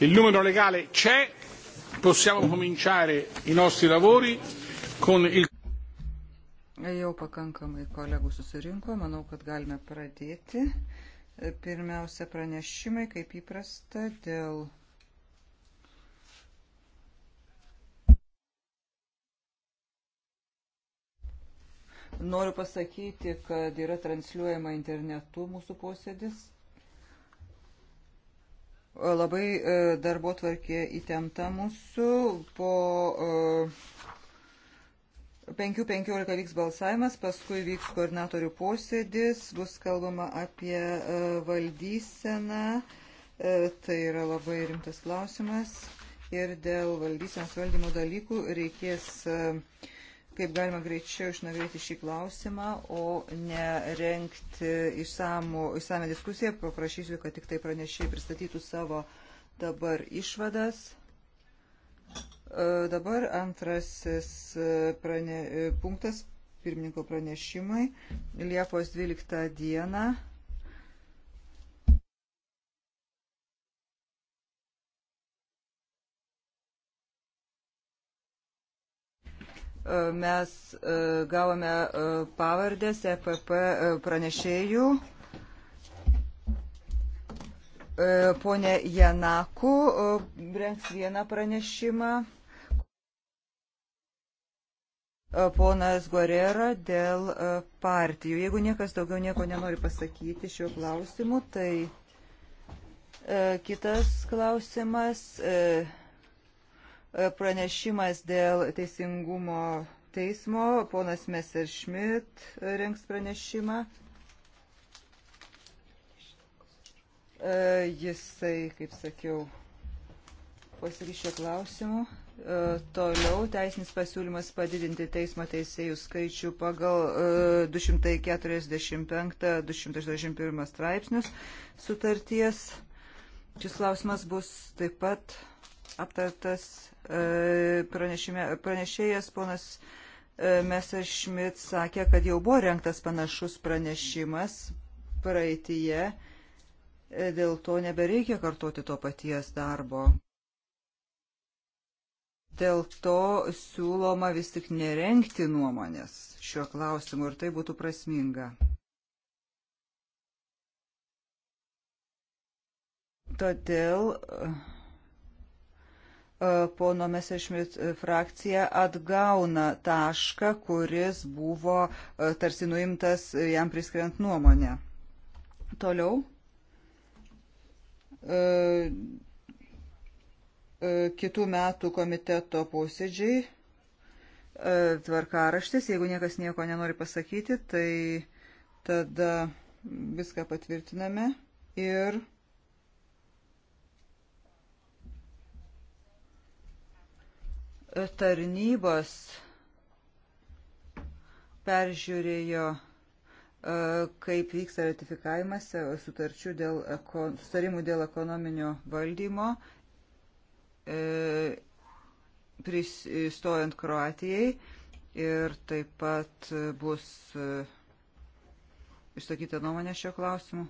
Il numero legale c'è, possiamo cominciare i nostri lavori con il. Jau pakankamai kolegų susirinko, manau, kad galime pradėti. Pirmiausia, pranešimai, kaip įprasta, dėl. Noriu pasakyti, kad yra transliuojama internetu mūsų posėdis, Labai e, darbo tvarkė įtempta mūsų. Po 5.15 e, vyks balsavimas, paskui vyks koordinatorių posėdis, bus kalbama apie e, valdyseną, tai yra labai rimtas klausimas ir dėl valdysenos valdymo dalykų reikės kaip galima greičiau išnagrinėti šį klausimą, o ne renkti išsame diskusiją. Paprašysiu, kad tik tai pranešiai pristatytų savo dabar išvadas. E, dabar antrasis e, prane, e, punktas pirmininko pranešimai. Liepos 12 dieną Mes e, gavome e, pavardės EPP e, pranešėjų. Pone Janaku rengs vieną pranešimą. Ponas Gorera dėl partijų. Jeigu niekas daugiau nieko nenori pasakyti šiuo klausimu, tai kitas klausimas. E, Pranešimas dėl teisingumo teismo, ponas Messerschmidt rengs pranešimą. E, jisai, kaip sakiau, pasiryšio klausimų. E, toliau teisinis pasiūlymas padidinti teismo teisėjų skaičių pagal 245-281 e, straipsnius sutarties. Šis klausimas bus taip pat aptartas e, pranešėjas ponas e, Messerschmidt sakė, kad jau buvo renktas panašus pranešimas praeitie, e, dėl to nebereikia kartoti to paties darbo. Dėl to siūloma vis tik nerenkti nuomonės šiuo klausimu ir tai būtų prasminga. Todėl E, pono Messerschmitt e, frakcija atgauna tašką, kuris buvo e, tarsi nuimtas jam priskiriant nuomonę. Toliau. Kitų metų komiteto posėdžiai tvarkaraštis, jeigu niekas nieko nenori pasakyti, tai tada viską patvirtiname ir tarnybos peržiūrėjo, e, kaip vyksta ratifikavimas sutarčių dėl, sutarimų dėl ekonominio valdymo, e, pristojant Kroatijai ir taip pat bus e, išsakyta nuomonė šio klausimu.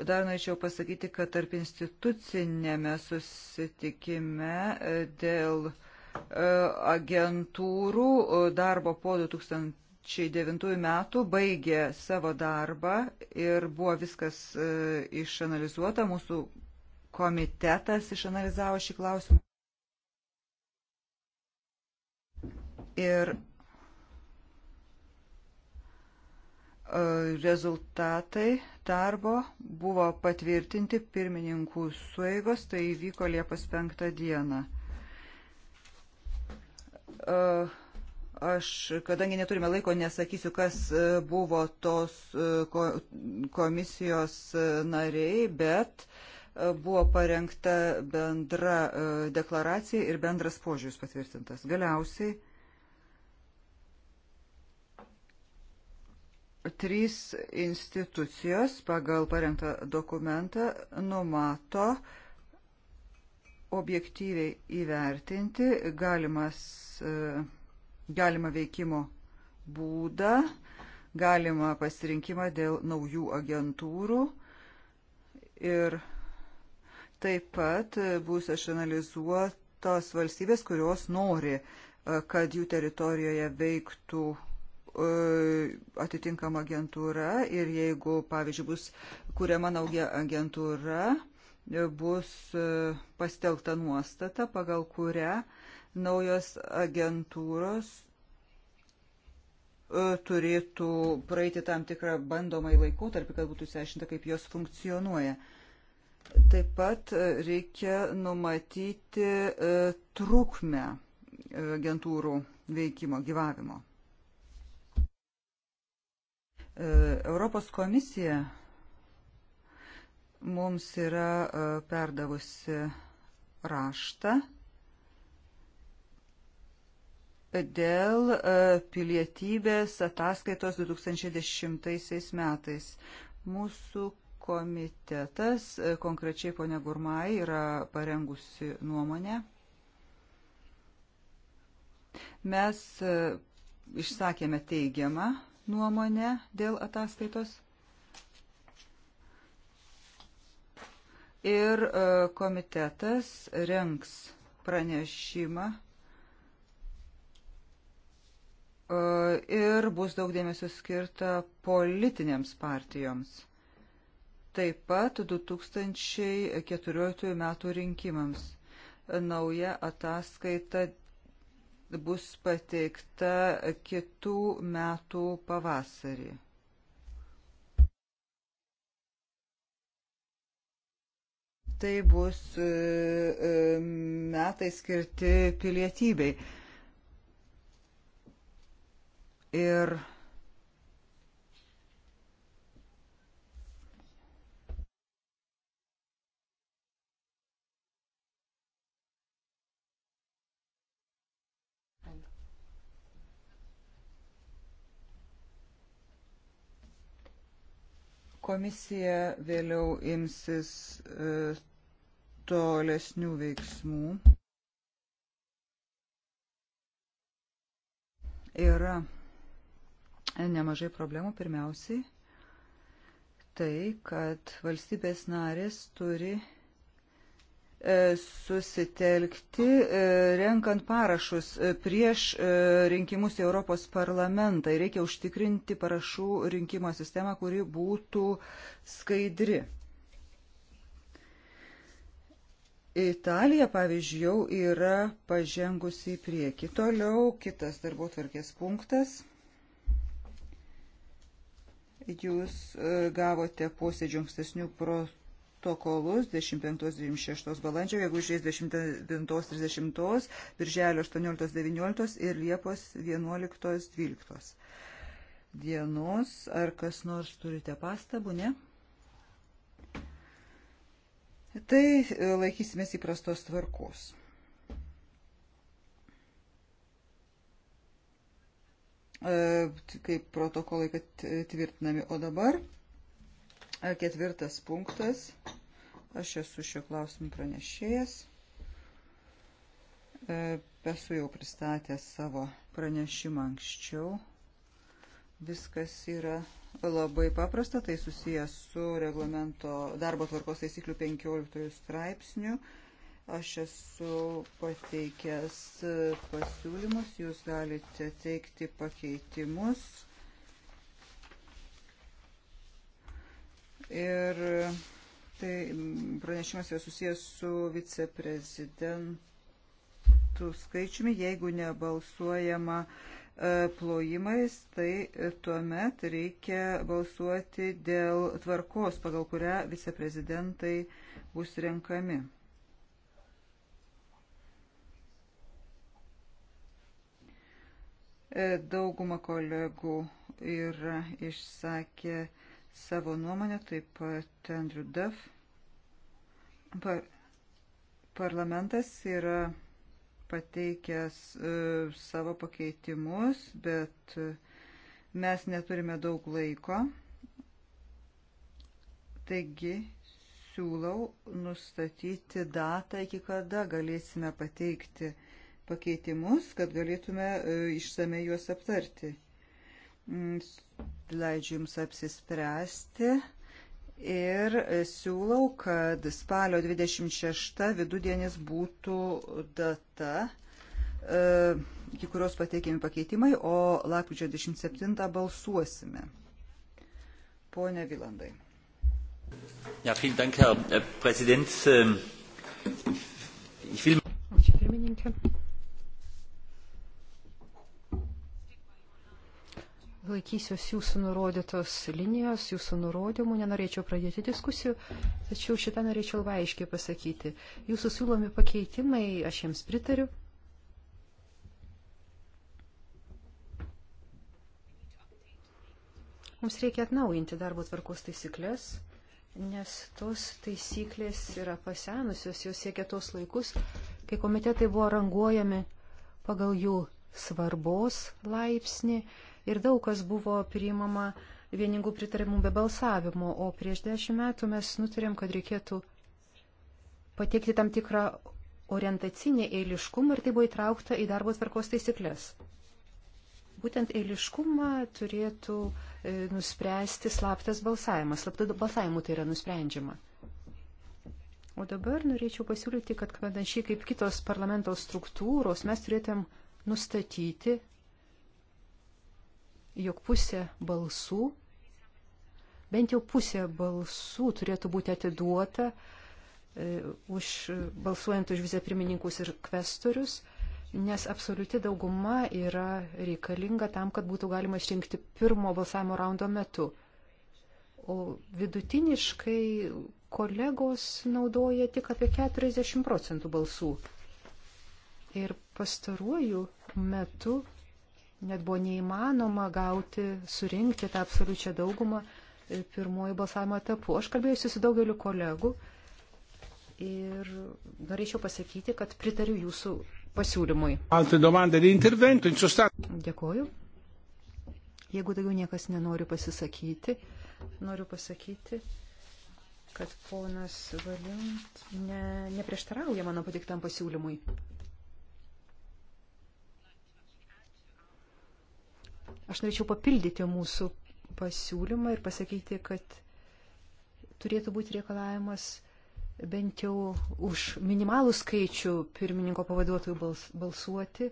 Dar norėčiau pasakyti, kad tarp institucinėme susitikime e, dėl e, agentūrų e, darbo po 2009 metų baigė savo darbą ir buvo viskas išanalizuota. Mūsų komitetas išanalizavo šį klausimą. Ir rezultatai darbo buvo patvirtinti pirmininkų sueigos, tai įvyko Liepos 5 dieną. E, aš, kadangi neturime laiko, nesakysiu, kas e, buvo tos e, komisijos nariai, bet buvo parengta bendra deklaracija ir bendras požiūris patvirtintas. Galiausiai Trys institucijos pagal parengtą dokumentą numato objektyviai įvertinti galimas, e, galimą veikimo būdą, galimą pasirinkimą dėl naujų agentūrų ir taip pat bus išanalizuotos valstybės, kurios nori, e, kad jų teritorijoje veiktų E, atitinkama agentūra ir jeigu, pavyzdžiui, bus kuriama nauja agentūra, e, bus e, pastelta nuostata, pagal kurią naujos agentūros turėtų praeiti tam tikrą bandomąjį laikotarpį, kad būtų išsiaiškinta, kaip jos funkcionuoja. Taip pat reikia numatyti trukmę agentūrų veikimo, gyvavimo. E, Europos komisija mums yra e, perdavusi raštą dėl e, pilietybės ataskaitos 2010 metais. Mūsų komitetas, konkrečiai ponia Gurmai, yra parengusi nuomonę. Mes išsakėme teigiamą nuomonę dėl ataskaitos. Ir e, komitetas renks pranešimą e, ir bus daug dėmesio skirta politinėms partijoms. Taip pat 2014 metų rinkimams nauja ataskaita bus pateikta kitų metų pavasarį. Tai bus e, e, metai skirti pilietybei. Ir Komisija vėliau imsis e, tolesnių veiksmų. Yra nemažai problemų. Pirmiausiai tai, kad valstybės narės turi E, susitelkti, e, renkant parašus e, prieš rinkimus į Europos parlamentą. Reikia užtikrinti parašų rinkimo sistemą, kuri būtų skaidri. Italija, pavyzdžiui, jau yra pažengusi į priekį. Toliau kitas darbo tvarkės punktas. Jūs gavote posėdžio ankstesnių protų protokolus 25-26 balandžio, jeigu išės 29-30, birželio 18-19 ir liepos 11-12 dienos. Ar kas nors turite pastabų, ne? Tai e, laikysimės įprastos tvarkos. E, kaip protokolai, kad e, tvirtinami. O dabar Ketvirtas punktas. Aš esu šio klausimų pranešėjas. E, esu jau pristatęs savo pranešimą anksčiau. Viskas yra labai paprasta, tai susijęs su reglamento darbo tvarkos taisyklių 15 straipsniu. Aš esu pateikęs pasiūlymus, jūs galite teikti pakeitimus Ir tai mm, pranešimas yra susijęs su viceprezidentų skaičiumi. Jeigu nebalsuojama e, plojimais, tai e, tuomet reikia balsuoti dėl tvarkos, pagal kurią viceprezidentai bus renkami. E, dauguma kolegų yra išsakę savo nuomonę, taip pat Andrew Duff. Par parlamentas yra pateikęs e, savo pakeitimus, bet e, mes neturime daug laiko. Taigi siūlau nustatyti datą, iki kada galėsime pateikti pakeitimus, kad galėtume e, išsame juos aptarti. Mm, leidžiu Jums apsispręsti. Ir siūlau, kad spalio 26 vidudienis būtų data, e, iki kurios pateikėmi pakeitimai, o lapkričio 27 balsuosime. Pone Vilandai. Ja, vielen Dank, Herr äh, Präsident. Ähm, ich will... Ačiū, pirmininkė. laikysiuos jūsų nurodytos linijos, jūsų nurodymų, nenorėčiau pradėti diskusijų, tačiau šitą norėčiau aiškiai pasakyti. Jūsų siūlomi pakeitimai, aš jiems pritariu. Mums reikia atnaujinti darbo tvarkos taisyklės, nes tos taisyklės yra pasenusios, jos siekia tos laikus, kai komitetai buvo ranguojami pagal jų svarbos laipsnį ir daug kas buvo priimama vieningų pritarimų be balsavimo, o prieš dešimt metų mes nutarėm, kad reikėtų pateikti tam tikrą orientacinį eiliškumą ir tai buvo įtraukta į darbo tvarkos taisyklės. Būtent eiliškumą turėtų e, nuspręsti slaptas balsavimas, slaptų balsavimų tai yra nusprendžiama. O dabar norėčiau pasiūlyti, kad panašiai kaip kitos parlamento struktūros mes turėtum nustatyti jog pusė balsų, bent jau pusė balsų turėtų būti atiduota e, už, balsuojant už vicepirmininkus ir kvestorius, nes absoliuti dauguma yra reikalinga tam, kad būtų galima išrinkti pirmo balsavimo raundo metu. O vidutiniškai kolegos naudoja tik apie 40 procentų balsų. Ir pastaruoju metu net buvo neįmanoma gauti, surinkti tą absoliučią daugumą e, pirmoji balsavimo etapu. Aš kalbėjusi su daugeliu kolegų ir norėčiau pasakyti, kad pritariu jūsų pasiūlymui. Dėkoju. Jeigu daugiau niekas nenori pasisakyti, noriu pasakyti, kad ponas Valint ne, neprieštarauja mano patiktam pasiūlymui. Aš norėčiau papildyti mūsų pasiūlymą ir pasakyti, kad turėtų būti reikalavimas bent jau už minimalų skaičių pirmininko pavaduotojų bals, balsuoti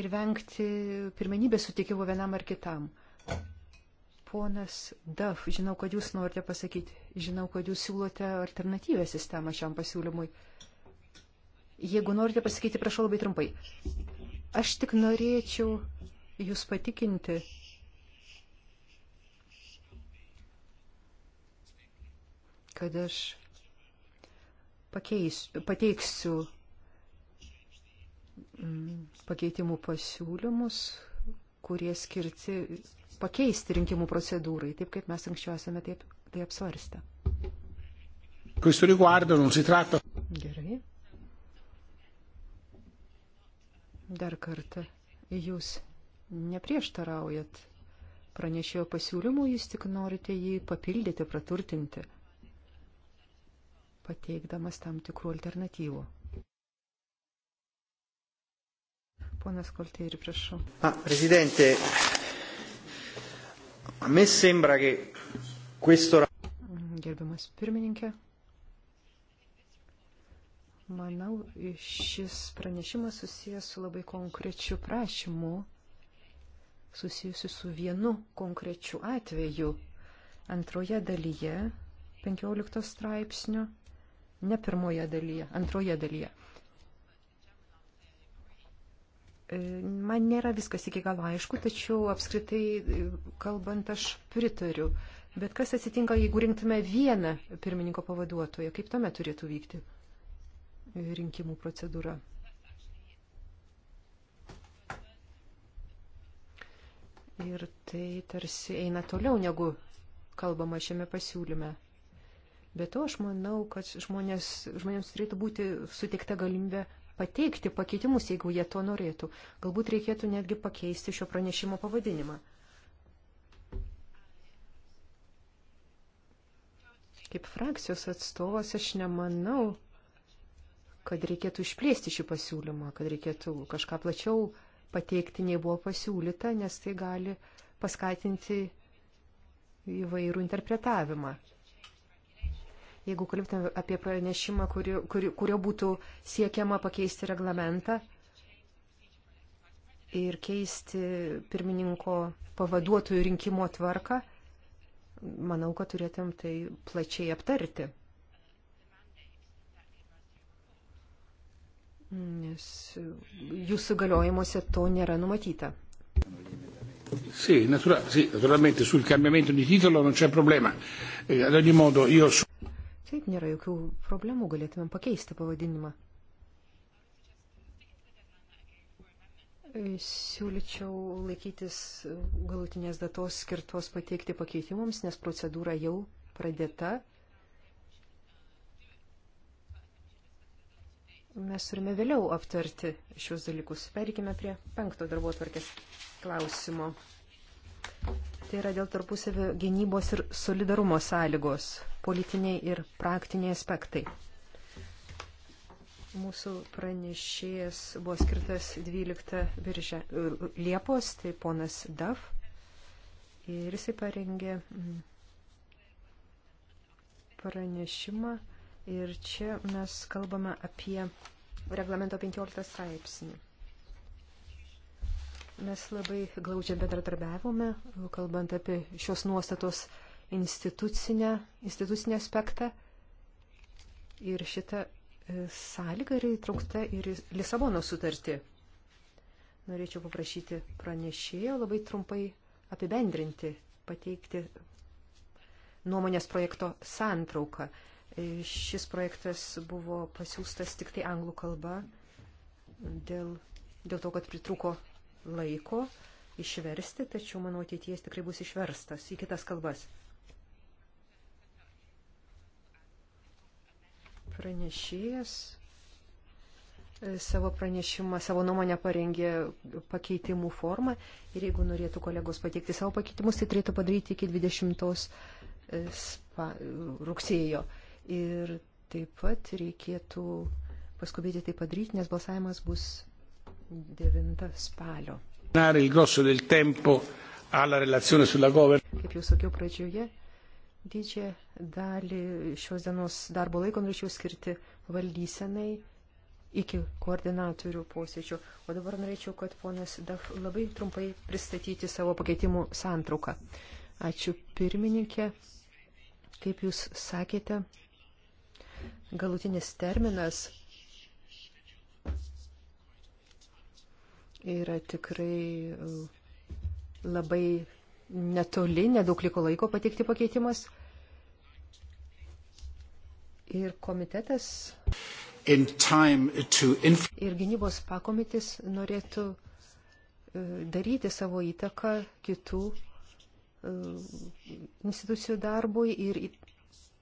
ir vengti pirmenybės sutikimo vienam ar kitam. Ponas Daf, žinau, kad jūs norite pasakyti, žinau, kad jūs siūlote alternatyvę sistemą šiam pasiūlymui. Jeigu norite pasakyti, prašau labai trumpai. Aš tik norėčiau jūs patikinti, kad aš pakeisiu, pateiksiu mm, pakeitimų pasiūlymus, kurie skirti pakeisti rinkimų procedūrai, taip kaip mes anksčiau esame taip, tai apsvarstę. Questo riguardo non si tratta. Gerai. Dar kartą. Jūs neprieštaraujat pranešėjo pasiūlymų, jūs tik norite jį papildyti, praturtinti, pateikdamas tam tikrų alternatyvų. Ponas Koltieri, prašau. Ah, prezidente, me sembra che questo... Gerbiamas pirmininkė, manau, šis pranešimas susijęs su labai konkrečiu prašymu susijusi su vienu konkrečiu atveju. Antroje dalyje 15 straipsnio, ne pirmoje dalyje, antroje dalyje. E, man nėra viskas iki galo aišku, tačiau apskritai e, kalbant aš pritariu. Bet kas atsitinka, jeigu rinktume vieną pirmininko pavaduotoją, kaip tuomet turėtų vykti rinkimų procedūra? Ir tai tarsi eina toliau negu kalbama šiame pasiūlyme. Bet to aš manau, kad žmonės, žmonėms turėtų būti suteikta galimybė pateikti pakeitimus, jeigu jie to norėtų. Galbūt reikėtų netgi pakeisti šio pranešimo pavadinimą. Kaip frakcijos atstovas aš nemanau, kad reikėtų išplėsti šį pasiūlymą, kad reikėtų kažką plačiau pateikti nei buvo pasiūlyta, nes tai gali paskatinti įvairų interpretavimą. Jeigu kalbėtume apie pranešimą, kuri, kuri, kurio būtų siekiama pakeisti reglamentą ir keisti pirmininko pavaduotojų rinkimo tvarką, manau, kad turėtum tai plačiai aptarti. nes jūsų galiojimuose to nėra numatyta. Sì, natura, sì, naturalmente sul cambiamento di titolo non c'è problema. Eh, ad ogni modo io so... Taip, nėra jokių problemų, galėtumėm pakeisti pavadinimą. E, siūlyčiau laikytis galutinės datos skirtos pateikti pakeitimams, nes procedūra jau pradėta. mes turime vėliau aptarti šios dalykus. Pereikime prie penkto darbo tvarkės klausimo. Tai yra dėl tarpusavio gynybos ir solidarumo sąlygos, politiniai ir praktiniai aspektai. Mūsų pranešėjas buvo skirtas 12 viržė, e, Liepos, tai ponas Daf. Ir jisai parengė mm, pranešimą Ir čia mes kalbame apie reglamento 15 straipsnį. Mes labai glaudžiai bendratarbiavome, kalbant apie šios nuostatos institucinę, institucinį aspektą. Ir šita e, sąlyga yra įtraukta ir į Lisabono sutartį. Norėčiau paprašyti pranešėjo labai trumpai apibendrinti, pateikti nuomonės projekto santrauką. E, šis projektas buvo pasiūstas tik tai anglų kalba dėl, dėl to, kad pritruko laiko išversti, tačiau mano ateities tikrai bus išverstas į kitas kalbas. Pranešėjas e, savo pranešimą, savo nuomonę parengė pakeitimų formą ir jeigu norėtų kolegos pateikti savo pakeitimus, tai turėtų padaryti iki 20 e, spa, rugsėjo. Ir taip pat reikėtų paskubėti tai padaryti, nes balsavimas bus 9 spalio. Kaip jau sakiau pradžioje, didžiąją dalį šios dienos darbo laiko norėčiau skirti valdysenai iki koordinatorių posėdžio. O dabar norėčiau, kad ponas Daf labai trumpai pristatyti savo pakeitimų santrauką. Ačiū pirmininkė. Kaip jūs sakėte, Galutinis terminas yra tikrai e, labai netoli, nedaug liko laiko pateikti pakeitimas. Ir komitetas to... ir gynybos pakomitis norėtų e, daryti savo įtaką kitų e, institucijų darbui ir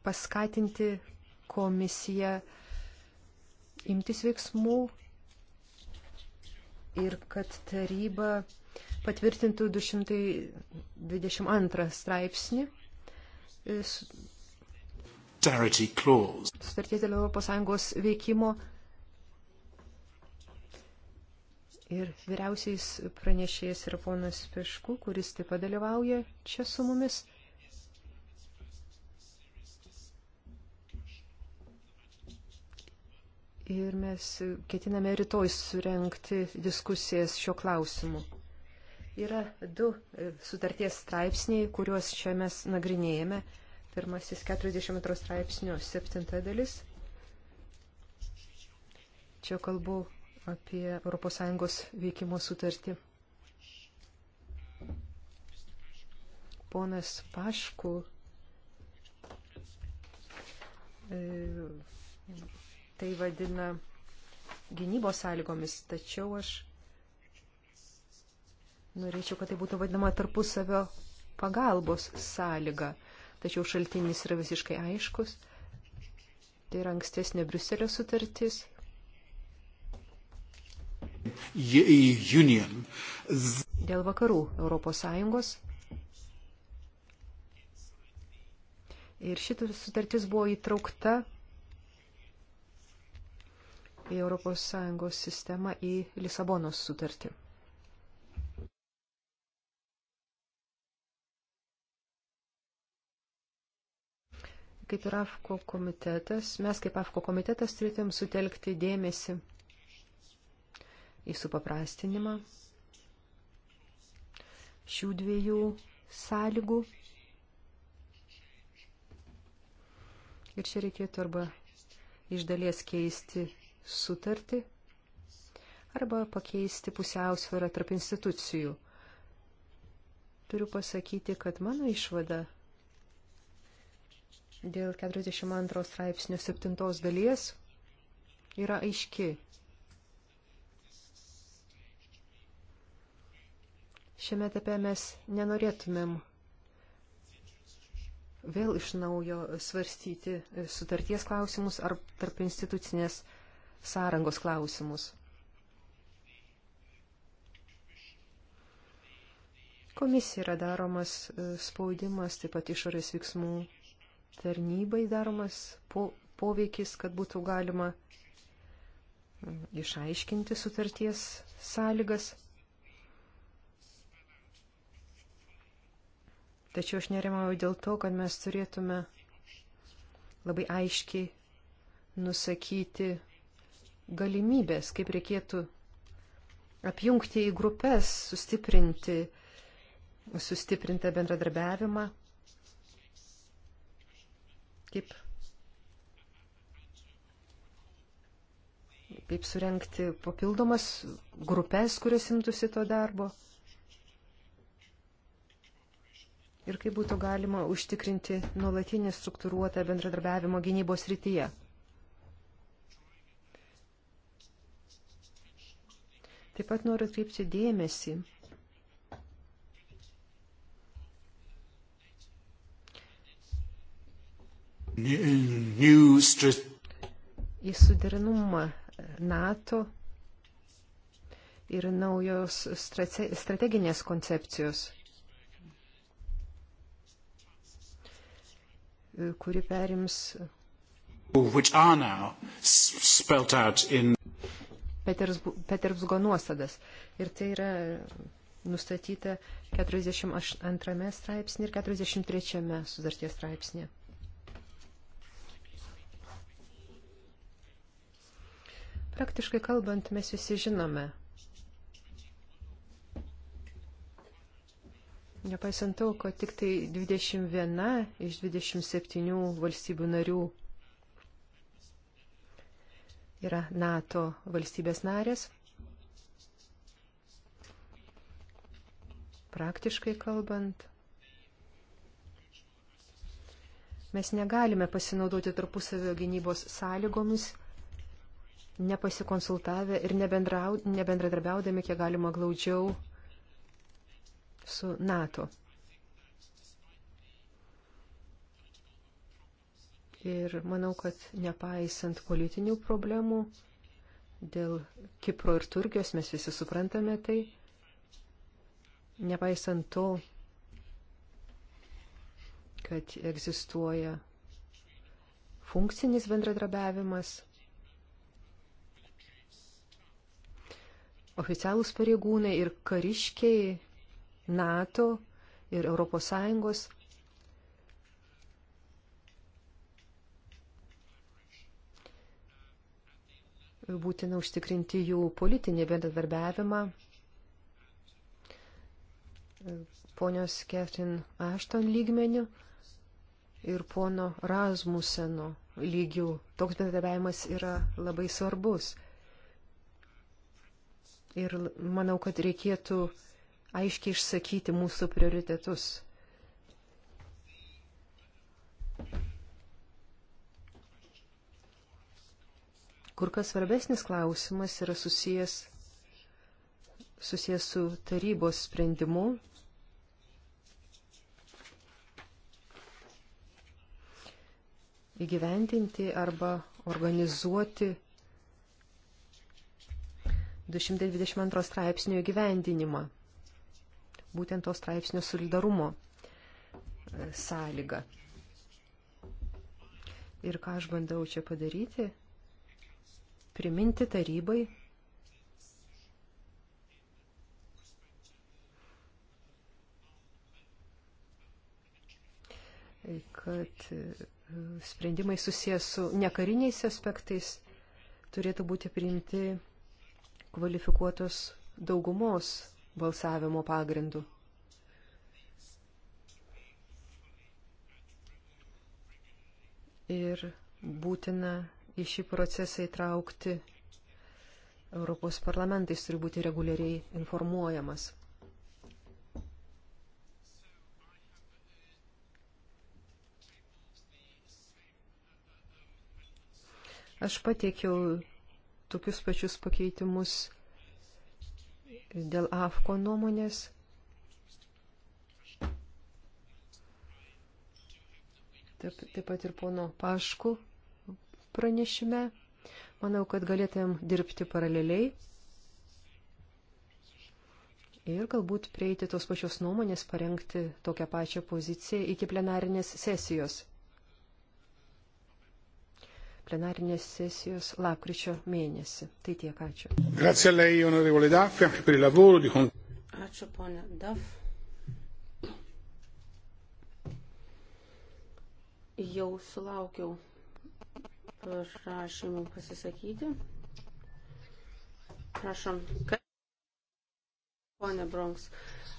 paskatinti komisija imtis veiksmų ir kad taryba patvirtintų 222 straipsnį e, sutarties dėl ES veikimo ir vyriausiais pranešėjas yra ponas Peškų, kuris taip pat dalyvauja čia su mumis. Ir mes ketiname rytoj surenkti diskusijas šio klausimu. Yra du e, sutarties straipsniai, kuriuos čia mes nagrinėjame. Pirmasis 42 straipsnio 7 dalis. Čia kalbu apie ES veikimo sutartį. Ponas Pašku e, tai vadina gynybos sąlygomis, tačiau aš norėčiau, kad tai būtų vadinama tarpusavio pagalbos sąlyga. Tačiau šaltinis yra visiškai aiškus. Tai yra ankstesnė Briuselio sutartis. Union. Dėl vakarų Europos Sąjungos Ir šitas sutartis buvo įtraukta į ES sistemą, į Lisabonos sutartį. Kaip ir AFKO komitetas, mes kaip AFKO komitetas turėtum sutelkti dėmesį į supaprastinimą šių dviejų sąlygų. Ir čia reikėtų arba iš dalies keisti sutartį arba pakeisti pusiausvyrą tarp institucijų. Turiu pasakyti, kad mano išvada dėl 42 straipsnio 7 dalies yra aiški. Šiame etape mes nenorėtumėm vėl iš naujo svarstyti sutarties klausimus ar tarp institucinės uh, sąrangos klausimus. Komisija yra daromas e, spaudimas, taip pat išorės veiksmų tarnybai daromas po, poveikis, kad būtų galima išaiškinti sutarties sąlygas. Tačiau aš nerimauju dėl to, kad mes turėtume labai aiškiai nusakyti galimybės, kaip reikėtų apjungti į grupės, sustiprinti, sustiprintą bendradarbiavimą, kaip, kaip surenkti papildomas grupės, kurios imtųsi to darbo. Ir kaip būtų galima užtikrinti nuolatinį struktūruotą bendradarbiavimo gynybos rytyje. Taip pat noriu atkreipti dėmesį, į suderinumą NATO ir naujos strate, strateginės koncepcijos, kuri perims. In... Petersburgo nuosadas. Ir tai yra nustatyta 42 straipsnė ir 43 sudarties straipsnė. Praktiškai kalbant, mes visi žinome. Nepaisant to, kad tik tai 21 iš 27 valstybių narių yra NATO valstybės narės. Praktiškai kalbant, mes negalime pasinaudoti tarpusavio gynybos sąlygomis, nepasikonsultavę ir nebendradarbiaudami kiek galima glaudžiau su NATO. Ir manau, kad nepaisant politinių problemų dėl Kipro ir Turkijos, mes visi suprantame tai, nepaisant to, kad egzistuoja funkcinis bendradarbiavimas, oficialūs pareigūnai ir kariškiai NATO ir ES būtina užtikrinti jų politinį bendradarbiavimą. Ponios Catherine Ashton lygmenių ir pono Rasmuseno lygių. Toks bendradarbiavimas yra labai svarbus. Ir manau, kad reikėtų aiškiai išsakyti mūsų prioritetus Kur kas svarbesnis klausimas yra susijęs, susijęs su tarybos sprendimu. Įgyvendinti arba organizuoti 222 straipsnio įgyvendinimą, būtent to straipsnio solidarumo e, sąlyga. Ir ką aš bandau čia padaryti? priminti tarybai, kad e, sprendimai susijęs su nekariniais aspektais turėtų būti priimti kvalifikuotos daugumos balsavimo pagrindu. Ir būtina į šį procesą įtraukti Europos parlamentais turi būti reguliariai informuojamas. Aš pateikiau tokius pačius pakeitimus dėl AFKO nuomonės. Taip, taip pat ir pono Paškų pranešime. Manau, kad galėtumėm dirbti paraleliai ir galbūt prieiti tos pačios nuomonės, parengti tokią pačią poziciją iki plenarinės sesijos. Plenarinės sesijos lapkričio mėnesį. Tai tiek, ačiū. Grazie lei, onorevole Daff, anche per il lavoro di... Ačiū, ponia Daff. Jau sulaukiau prašymų pasisakyti. Prašom. Pone Bronks.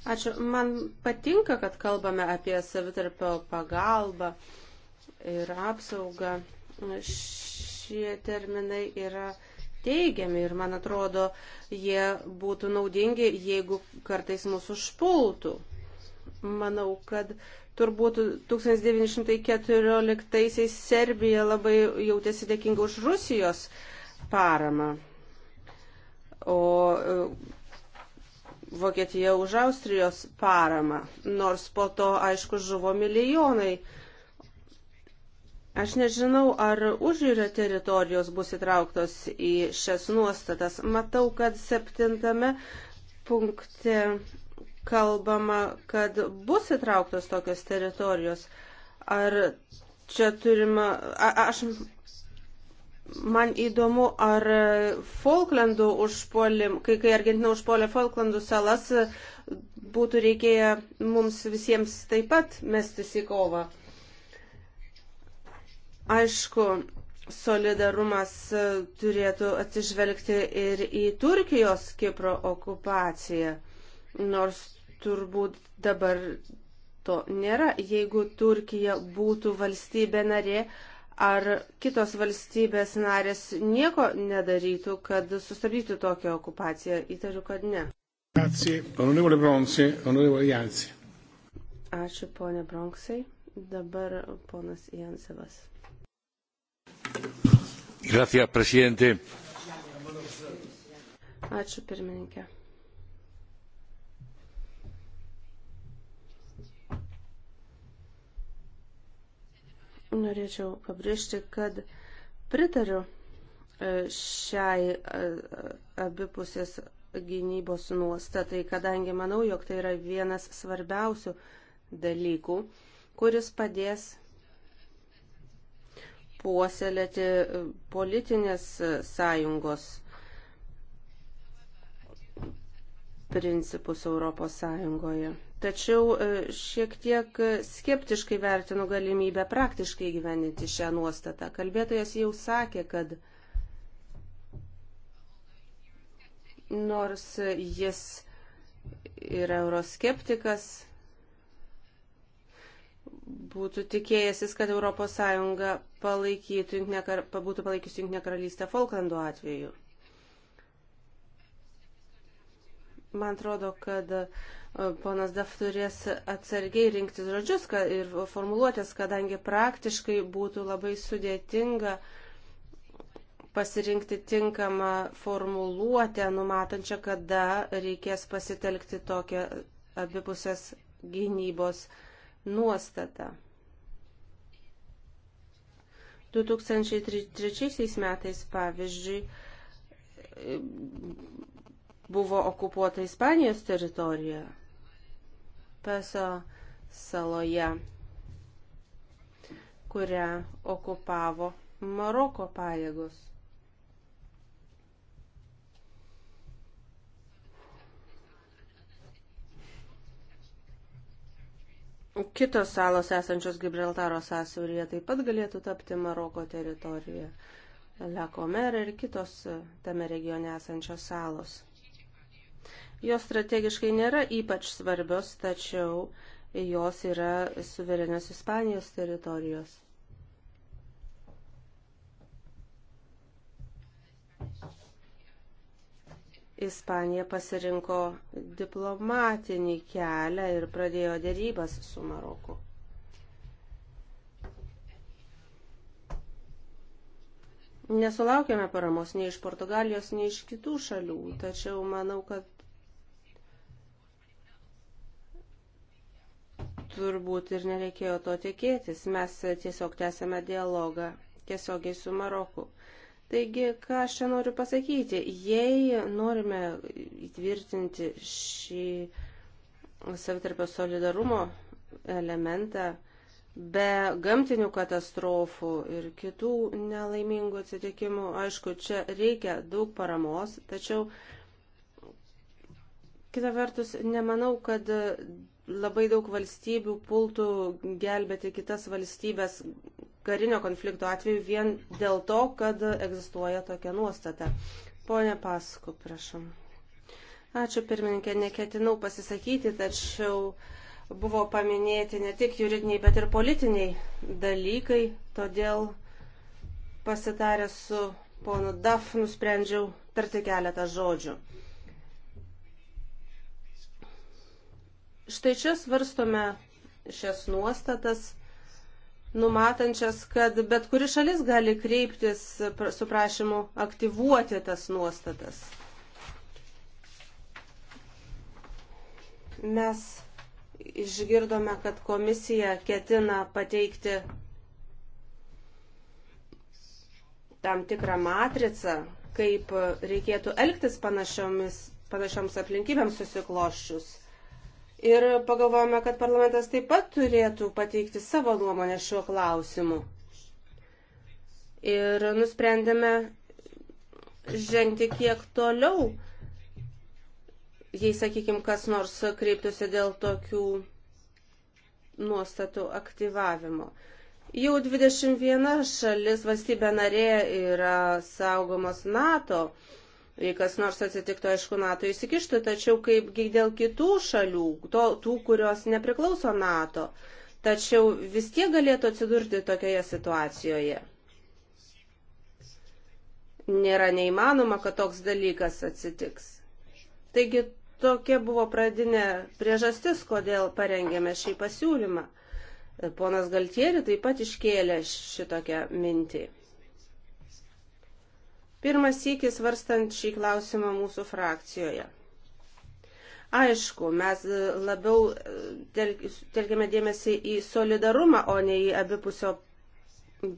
Ačiū. Man patinka, kad kalbame apie savitarpio pagalbą ir apsaugą. Šie terminai yra teigiami ir, man atrodo, jie būtų naudingi, jeigu kartais mūsų užpultų. Manau, kad Turbūt 1914-aisiais Serbija labai jautėsi dėkinga už Rusijos paramą, o e, Vokietija už Austrijos paramą, nors po to, aišku, žuvo milijonai. Aš nežinau, ar užjūrio teritorijos bus įtrauktos į šias nuostatas. Matau, kad septintame punkte kalbama, kad bus įtrauktos tokios teritorijos. Ar čia turima, a, aš, man įdomu, ar Falklandų užpuolim, kai, kai Argentina užpuolė Falklandų salas, būtų reikėję mums visiems taip pat mestis į kovą. Aišku, solidarumas turėtų atsižvelgti ir į Turkijos Kipro okupaciją, nors turbūt dabar to nėra. Jeigu Turkija būtų valstybė narė, ar kitos valstybės narės nieko nedarytų, kad sustabdytų tokią okupaciją? Įtariu, kad ne. Ačiū, ponė Bronksai. Dabar ponas Jansevas. Gracias, presidente. Ačiū, pirmininkė. norėčiau pabrėžti, kad pritariu e, šiai e, abipusės gynybos nuostatai, kadangi manau, jog tai yra vienas svarbiausių dalykų, kuris padės puoselėti e, politinės sąjungos principus Europos Sąjungoje. Tačiau e, šiek tiek skeptiškai vertinu galimybę praktiškai gyveninti šią nuostatą. Kalbėtojas jau sakė, kad nors jis yra euroskeptikas, būtų tikėjęsis, kad ES palaikytų, būtų palaikiusi Junktinę karalystę Falklandų atveju. Man atrodo, kad uh, ponas Daf turės atsargiai rinktis žodžius ir formuluotės, kadangi praktiškai būtų labai sudėtinga pasirinkti tinkamą formuluotę, numatančią, kada reikės pasitelkti tokią abipusės gynybos nuostatą. 2003 metais, pavyzdžiui, buvo okupuota Ispanijos teritorija. Peso saloje, kurią okupavo Maroko pajėgos. Kitos salos esančios Gibraltaro sąsiauryje taip pat galėtų tapti Maroko teritorija. Lekomer ir kitos tame regione esančios salos. Jos strategiškai nėra ypač svarbios, tačiau jos yra suverenios Ispanijos teritorijos. Ispanija pasirinko diplomatinį kelią ir pradėjo dėrybas su Maroku. Nesulaukėme paramos nei iš Portugalijos, nei iš kitų šalių, tačiau manau, kad turbūt ir nereikėjo to tikėtis. Mes tiesiog tęsėme dialogą tiesiogiai su Maroku. Taigi, ką aš čia noriu pasakyti, jei norime įtvirtinti šį savitarpio solidarumo elementą be gamtinių katastrofų ir kitų nelaimingų atsitikimų, aišku, čia reikia daug paramos, tačiau kita vertus nemanau, kad labai daug valstybių pultų gelbėti kitas valstybės karinio konflikto atveju vien dėl to, kad egzistuoja tokia nuostata. Pone Pasku, prašom. Ačiū pirmininkė, neketinau pasisakyti, tačiau buvo paminėti ne tik juridiniai, bet ir politiniai dalykai, todėl pasitarę su ponu DAF nusprendžiau tarti keletą žodžių. Štai čia svarstome šias nuostatas, numatančias, kad bet kuri šalis gali kreiptis su prašymu aktyvuoti tas nuostatas. Mes išgirdome, kad komisija ketina pateikti tam tikrą matricą, kaip reikėtų elgtis panašioms aplinkybėms susikloščius ir pagalvojame, kad parlamentas taip pat turėtų pateikti savo nuomonę šiuo klausimu. Ir nusprendėme žengti kiek toliau, jei, sakykime, kas nors kreiptųsi dėl tokių nuostatų aktyvavimo. Jau 21 šalis valstybė narė yra saugomos NATO jei kas nors atsitiktų, aišku, NATO įsikištų, tačiau kaip dėl kitų šalių, to, tų, kurios nepriklauso NATO, tačiau vis tiek galėtų atsidurti tokioje situacijoje. Nėra neįmanoma, kad toks dalykas atsitiks. Taigi tokia buvo pradinė priežastis, kodėl parengėme šį pasiūlymą. Ponas Galtieri taip pat iškėlė šitokią mintį. Pirmas sėkis varstant šį klausimą mūsų frakcijoje. Aišku, mes e, labiau e, telkiame dėmesį į solidarumą, o ne į abipusio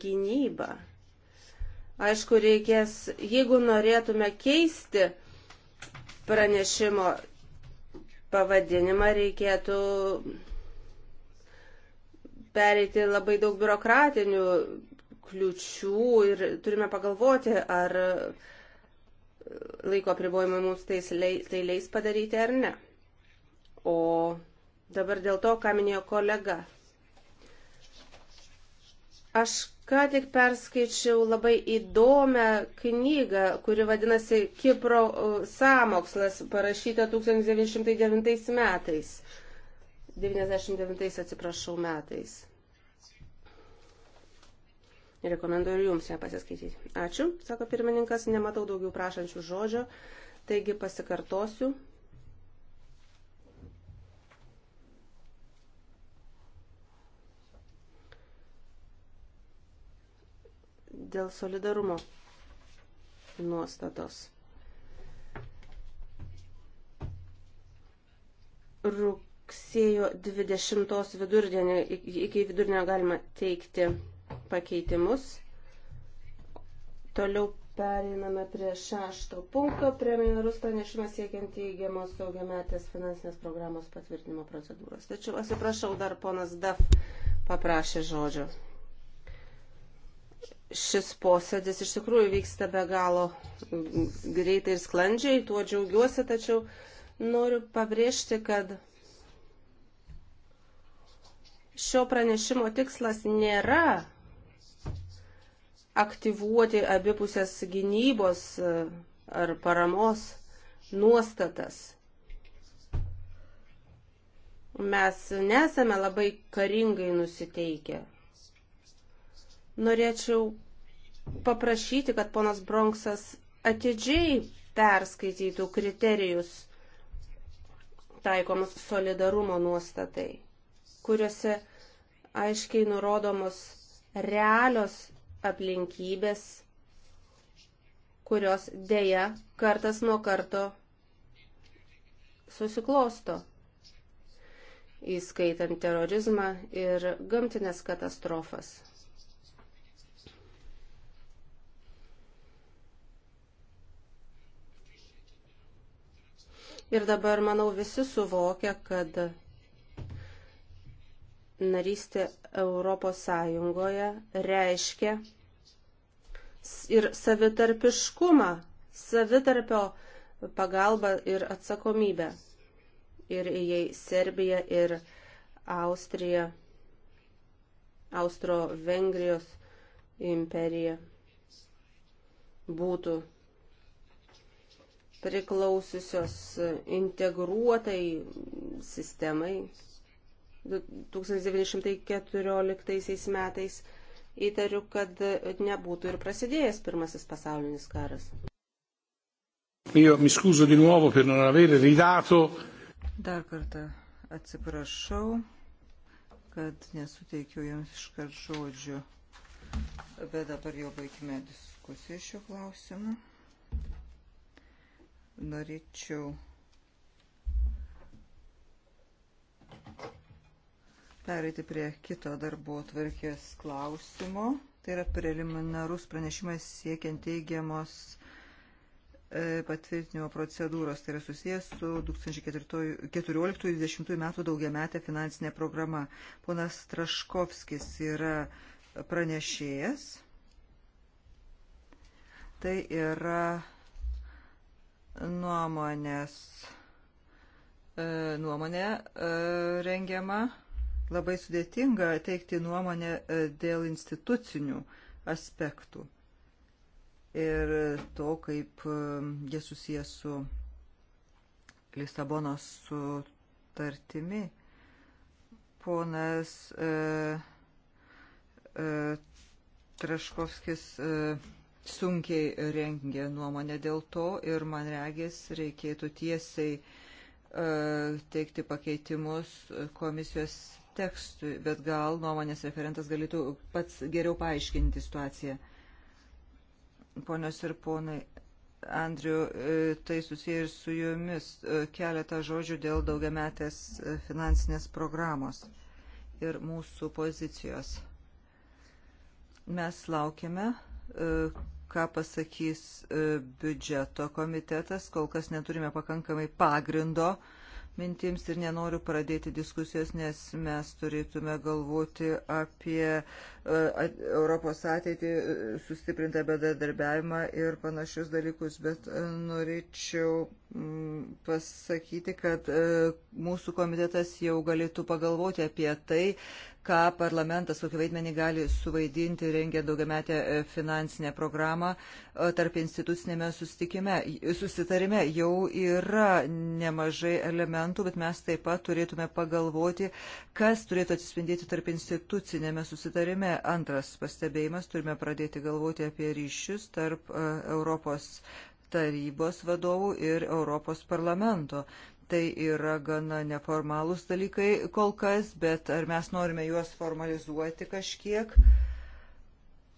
gynybą. Aišku, reikės, jeigu norėtume keisti pranešimo pavadinimą, reikėtų pereiti labai daug biurokratinių kliučių ir turime pagalvoti, ar laiko pribojimai mums tai leis padaryti ar ne. O dabar dėl to, ką minėjo kolega. Aš ką tik perskaičiau labai įdomią knygą, kuri vadinasi Kipro samokslas, parašyta 1909 metais. 99 atsiprašau metais. Rekomenduoju ir jums ją pasiskaityti. Ačiū, sako pirmininkas, nematau daugiau prašančių žodžio, taigi pasikartosiu. Dėl solidarumo nuostatos. Rugsėjo 20 vidurdienį iki vidurdienio galima teikti pakeitimus. Toliau periname prie šešto punkto, premjerus pranešimas siekiant įgiamos daugiametės finansinės programos patvirtinimo procedūros. Tačiau atsiprašau, dar ponas Daf paprašė žodžio. Šis posėdis iš tikrųjų vyksta be galo greitai ir sklandžiai, tuo džiaugiuosi, tačiau noriu pabrėžti, kad šio pranešimo tikslas nėra aktyvuoti abipusės gynybos e, ar paramos nuostatas. Mes nesame labai karingai nusiteikę. Norėčiau paprašyti, kad ponas Bronksas atidžiai perskaitytų kriterijus taikomus solidarumo nuostatai, kuriuose aiškiai nurodomos realios aplinkybės, kurios dėja kartas nuo karto susiklosto, įskaitant terorizmą ir gamtinės katastrofas. Ir dabar, manau, visi suvokia, kad narystė Europos Sąjungoje reiškia ir savitarpiškumą, savitarpio pagalbą ir atsakomybę. Ir jei Serbija ir Austrija, Austro-Vengrijos imperija būtų priklausiusios integruotai sistemai, 1914 metais įtariu, kad nebūtų ir prasidėjęs pirmasis pasaulinis karas. Io mi scuso di nuovo per non avere ridato. Dar kartą atsiprašau, kad nesuteikiau jums iškart žodžių, bet dabar jau baigime diskusiją šiuo klausimu. Norėčiau pereiti prie kito darbo tvarkės klausimo. Tai yra preliminarus pranešimas siekiant teigiamos e, patvirtinimo procedūros. Tai yra susijęs su 2014-2020 metų daugiametė finansinė programa. Ponas Traškovskis yra pranešėjas. Tai yra nuomonės, e, nuomonė e, rengiama Labai sudėtinga teikti nuomonę e, dėl institucinių aspektų ir to, kaip e, jie susijęs su Lisabonos sutartimi. Ponas e, e, Traškovskis e, sunkiai rengė nuomonę dėl to ir man regis reikėtų tiesiai e, teikti pakeitimus komisijos tekstui, bet gal nuomonės referentas galėtų pats geriau paaiškinti situaciją. Ponios ir ponai, Andriu, e, tai susiję ir su jumis e, keletą žodžių dėl daugiametės e, finansinės programos ir mūsų pozicijos. Mes laukiame, ką pasakys biudžeto komitetas, kol kas neturime pakankamai pagrindo uh, mintims ir nenoriu pradėti diskusijos, nes mes turėtume galvoti apie e, Europos ateitį, sustiprintą bedarbiavimą ir panašius dalykus, bet e, norėčiau mm, pasakyti, kad e, mūsų komitetas jau galėtų pagalvoti apie tai, ką parlamentas, kokį vaidmenį gali suvaidinti, rengiant daugiametę e, finansinę programą e, tarp institucinėme e, susitarime. Jau yra nemažai elementų, bet mes taip pat turėtume pagalvoti, kas turėtų atsispindėti tarp institucinėme susitarime. Antras pastebėjimas, turime pradėti galvoti apie ryšius tarp Europos tarybos vadovų ir Europos parlamento tai yra gana neformalūs dalykai kol kas, bet ar mes norime juos formalizuoti kažkiek,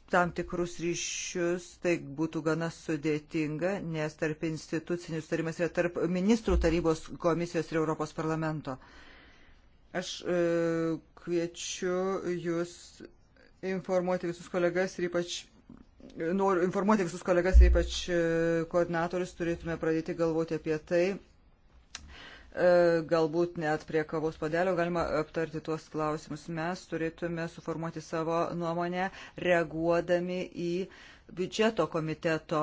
tam tikrus ryšius, tai būtų gana sudėtinga, nes tarp institucinių sutarimas yra tarp ministrų tarybos komisijos ir Europos parlamento. Aš e, kviečiu jūs informuoti visus kolegas ir ypač noriu informuoti visus kolegas, ypač e, koordinatorius, turėtume pradėti galvoti apie tai, E, galbūt net prie kavos padelio galima aptarti tuos klausimus. Mes turėtume suformuoti savo nuomonę reaguodami į biudžeto komiteto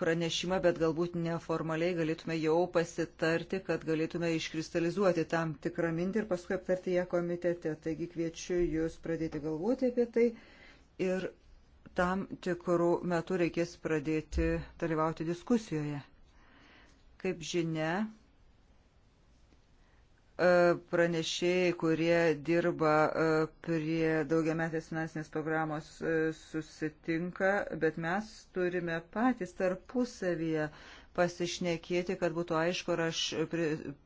pranešimą, bet galbūt neformaliai galėtume jau pasitarti, kad galėtume iškristalizuoti tam tikrą mintį ir paskui aptarti ją komitete. Taigi kviečiu Jūs pradėti galvoti apie tai ir tam tikrų metų reikės pradėti dalyvauti diskusijoje. Kaip žinia, E, pranešėjai, kurie dirba e, prie daugiametės finansinės programos, e, susitinka, bet mes turime patys tarpusavyje pasišnekėti, kad būtų aišku, ar aš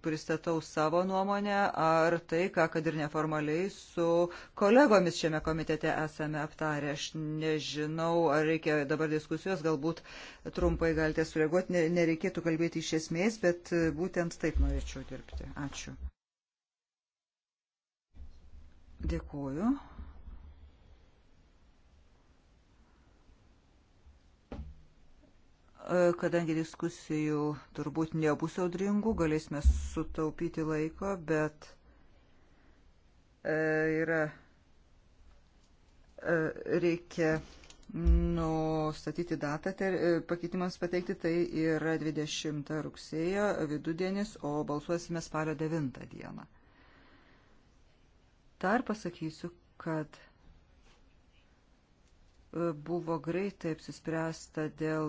pristatau savo nuomonę, ar tai, ką kad ir neformaliai su kolegomis šiame komitete esame aptarę. Aš nežinau, ar reikia dabar diskusijos, galbūt trumpai galite sureaguoti, nereikėtų kalbėti iš esmės, bet būtent taip norėčiau dirbti. Ačiū. Dėkuoju. E, kadangi diskusijų turbūt nebus audringų, galėsime sutaupyti laiko, bet e, yra e, reikia nustatyti datą ter, pakeitimams pateikti, tai yra 20 rugsėjo vidudienis, o balsuosime spalio 9 dieną. Dar pasakysiu, kad e, buvo greitai apsispręsta dėl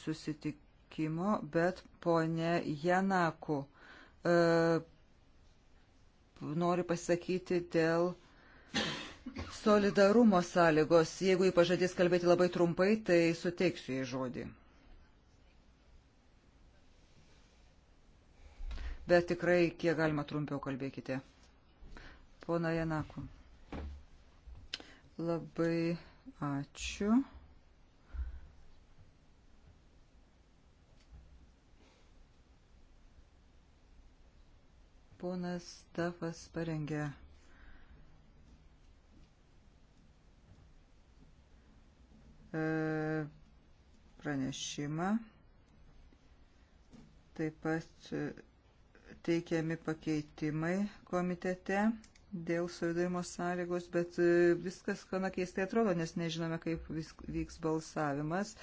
susitikimo, bet ponė Janaku e, nori pasakyti dėl solidarumo sąlygos. Jeigu jį pažadės kalbėti labai trumpai, tai suteiksiu jai žodį. Bet tikrai, kiek galima trumpiau kalbėkite. Pona Janaku. Labai ačiū. Ponas Tafas parengė e, pranešimą. Taip pat teikiami pakeitimai komitete dėl suvedimo sąlygos, bet e, viskas gana keistai atrodo, nes nežinome, kaip vis, vyks balsavimas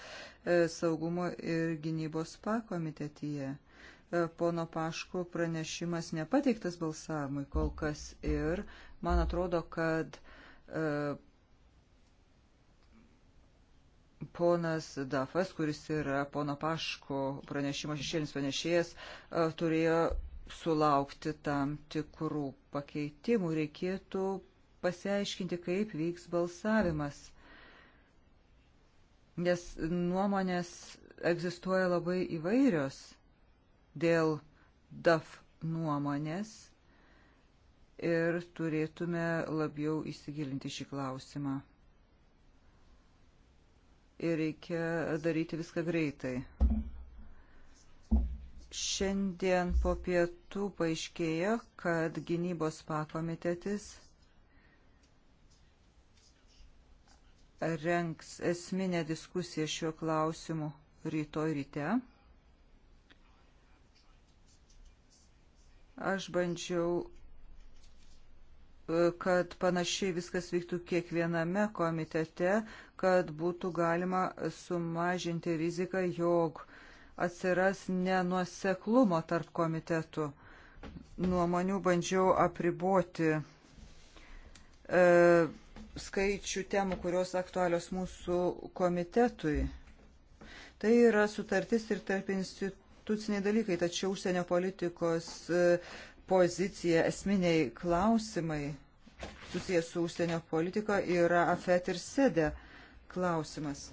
e, saugumo ir gynybos pakomitetyje. E, pono Paško pranešimas nepateiktas balsavimui kol kas ir man atrodo, kad ponas Dafas, kuris yra pono Paško pranešimo šešėlis pranešėjas, turėjo sulaukti tam tikrų pakeitimų, reikėtų pasiaiškinti, kaip vyks balsavimas. Nes nuomonės egzistuoja labai įvairios dėl DAF nuomonės ir turėtume labiau įsigilinti šį klausimą. Ir reikia daryti viską greitai. Šiandien po pietų paaiškėjo, kad gynybos pakomitetis renks esminę diskusiją šiuo klausimu rytoj ryte. Aš bandžiau, e, kad panašiai viskas vyktų kiekviename komitete, kad būtų galima sumažinti riziką, jog atsiras nenuoseklumo tarp komitetų. Nuomonių bandžiau apriboti e, skaičių temų, kurios aktualios mūsų komitetui. Tai yra sutartis ir tarp instituciniai dalykai, tačiau užsienio politikos e, pozicija, esminiai klausimai susijęs su užsienio politika yra AFET ir SEDE klausimas.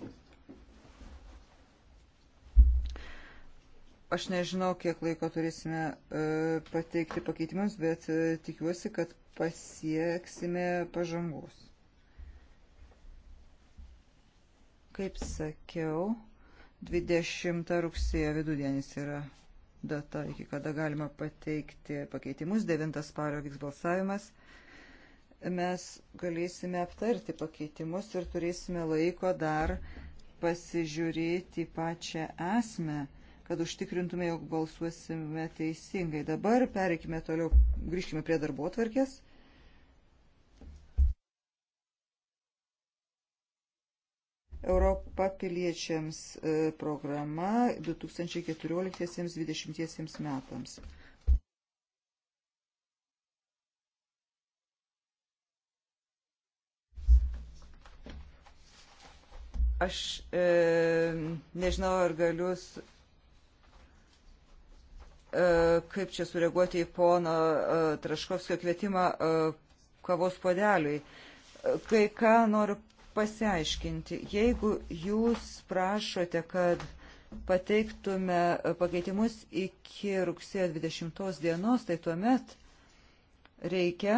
Aš nežinau, kiek laiko turėsime e, pateikti pakeitimus, bet e, tikiuosi, kad pasieksime pažangos. Kaip sakiau, 20 rugsėjo vidudienis yra data, iki kada galima pateikti pakeitimus. 9 spalio vyks balsavimas. Mes galėsime aptarti pakeitimus ir turėsime laiko dar pasižiūrėti pačią esmę kad užtikrintume, jog balsuosime teisingai. Dabar pereikime toliau, grįžkime prie darbo tvarkės. Europa piliečiams e, programa 2014-2020 metams. Aš e, nežinau, ar galiu E, kaip čia sureaguoti į pono e, Traškovskio kvietimą e, kavos podeliui. Kai ką noriu pasiaiškinti. Jeigu jūs prašote, kad pateiktume pakeitimus iki rugsėjo 20 dienos, tai tuomet reikia,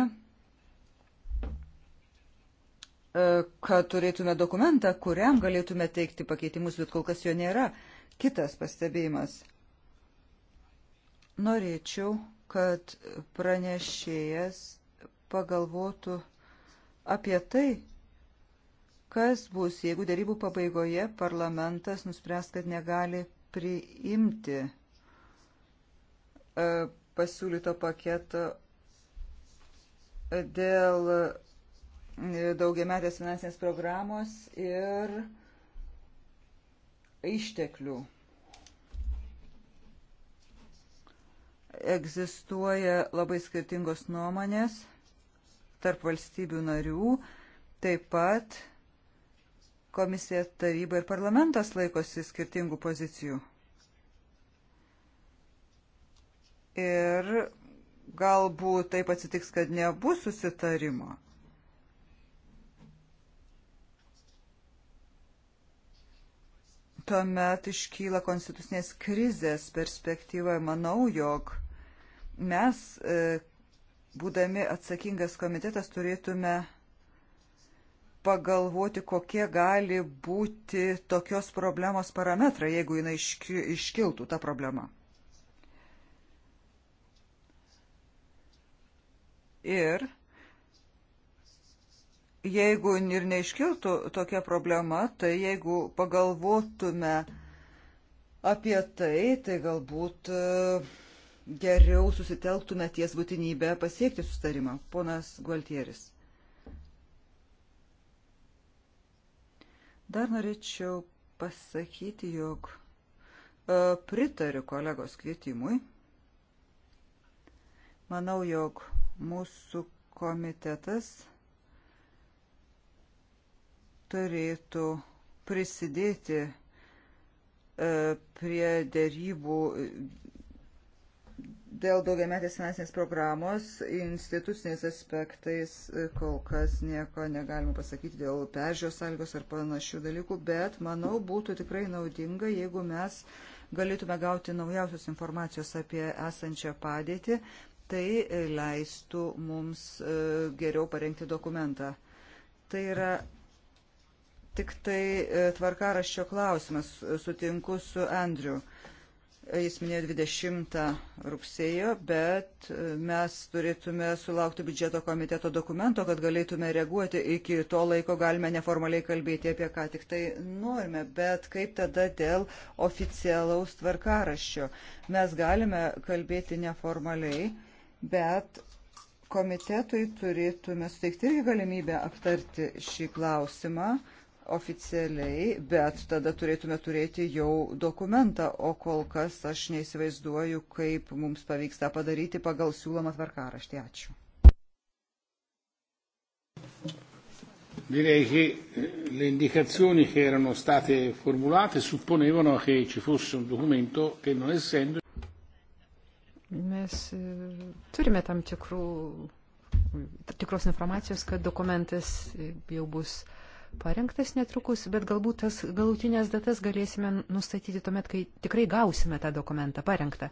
kad turėtume dokumentą, kuriam galėtume teikti pakeitimus, bet kol kas jo nėra. Kitas pastebėjimas – Norėčiau, kad pranešėjas pagalvotų apie tai, kas bus, jeigu darybų pabaigoje parlamentas nuspręs, kad negali priimti e, pasiūlyto paketo dėl e, daugiametės finansinės programos ir išteklių. egzistuoja labai skirtingos nuomonės tarp valstybių narių, taip pat komisija, taryba ir parlamentas laikosi skirtingų pozicijų. Ir galbūt taip atsitiks, kad nebus susitarimo. Tuomet iškyla konstitucinės krizės perspektyva. Manau, jog mes, e, būdami atsakingas komitetas, turėtume pagalvoti, kokie gali būti tokios problemos parametrai, jeigu jinai iškiltų ta problema. Ir jeigu ir neiškiltų tokia problema, tai jeigu pagalvotume apie tai, tai galbūt uh, geriau susitelktume ties būtinybę pasiekti sustarimą. Ponas Gualtieris. Dar norėčiau pasakyti, jog e, pritariu kolegos kvietimui. Manau, jog mūsų komitetas turėtų prisidėti e, prie dėrybų Dėl daugiametės finansinės programos instituciniais aspektais e, kol kas nieko negalima pasakyti dėl peržiūros sąlygos ar panašių dalykų, bet manau būtų tikrai naudinga, jeigu mes galėtume gauti naujausios informacijos apie esančią padėtį, tai leistų mums e, geriau parengti dokumentą. Tai yra tik tai e, tvarkaraščio klausimas, sutinku su Andriu. Jis minėjo 20 rugsėjo, bet e, mes turėtume sulaukti biudžeto komiteto dokumento, kad galėtume reaguoti. Iki to laiko galime neformaliai kalbėti apie ką tik tai norime, bet kaip tada dėl oficialaus tvarkaraščio. Mes galime kalbėti neformaliai, bet komitetui turėtume suteikti irgi galimybę aptarti šį klausimą oficialiai, bet tada turėtume turėti jau dokumentą, o kol kas aš neįsivaizduoju, kaip mums pavyks tą padaryti pagal siūlomą tvarkaraštį. Ačiū. Direi che le indicazioni che erano state formulate supponevano che ci fosse un documento che non essendo. Mes e, turime tam tikrų, tikros informacijos, kad dokumentas e, jau bus uh, parengtas netrukus, bet galbūt tas galutinės datas galėsime nustatyti tuomet, kai tikrai gausime tą dokumentą parengtą.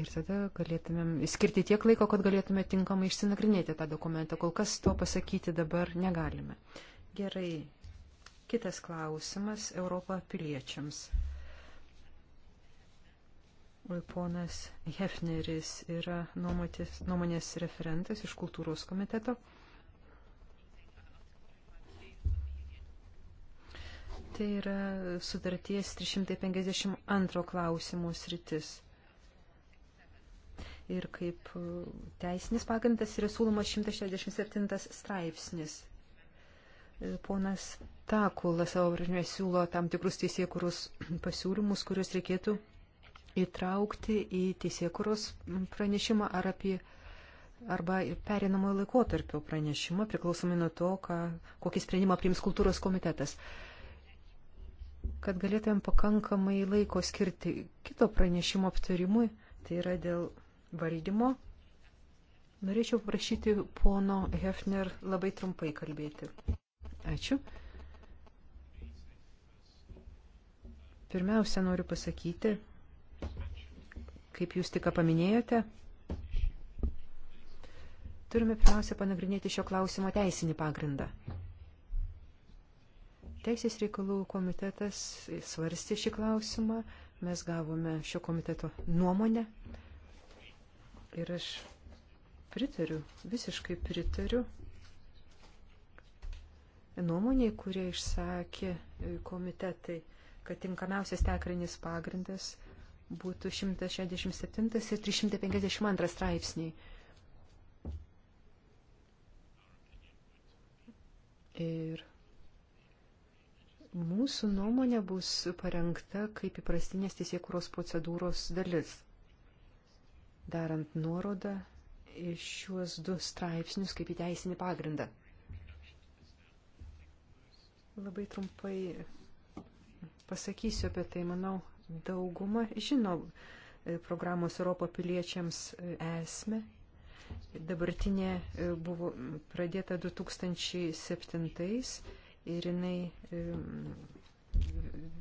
Ir tada galėtumėm skirti tiek laiko, kad galėtume tinkamai išsinagrinėti tą dokumentą. Kol kas to pasakyti dabar negalime. Gerai. Kitas klausimas - Europą piliečiams. Oi, ponas Hefneris yra nuomonės referentas iš kultūros komiteto. Tai yra sutarties 352 klausimų sritis. Ir kaip teisinis pagrindas yra siūlomas 167 straipsnis. Ponas Takula savo pranešime siūlo tam tikrus teisėkurus pasiūlymus, kuriuos reikėtų įtraukti į teisėkuros pranešimą ar apie arba perinamojo laikotarpio pranešimą, priklausomai nuo to, ką, kokį sprendimą priims kultūros komitetas. Uh, kad galėtumėm pakankamai laiko skirti kito pranešimo aptarimui, tai yra dėl valdymo. Norėčiau prašyti pono Hefner labai trumpai kalbėti. Ačiū. Pirmiausia, noriu pasakyti, kaip jūs tik paminėjote, turime pirmiausia panagrinėti šio klausimo teisinį pagrindą. Teisės reikalų komitetas svarstė šį klausimą, mes gavome šio komiteto nuomonę ir aš pritariu, visiškai pritariu nuomonė, kurie išsakė komitetai, kad tinkamiausias tekrinis pagrindas būtų 167 ir 352 straipsniai. Ir mūsų nuomonė bus parengta kaip įprastinės teisėkūros procedūros dalis, darant nuorodą iš šiuos du straipsnius kaip į teisinį pagrindą. Labai trumpai pasakysiu apie tai, manau, dauguma žino programos Europo piliečiams esmę. Dabartinė buvo pradėta 2007 ir jinai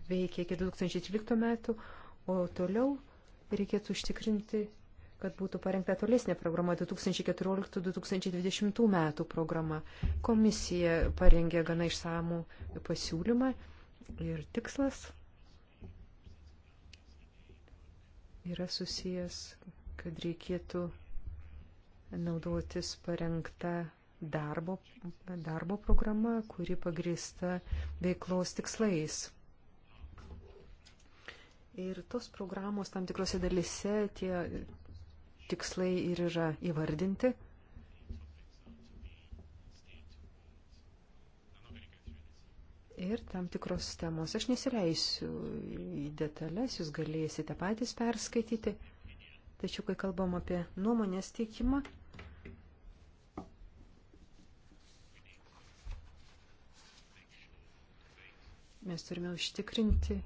veikia iki 2013 metų, o toliau reikėtų užtikrinti, kad būtų parengta tolesnė programa 2014-2020 metų programa. Komisija parengė gana išsamų pasiūlymą ir tikslas yra susijęs, kad reikėtų naudotis parengta darbo, darbo programa, kuri pagrįsta veiklos tikslais. Ir tos programos tam tikrose dalise tie tikslai ir yra įvardinti. ir tam tikros temos. Aš nesileisiu į detalės, jūs galėsite patys perskaityti. Tačiau, kai kalbam apie nuomonės teikimą, Mes turime užtikrinti,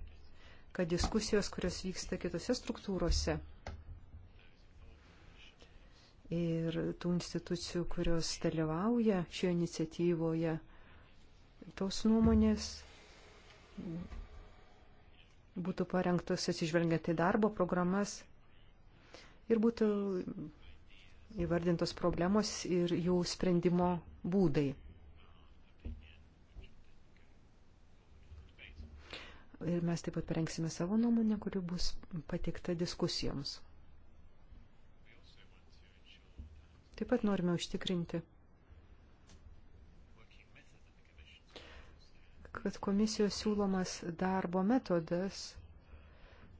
kad diskusijos, kurios vyksta kitose struktūrose ir tų institucijų, kurios dalyvauja šioje iniciatyvoje, tos nuomonės būtų parengtos atsižvelgiant į darbo programas ir būtų įvardintos problemos ir jų sprendimo būdai. Ir mes taip pat parengsime savo nuomonę, kuri bus patikta diskusijoms. Taip pat norime užtikrinti, kad komisijos siūlomas darbo metodas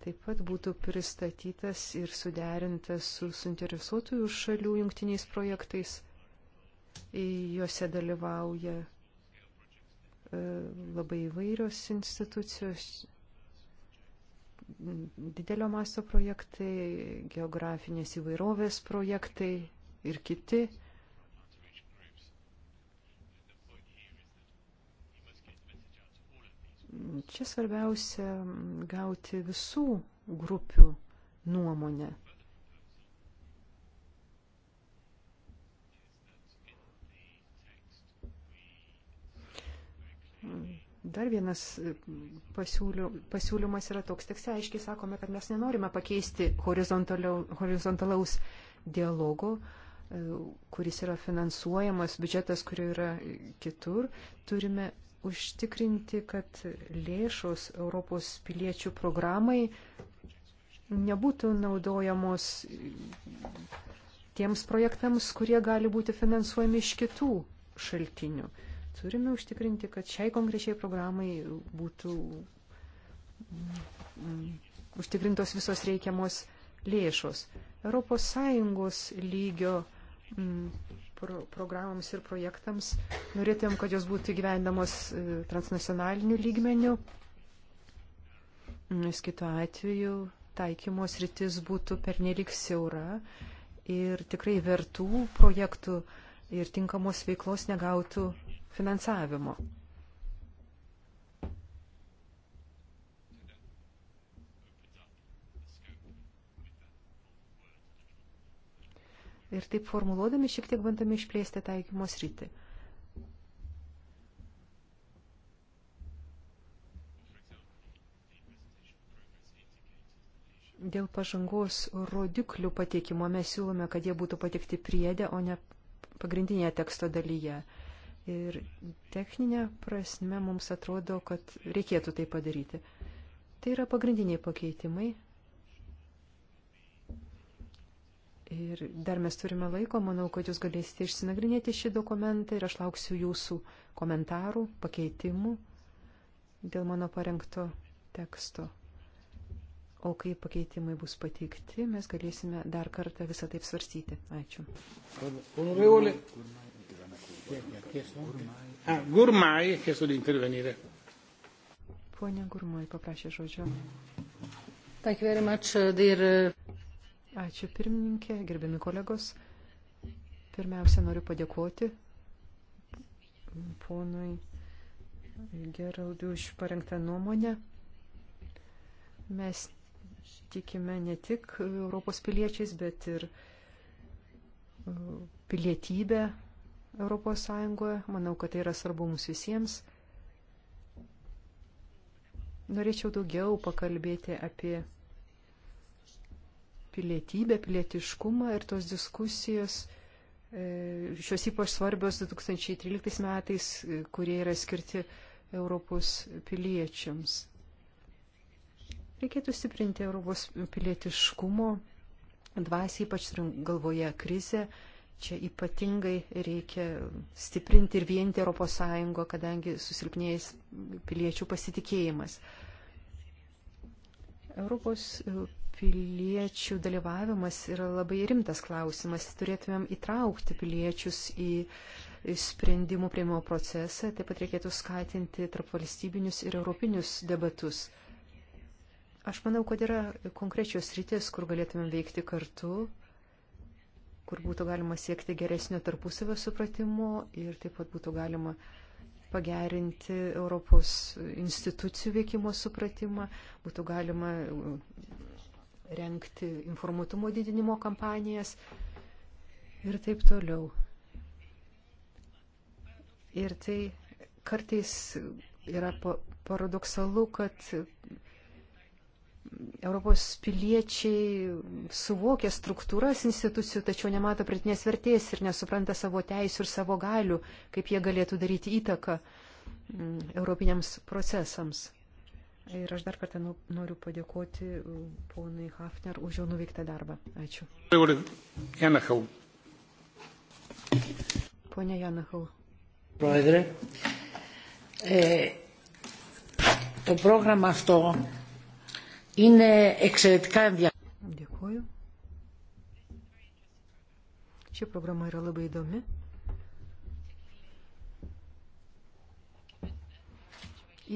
taip pat būtų pristatytas ir suderintas su suinteresuotųjų šalių jungtiniais projektais. Juose dalyvauja E, labai įvairios institucijos, didelio masto projektai, geografinės įvairovės projektai ir kiti. Čia svarbiausia gauti visų grupių nuomonę. Dar vienas e, pasiūlymas yra toks, tekste aiškiai sakome, kad mes nenorime pakeisti horizontalaus dialogo, e, kuris yra finansuojamas, biudžetas, kurio yra kitur. Turime užtikrinti, kad lėšos Europos piliečių programai nebūtų naudojamos tiems projektams, kurie gali būti finansuojami iš kitų šaltinių. Turime užtikrinti, kad šiai konkrečiai programai būtų mm, mm, užtikrintos visos reikiamos lėšos. ES lygio mm, pro programams ir projektams norėtum, kad jos būtų gyvendamos e, transnacionaliniu lygmeniu. Nes kitu atveju taikymos rytis būtų pernelik siaura ir tikrai vertų projektų ir tinkamos veiklos negautų finansavimo. Ir taip formuluodami šiek tiek bandome išplėsti taikymo sritį. Dėl pažangos rodiklių pateikimo mes siūlome, kad jie būtų pateikti priedė, o ne pagrindinėje teksto dalyje. Ir techninė prasme mums atrodo, kad reikėtų tai padaryti. Tai yra pagrindiniai pakeitimai. Ir dar mes turime laiko, manau, kad jūs galėsite išsinagrinėti šį dokumentą ir aš lauksiu jūsų komentarų, pakeitimų dėl mano parengto teksto. O kai pakeitimai bus pateikti, mes galėsime dar kartą visą taip svarstyti. Ačiū. Honorevole. Gurmai, e chiesto di intervenire. Ponia Gurmai paprašė žodžio. Thank you very much, uh, dear. Uh, Ačiū pirmininkė, gerbiami kolegos. Pirmiausia, noriu padėkoti ponui Geraldui už parengtą nuomonę. Mes tikime ne tik Europos piliečiais, bet ir uh, pilietybę ES. Manau, kad tai yra svarbu mums visiems. Norėčiau daugiau pakalbėti apie pilietybę, pilietiškumą ir tos diskusijos, e, šios ypač svarbios 2013 metais, e, kurie yra skirti Europos piliečiams. Reikėtų stiprinti Europos pilietiškumo dvasį, ypač galvoje krizę Čia ypatingai reikia stiprinti ir vienyti ES, kadangi susilpnėjęs piliečių pasitikėjimas. Europos e, piliečių dalyvavimas yra labai rimtas klausimas. Turėtumėm įtraukti piliečius į sprendimų prieimimo procesą, taip pat reikėtų skatinti tarp valstybinius ir europinius debatus. Aš manau, kad yra konkrečios rytis, kur galėtumėm veikti kartu kur būtų galima siekti geresnio tarpusavio supratimo ir taip pat būtų galima pagerinti Europos institucijų veikimo supratimą, būtų galima uh, renkti informuotumo didinimo kampanijas ir taip toliau. Ir tai kartais yra paradoksalu, kad Europos piliečiai suvokia struktūras institucijų, tačiau nemato pritinės vertės ir nesupranta savo teisų ir savo galių, kaip jie galėtų daryti įtaką mm, europiniams procesams. Ir aš dar kartą nu, noriu padėkoti uh, ponui Hafner už jo nuveiktą darbą. Ačiū. Janachau. Pone Janachau. Πρόεδρε, ε, το πρόγραμμα αυτό Είναι εξαιρετικά ενδιαφέρον. Dėkuoju. Ši programa yra labai įdomi.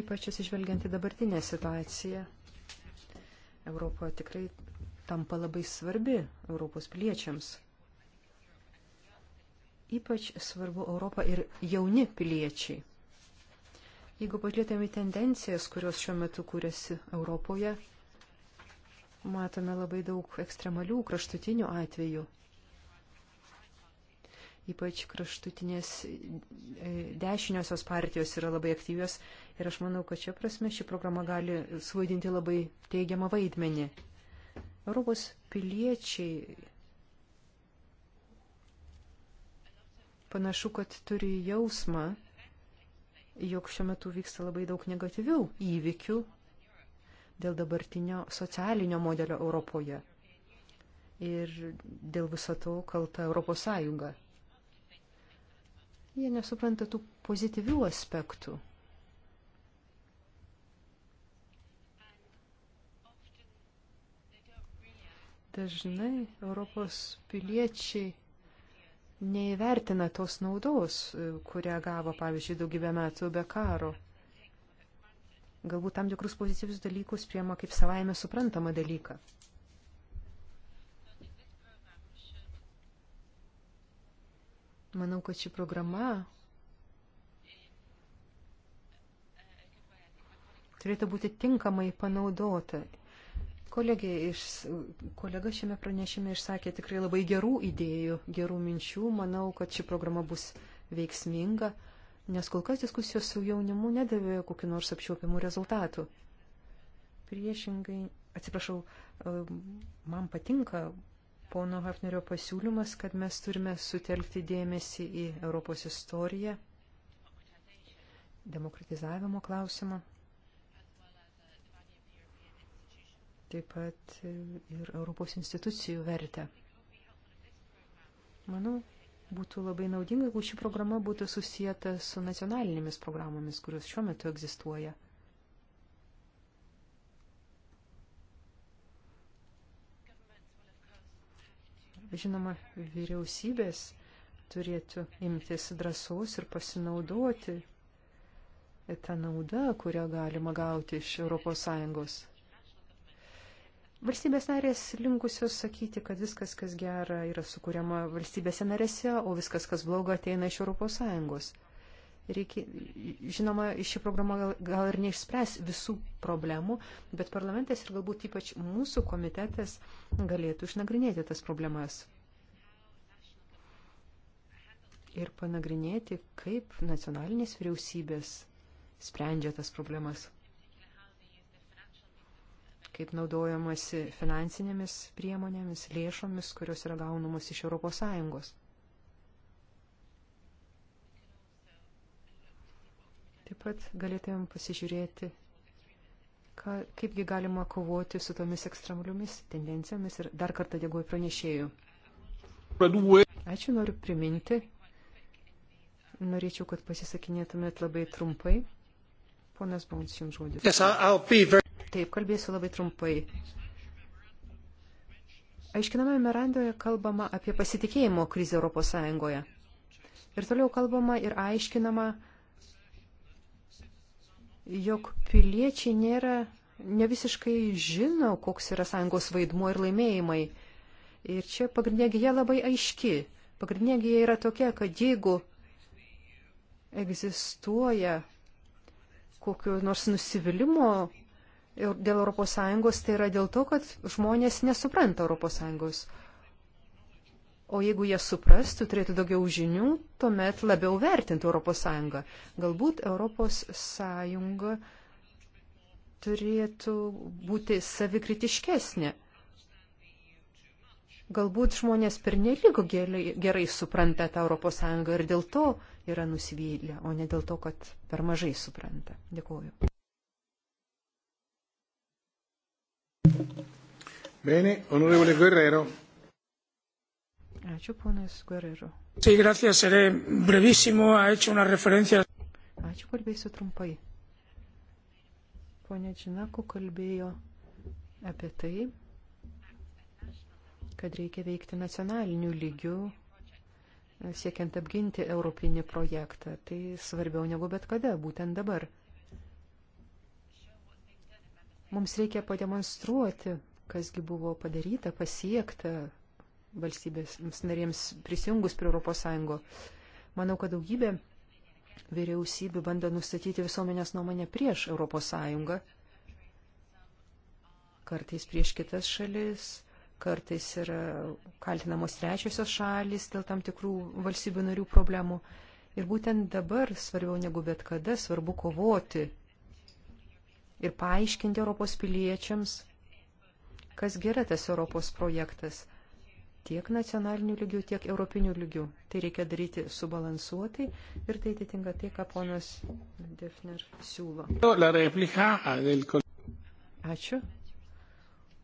Ypač atsižvelgiant į dabartinę situaciją. Europa tikrai tampa labai svarbi Europos piliečiams. Ypač svarbu Europa ir jauni piliečiai. Jeigu pažiūrėtume tendencijas, kurios šiuo metu kūrėsi Europoje, matome labai daug ekstremalių kraštutinių atvejų. Ypač kraštutinės e, dešiniosios partijos yra labai aktyvios ir aš manau, kad čia prasme ši programa gali suvaidinti labai teigiamą vaidmenį. Europos piliečiai panašu, kad turi jausmą, jog šiuo metu vyksta labai daug negatyvių įvykių dėl dabartinio socialinio modelio Europoje. Ir dėl viso to kalta Europos Sąjunga. Jie nesupranta tų pozityvių aspektų. Dažnai Europos piliečiai neįvertina tos naudos, kurią gavo, pavyzdžiui, daugybę metų be karo galbūt tam tikrus pozityvius dalykus priema kaip savaime suprantamą dalyką. Manau, kad ši programa turėtų būti tinkamai panaudota. Kolegė iš, kolega šiame pranešime išsakė tikrai labai gerų idėjų, gerų minčių. Manau, kad ši programa bus veiksminga nes kol kas diskusijos su jaunimu nedavė kokiu nors apčiuopiamų rezultatų. Priešingai, atsiprašau, um, man patinka pono Hafnerio pasiūlymas, kad mes turime sutelkti dėmesį į Europos istoriją, demokratizavimo klausimą, taip pat ir Europos institucijų vertę. Manau, Būtų labai naudinga, jeigu ši programa būtų susijęta su nacionalinėmis programomis, kurios šiuo metu egzistuoja. Žinoma, vyriausybės turėtų imtis drąsos ir pasinaudoti tą naudą, kurią galima gauti iš ES. Valstybės narės linkusios sakyti, kad viskas, kas gera, yra sukūriama valstybėse narėse, o viskas, kas bloga, ateina iš ES. Reikia, žinoma, ši programa gal, gal ir neišspręs visų problemų, bet parlamentas ir galbūt ypač mūsų komitetas galėtų išnagrinėti tas problemas. Ir panagrinėti, kaip nacionalinės vyriausybės sprendžia tas problemas kaip naudojamasi finansinėmis priemonėmis, lėšomis, kurios yra gaunamos iš ES. Taip pat galėtumėm pasižiūrėti, ka, kaipgi galima kovoti su tomis ekstremaliomis tendencijomis ir dar kartą dėguoju pranešėjų. Ačiū, noriu priminti. Norėčiau, kad pasisakinėtumėt labai trumpai. Ponas Bons, jums žodis. Yes, Taip, kalbėsiu labai trumpai. Aiškiname Mirandoje kalbama apie pasitikėjimo krizę Europos Sąjungoje. Ir toliau kalbama ir aiškinama, jog piliečiai nėra, ne visiškai žino, koks yra sąjungos vaidmuo ir laimėjimai. Ir čia pagrindinė gija labai aiški. Pagrindinė gija yra tokia, kad jeigu egzistuoja kokio nors nusivylimų dėl ES, tai yra dėl to, kad žmonės nesupranta ES. O jeigu jie suprastų, turėtų daugiau žinių, tuomet labiau vertintų ES. Galbūt ES turėtų būti savikritiškesnė. Galbūt žmonės pernelyg gerai, gerai supranta tą ES ir dėl to yra nusivylę, o ne dėl to, kad per mažai supranta. Dėkuoju. Bene, onorevole Guerrero. Ačiū, ponas Guerrero. Sí, gracias, seré brevísimo, ha hecho una referencia. Ačiū, kalbėsiu trumpai. Pone Činaku kalbėjo apie tai, kad reikia veikti nacionaliniu lygiu, siekiant apginti europinį projektą. Tai svarbiau negu bet kada, būtent dabar. Mums reikia pademonstruoti, kasgi buvo padaryta, pasiekta valstybės narėms prisijungus prie ES. Manau, kad daugybė vyriausybių bando nustatyti visuomenės nuomonę prieš ES, kartais prieš kitas šalis, kartais yra kaltinamos trečiosios šalis dėl tam tikrų valstybių narių problemų. Ir būtent dabar svarbiau negu bet kada svarbu kovoti ir paaiškinti Europos piliečiams, kas yra tas Europos projektas tiek nacionalinių lygių, tiek europinių lygių. Tai reikia daryti subalansuotai ir tai atitinka tai, ką ponas Defner siūlo. Ačiū.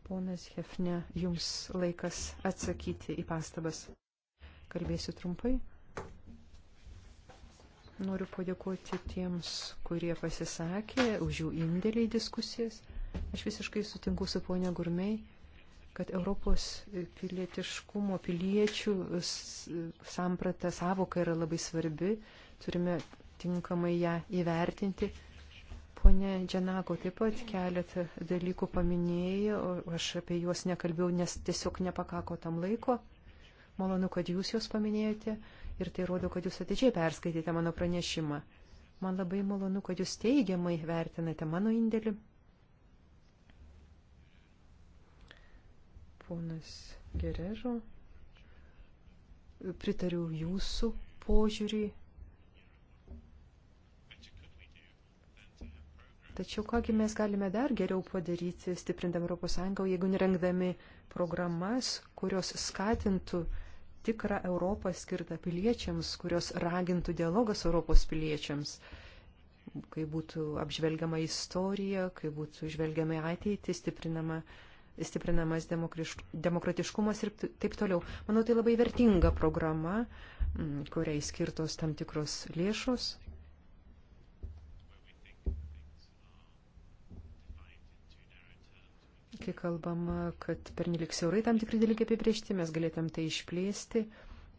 Ponas Hefne, jums laikas atsakyti į pastabas. Kalbėsiu trumpai. Noriu padėkoti tiems, kurie pasisakė už jų indėlį į diskusijas. Aš visiškai sutinku su ponia Gurmei, kad Europos pilietiškumo piliečių samprata savoka yra labai svarbi. Turime tinkamai ją įvertinti. Pone Dženako taip pat keletą dalykų paminėjo, aš apie juos nekalbėjau, nes tiesiog nepakako tam laiko. Malonu, kad jūs juos paminėjote ir tai rodo, kad jūs atidžiai perskaitėte mano pranešimą. Man labai malonu, kad jūs teigiamai vertinate mano indėlį. ponas Gerero. Pritariu jūsų požiūrį. Tačiau kągi mes galime dar geriau padaryti, stiprindami ES, jeigu nerengdami programas, kurios skatintų tikrą Europą skirtą piliečiams, kurios ragintų dialogas Europos piliečiams, kai būtų apžvelgiama istorija, kai būtų žvelgiama ateitį, stiprinama uh, stiprinamas demokratiškumas ir taip toliau. Manau, tai labai vertinga programa, kuriai skirtos tam tikros lėšos. Kai kalbama, kad pernelik siaurai tam tikri dalykai apibriežti, mes galėtum tai išplėsti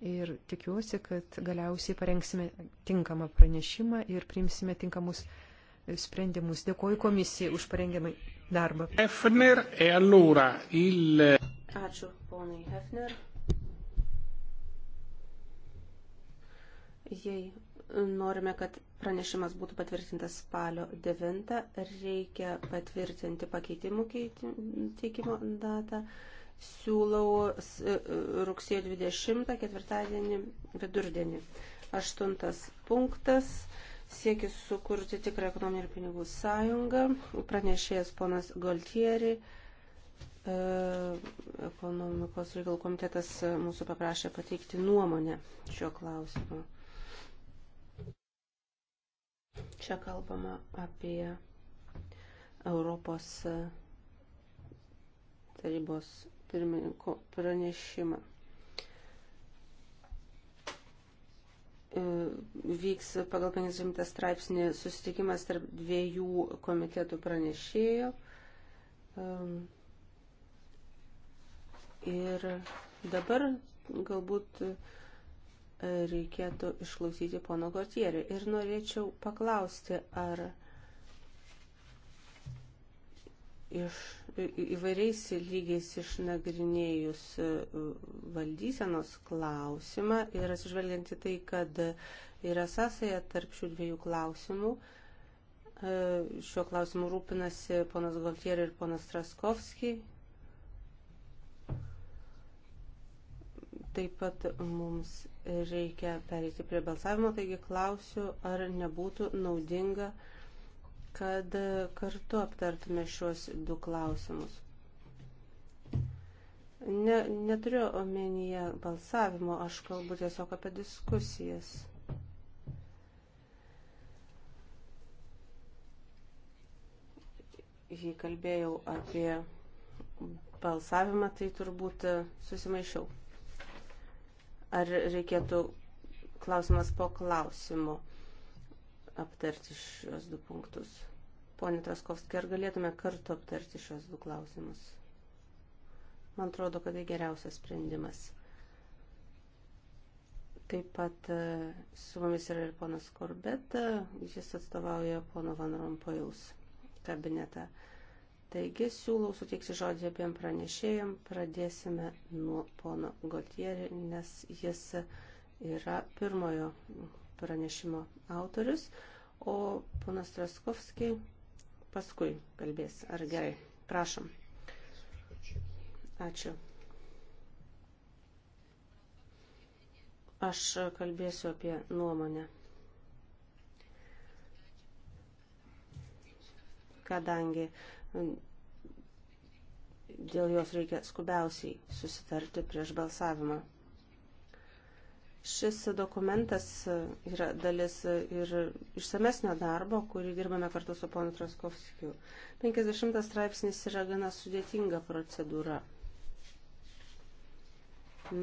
ir tikiuosi, kad galiausiai parengsime tinkamą pranešimą ir priimsime tinkamus sprendimus. Dėkuoju komisijai už parengiamą darbą. Hefner, e allora il... Ačiū, ponai Hefner. Jei norime, kad pranešimas būtų patvirtintas spalio 9, reikia patvirtinti pakeitimų teikimo datą. Siūlau e, rugsėjo 20, ketvirtadienį, vidurdienį. Aštuntas punktas siekis sukurti tikrą ekonominį ir pinigų sąjungą. Pranešėjas ponas Goltieri, e, ekonomikos reikalų komitetas mūsų paprašė pateikti nuomonę šio klausimu. Čia kalbama apie Europos tarybos pirmininko pranešimą. E, vyks pagal 50 straipsnį susitikimas tarp dviejų komitetų pranešėjų. Ir dabar galbūt e, reikėtų išklausyti pono Gortierį. Ir norėčiau paklausti, ar iš įvairiais lygiais išnagrinėjus e, valdysenos klausimą ir atsižvelgiant į tai, kad yra sąsaja tarp šių dviejų klausimų, e, šiuo klausimu rūpinasi ponas Goltieri ir ponas Traskovski. Taip pat mums reikia pereiti prie balsavimo, taigi klausiu, ar nebūtų naudinga uh, kad e, kartu aptartume šios du klausimus. Ne, neturiu omenyje balsavimo, aš kalbu tiesiog apie diskusijas. Jei kalbėjau apie balsavimą, tai turbūt e, susimaišiau. Ar reikėtų klausimas po klausimo aptarti šios du punktus? Pone Traskovski, ar galėtume kartu aptarti šios du klausimus? Man atrodo, kad tai geriausias sprendimas. Taip pat e, su mumis yra ir ponas Korbeta, jis atstovauja pono Van Rompojaus kabinetą. Taigi siūlau suteikti žodį abiem pranešėjim, pradėsime nuo pono Gotierį, nes jis yra pirmojo pranešimo autorius, o ponas Traskovskis paskui kalbės. Ar gerai? Prašom. Ačiū. Aš kalbėsiu apie nuomonę. Kadangi dėl jos reikia skubiausiai susitarti prieš balsavimą. Šis dokumentas yra dalis ir išsamesnio darbo, kurį dirbame kartu su ponu Traskovskiu. 50 straipsnis yra gana sudėtinga procedūra.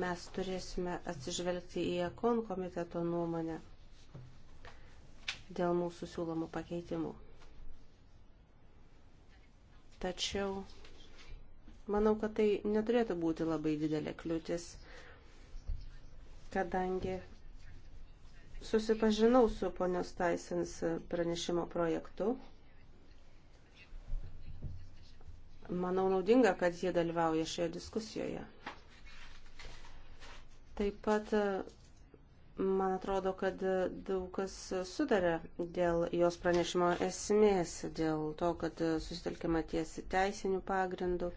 Mes turėsime atsižvelgti į ekon komiteto nuomonę dėl mūsų siūlomų pakeitimų. Tačiau manau, kad tai neturėtų būti labai didelė kliūtis kadangi susipažinau su ponios Taisens pranešimo projektu. Manau naudinga, kad jie dalyvauja šioje diskusijoje. Taip pat, man atrodo, kad daug kas sudarė dėl jos pranešimo esmės, dėl to, kad susitelkima tiesi teisinių pagrindų.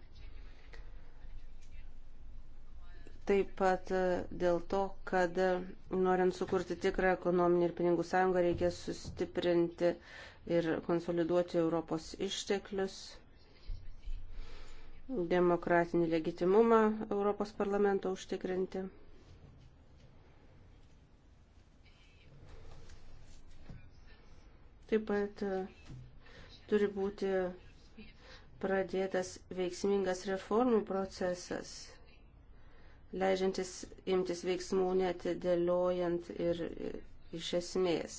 Taip pat e, dėl to, kad e, norint sukurti tikrą ekonominį ir pinigų sąjungą reikia sustiprinti ir konsoliduoti Europos išteklius, demokratinį legitimumą Europos parlamento užtikrinti. Taip pat e, turi būti pradėtas veiksmingas reformų procesas leidžiantis imtis veiksmų netidėliojant ir iš esmės.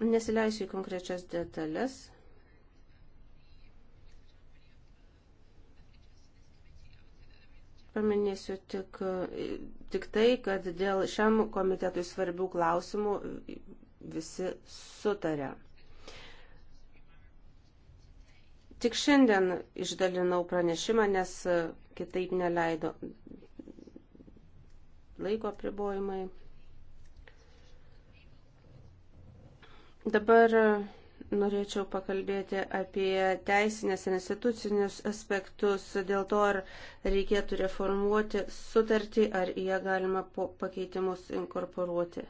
Nesileisiu į konkrečias detalės. Paminėsiu tik, tik tai, kad dėl šiam komitetui svarbių klausimų visi sutarė. Tik šiandien išdalinau pranešimą, nes kitaip neleido laiko apribojimai. Dabar norėčiau pakalbėti apie teisinės ir institucinius aspektus, dėl to ar reikėtų reformuoti sutartį, ar ją galima po pakeitimus inkorporuoti.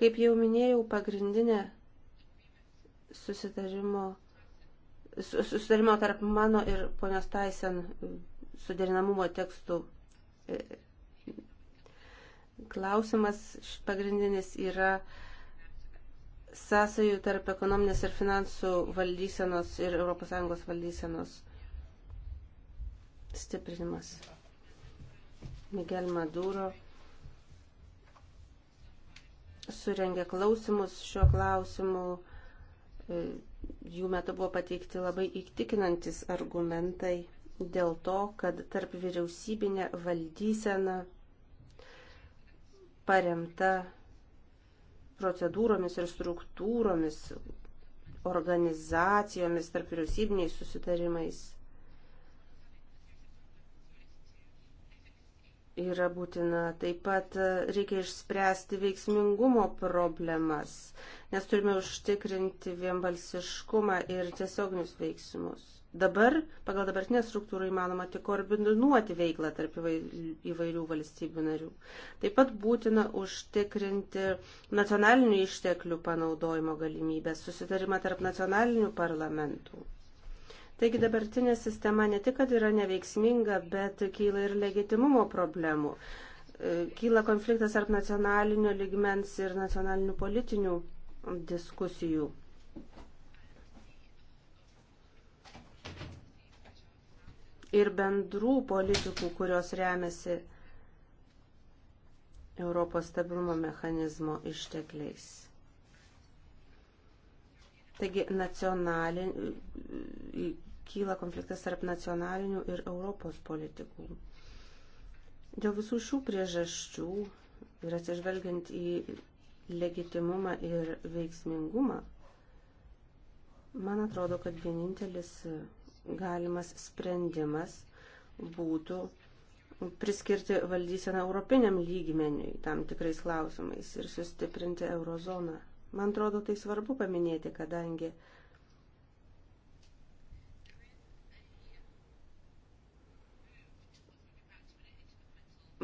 Kaip jau minėjau, pagrindinė susitarimo susitarimo tarp mano ir ponios Taisen suderinamumo tekstų e, klausimas pagrindinis yra sąsajų tarp ekonominės ir finansų valdysenos ir ES valdysenos stiprinimas. Miguel Maduro surengė klausimus šiuo klausimu e, jų metu buvo pateikti labai įtikinantis argumentai dėl to, kad tarp vyriausybinė valdysena paremta procedūromis ir struktūromis, organizacijomis, tarp vyriausybiniais susitarimais yra būtina. Taip pat reikia išspręsti veiksmingumo problemas nes turime užtikrinti vienbalsiškumą ir tiesioginius veiksmus. Dabar, pagal dabartinę struktūrą įmanoma tik koordinuoti veiklą tarp įvairių valstybių narių. Taip pat būtina užtikrinti nacionalinių išteklių panaudojimo galimybę, susitarimą tarp nacionalinių parlamentų. Taigi dabartinė sistema ne tik, kad yra neveiksminga, bet kyla ir legitimumo problemų. E, kyla konfliktas tarp nacionalinio ligmens ir nacionalinių politinių diskusijų. Ir bendrų politikų, kurios remiasi Europos stabilumo mechanizmo ištekliais. Taigi nacionalin, kyla konfliktas tarp nacionalinių ir Europos politikų. Dėl visų šių priežasčių ir atsižvelgiant į legitimumą ir veiksmingumą, man atrodo, kad vienintelis galimas sprendimas būtų priskirti valdyseną europiniam lygmeniui tam tikrais klausimais ir sustiprinti eurozoną. Man atrodo, tai svarbu paminėti, kadangi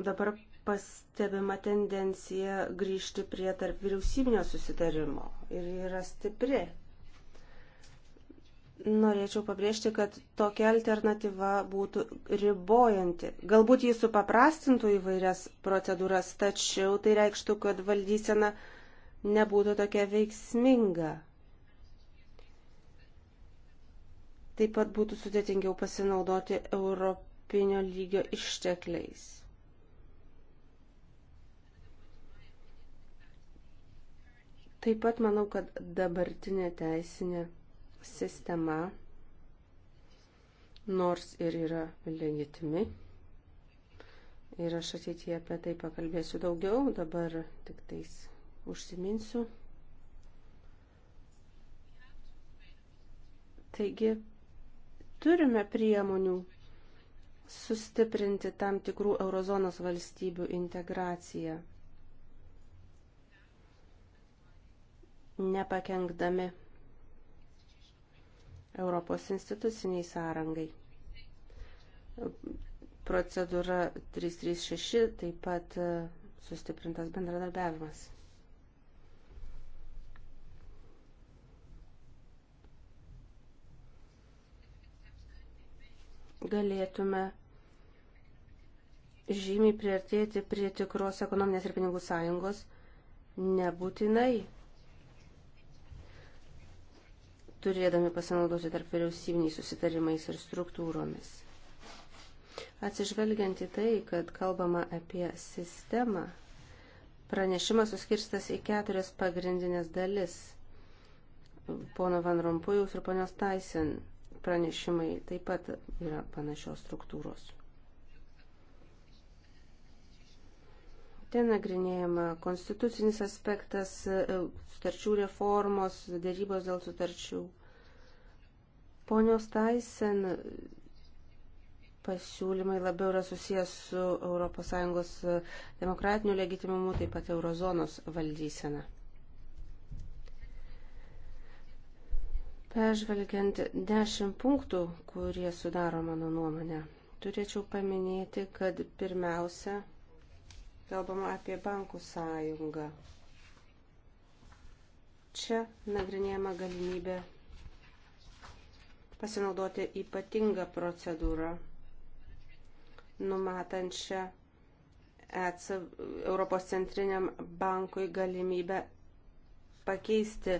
dabar pastebima tendencija grįžti prie tarp vyriausybinio susitarimo ir yra stipri. Norėčiau pabrėžti, kad tokia alternatyva būtų ribojanti. Galbūt jis supaprastintų įvairias procedūras, tačiau tai reikštų, kad valdysena nebūtų tokia veiksminga. Taip pat būtų sudėtingiau pasinaudoti europinio lygio ištekliais. Taip pat manau, kad dabartinė teisinė sistema, nors ir yra legitimi, ir aš ateityje apie tai pakalbėsiu daugiau, dabar tik tais užsiminsiu. Taigi, turime priemonių sustiprinti tam tikrų eurozonos valstybių integraciją nepakengdami Europos instituciniai sąrangai. Procedūra 336 taip pat e, sustiprintas bendradarbiavimas. Galėtume žymiai priartėti prie tikros ekonominės ir pinigų sąjungos, nebūtinai turėdami pasinaudoti tarp vyriausybiniais susitarimais ir struktūromis. Atsižvelgiant į tai, kad kalbama apie sistemą, pranešimas suskirstas į keturias pagrindinės dalis. Pono Van Rompujaus ir ponios Tyson pranešimai taip pat yra panašios struktūros. Ten nagrinėjama konstitucinis aspektas, e, sutarčių reformos, dėrybos dėl sutarčių. Ponios Taisen e, pasiūlymai labiau yra susijęs su ES demokratiniu legitimumu, taip pat eurozonos valdysena. Peržvelgiant dešimt punktų, kurie sudaro mano nuomonę, turėčiau paminėti, kad pirmiausia – kalbama apie bankų sąjungą. Čia nagrinėjama galimybė pasinaudoti ypatingą procedūrą, numatančią ECB, Europos centriniam bankui galimybę pakeisti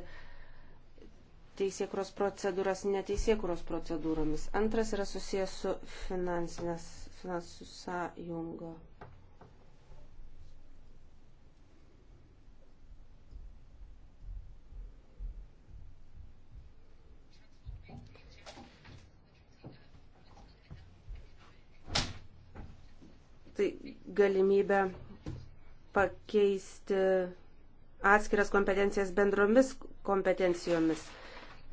teisėkuros procedūras neteisėkuros procedūromis. Antras yra susijęs su finansinės finansų sąjunga. galimybę pakeisti atskiras kompetencijas bendromis kompetencijomis.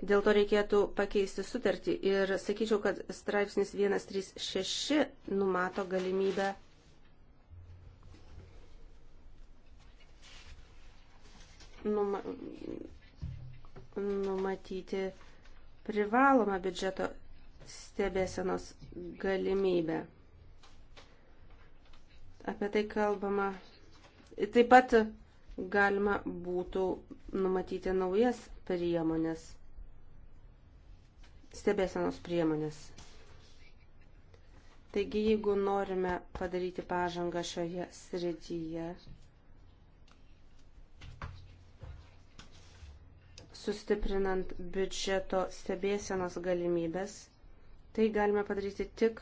Dėl to reikėtų pakeisti sutartį ir sakyčiau, kad straipsnis 136 numato galimybę numa, numatyti privalomą biudžeto stebėsenos galimybę apie tai kalbama. Taip pat galima būtų numatyti naujas priemonės, stebėsenos priemonės. Taigi, jeigu norime padaryti pažangą šioje srityje, sustiprinant biudžeto stebėsenos galimybės, tai galime padaryti tik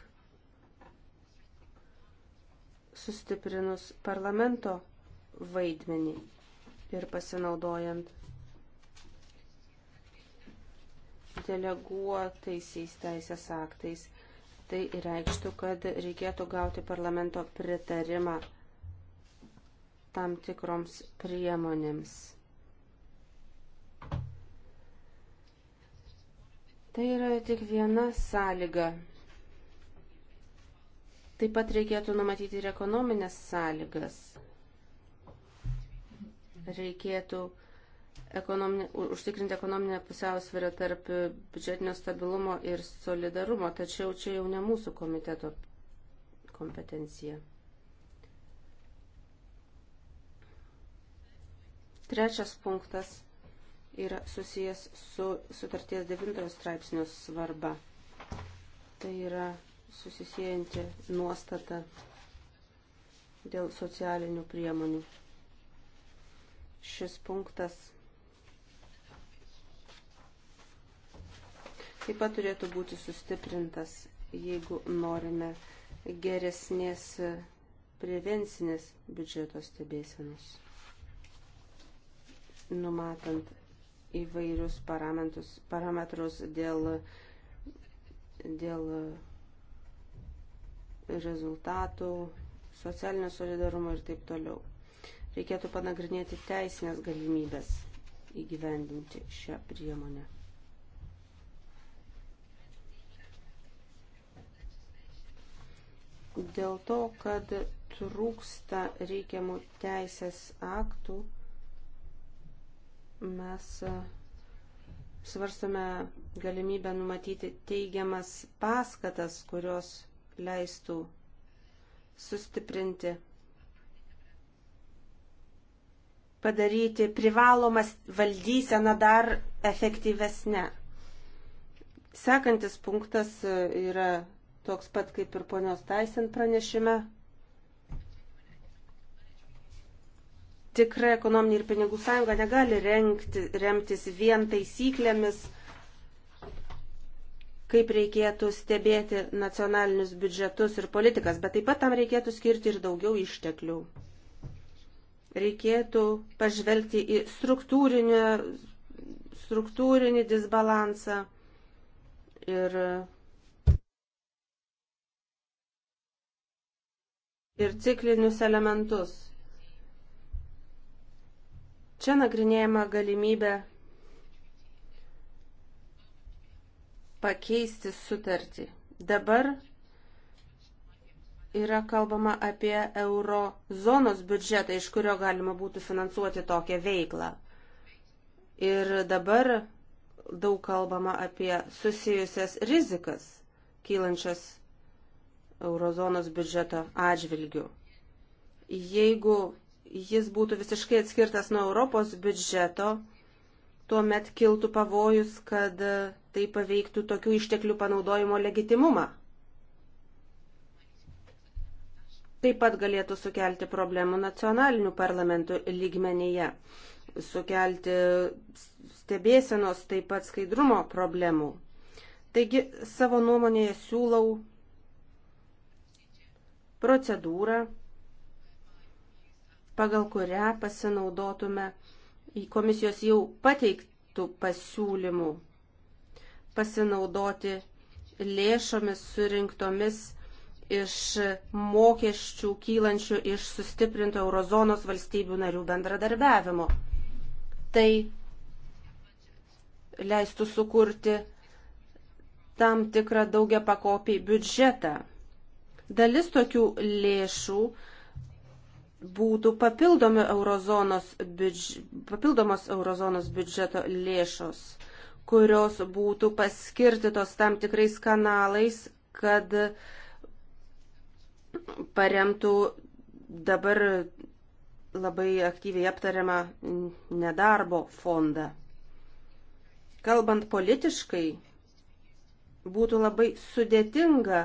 sustiprinus parlamento vaidmenį ir pasinaudojant deleguotaisiais teisės aktais. Tai reikštų, kad reikėtų gauti parlamento pritarimą tam tikroms priemonėms. Tai yra tik viena sąlyga Taip pat reikėtų numatyti ir ekonominės sąlygas. Reikėtų ekonominė, užtikrinti ekonominę pusiausvyrą tarp biudžetinio stabilumo ir solidarumo, tačiau čia jau ne mūsų komiteto kompetencija. Trečias punktas yra susijęs su sutarties devintojo straipsnio svarba. Tai yra susisiejanti nuostata dėl socialinių priemonių. Šis punktas taip pat turėtų būti sustiprintas, jeigu norime geresnės prevencinės biudžeto stebėsenos, numatant įvairius parametrus dėl, dėl rezultatų, socialinio solidarumo ir taip toliau. Reikėtų panagrinėti teisinės galimybės įgyvendinti šią priemonę. Dėl to, kad trūksta reikiamų teisės aktų, mes e, svarstome galimybę numatyti teigiamas paskatas, kurios leistų sustiprinti, padaryti privalomas valdyseną dar efektyvesnę. Sekantis punktas yra toks pat kaip ir ponios Taisen pranešime. Tikra ekonominė ir pinigų sąjunga negali renkti, remtis vien taisyklėmis kaip reikėtų stebėti nacionalinius biudžetus ir politikas, bet taip pat tam reikėtų skirti ir daugiau išteklių. Reikėtų pažvelgti į struktūrinį, struktūrinį disbalansą ir, ir ciklinius elementus. Čia nagrinėjama galimybė pakeisti sutartį. Dabar yra kalbama apie eurozonos biudžetą, iš kurio galima būtų finansuoti tokią veiklą. Ir dabar daug kalbama apie susijusias rizikas kylančias eurozonos biudžeto atžvilgių. Jeigu jis būtų visiškai atskirtas nuo Europos biudžeto, tuomet kiltų pavojus, kad tai paveiktų tokių išteklių panaudojimo legitimumą. Taip pat galėtų sukelti problemų nacionalinių parlamentų lygmenyje, sukelti stebėsenos taip pat skaidrumo problemų. Taigi savo nuomonėje siūlau procedūrą, pagal kurią pasinaudotume į komisijos jau pateiktų pasiūlymų pasinaudoti lėšomis surinktomis iš mokesčių kylančių iš sustiprinto eurozonos valstybių narių bendradarbiavimo. Tai leistų sukurti tam tikrą daugia pakopį biudžetą. Dalis tokių lėšų būtų papildomos eurozonos, biudž... papildomos eurozonos biudžeto lėšos kurios būtų paskirtytos tam tikrais kanalais, kad paremtų dabar labai aktyviai aptariamą nedarbo fondą. Kalbant politiškai, būtų labai sudėtinga,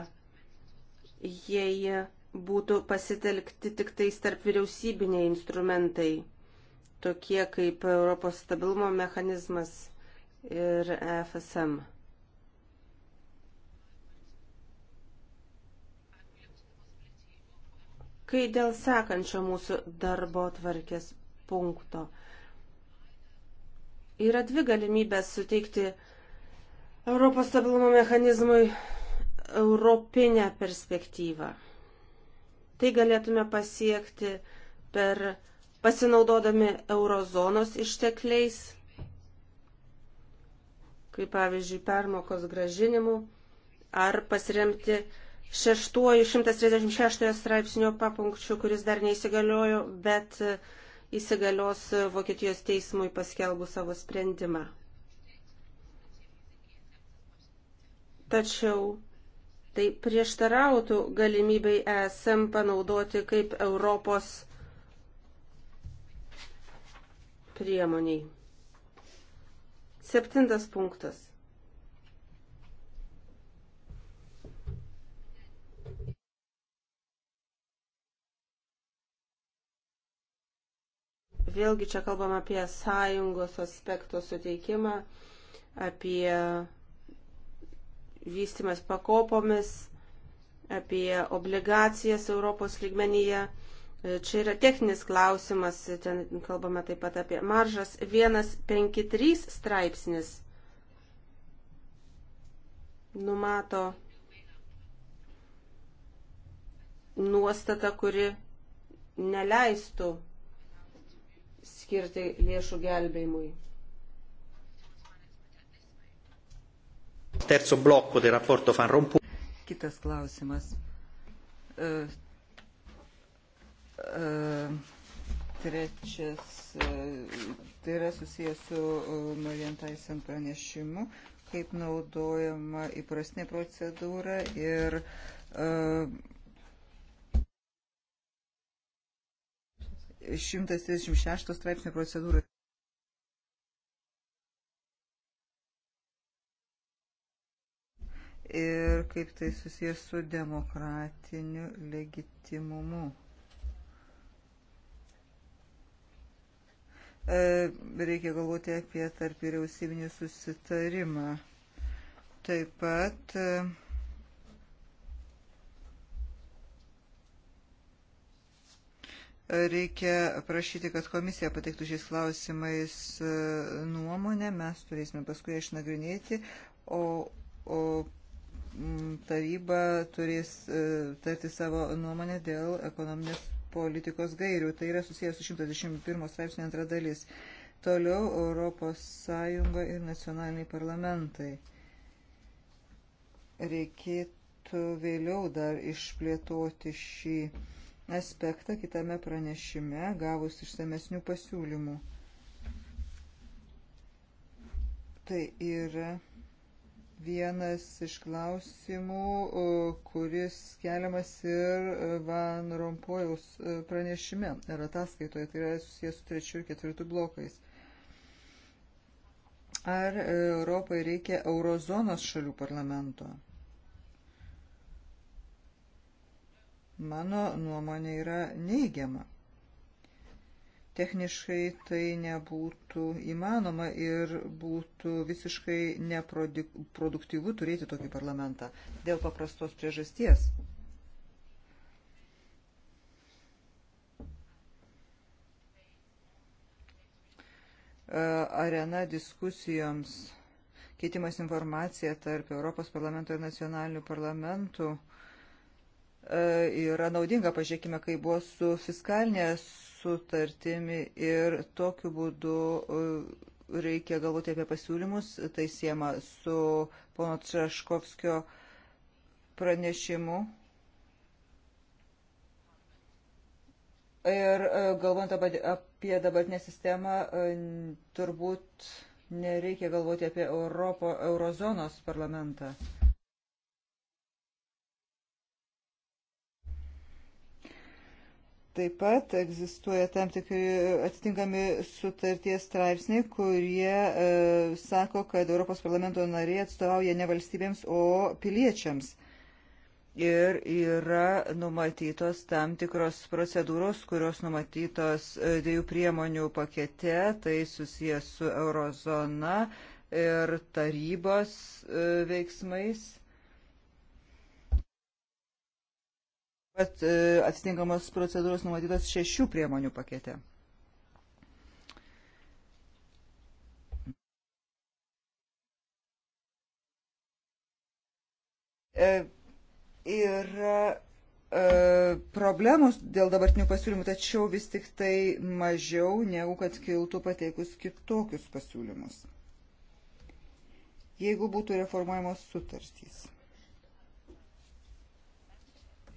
jei būtų pasitelkti tik tais tarp vyriausybiniai instrumentai, tokie kaip Europos stabilumo mechanizmas ir e FSM. Kai dėl sekančio mūsų darbo tvarkės punkto yra dvi galimybės suteikti Europos stabilumo mechanizmui europinę perspektyvą. Tai galėtume pasiekti per pasinaudodami eurozonos ištekliais kaip pavyzdžiui permokos gražinimu, ar pasiremti 6.136 straipsnio papunkčių, kuris dar neįsigaliojo, bet e, įsigalios e, Vokietijos teismui paskelbus savo sprendimą. Tačiau tai prieštarautų galimybei ESM panaudoti kaip Europos priemoniai. Septintas punktas. Vėlgi čia kalbam apie sąjungos aspekto suteikimą, apie vystimas pakopomis, apie obligacijas Europos lygmenyje. Čia yra techninis klausimas, ten kalbame taip pat apie maržas. 153 straipsnis numato nuostata, kuri neleistų skirti lėšų gelbėjimui. Terzo blokų, tai raporto Fan Rompuy. Kitas klausimas e, trečias, tai yra susijęs su e, Marian Taisen pranešimu, kaip naudojama įprastinė procedūra ir uh, e, 136 straipsnio procedūra. Ir kaip tai susijęs su demokratiniu legitimumu. E, reikia galvoti apie tarp vyriausybinį susitarimą. Taip pat e, reikia prašyti, kad komisija pateiktų šiais klausimais e, nuomonę, mes turėsime paskui išnagrinėti, o, o taryba turės tarti savo nuomonę dėl ekonominės politikos gairių. Tai yra susijęs su 121 straipsnio antra dalis. Toliau Europos Sąjunga ir nacionaliniai parlamentai. Reikėtų vėliau dar išplėtoti šį aspektą kitame pranešime, gavus išsamesnių pasiūlymų. Tai yra. Ir vienas iš klausimų, kuris keliamas ir e, Van Rompojaus e, pranešime ir ataskaitoje, tai yra susijęs su trečiu ir ketvirtu blokais. Ar e, Europai reikia eurozonos šalių parlamento? Mano nuomonė yra neigiama techniškai tai nebūtų įmanoma ir būtų visiškai neproduktyvu turėti tokį parlamentą dėl paprastos priežasties. E, arena diskusijoms, keitimas informacija tarp Europos parlamento ir nacionalinių parlamentų e, yra naudinga. Pažiūrėkime, kai buvo su fiskalinė sutartimi ir tokiu būdu e, reikia galvoti apie pasiūlymus, tai siema su pono Traškovskio pranešimu. Ir e, galvant apie dabartinę sistemą, e, turbūt nereikia galvoti apie Europo, Eurozonos parlamentą. Taip pat egzistuoja tam tikri atitinkami sutarties straipsniai, kurie e, sako, kad Europos parlamento nariai atstovauja ne valstybėms, o piliečiams. Ir yra numatytos tam tikros procedūros, kurios numatytos e, dviejų priemonių pakete, tai susijęs su eurozona ir tarybos e, veiksmais pat e, atitinkamos procedūros numatytos šešių priemonių pakete. E, yra e, problemus dėl dabartinių pasiūlymų, tačiau vis tik tai mažiau negu kad kiltų pateikus kitokius pasiūlymus. Jeigu būtų reformuojamos sutartys.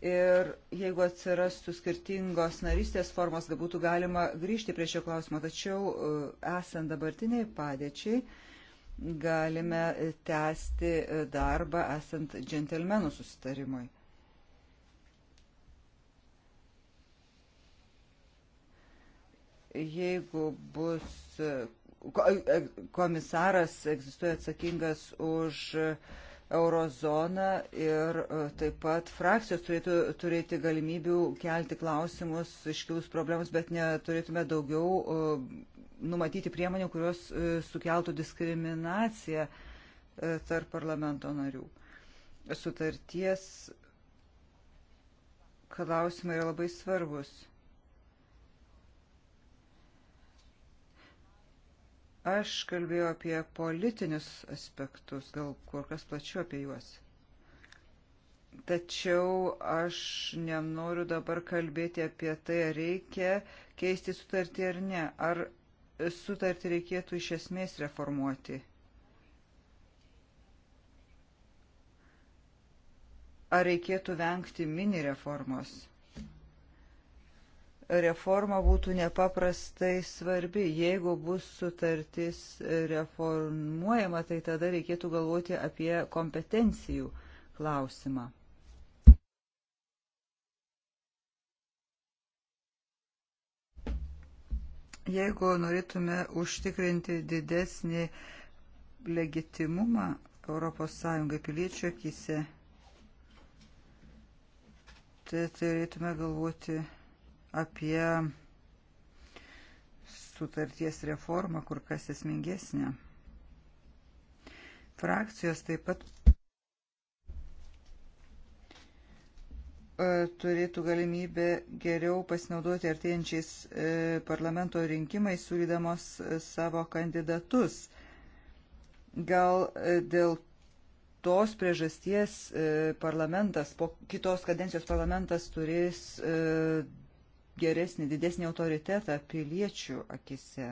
Ir jeigu atsirastų skirtingos narystės formos, kad būtų galima grįžti prie šio klausimo, tačiau e, esant dabartiniai padėčiai, galime tęsti e, darbą esant džentelmenų susitarimui. Jeigu bus e, komisaras egzistuoja atsakingas už uh, eurozoną ir e, taip pat frakcijos turėtų turėti galimybių kelti klausimus iškilus problemus, bet neturėtume daugiau e, numatyti priemonių, kurios e, sukeltų diskriminaciją tarp parlamento narių. Sutarties klausimai yra labai svarbus. Aš kalbėjau apie politinius aspektus, gal kur kas plačiau apie juos. Tačiau aš nenoriu dabar kalbėti apie tai, ar reikia keisti sutartį ar ne, ar sutartį reikėtų iš esmės reformuoti. Ar reikėtų vengti mini reformos? reforma būtų nepaprastai svarbi. Jeigu bus sutartis reformuojama, tai tada reikėtų galvoti apie kompetencijų klausimą. Jeigu norėtume užtikrinti didesnį legitimumą ES piliečių akise, tai turėtume galvoti apie sutarties reformą kur kas esmingesnė. Frakcijos taip pat e, turėtų galimybę geriau pasinaudoti artėjančiais e, parlamento rinkimais, siūlydamos e, savo kandidatus. Gal dėl tos priežasties parlamentas, po kitos kadencijos parlamentas turės geresnį, didesnį autoritetą piliečių akise.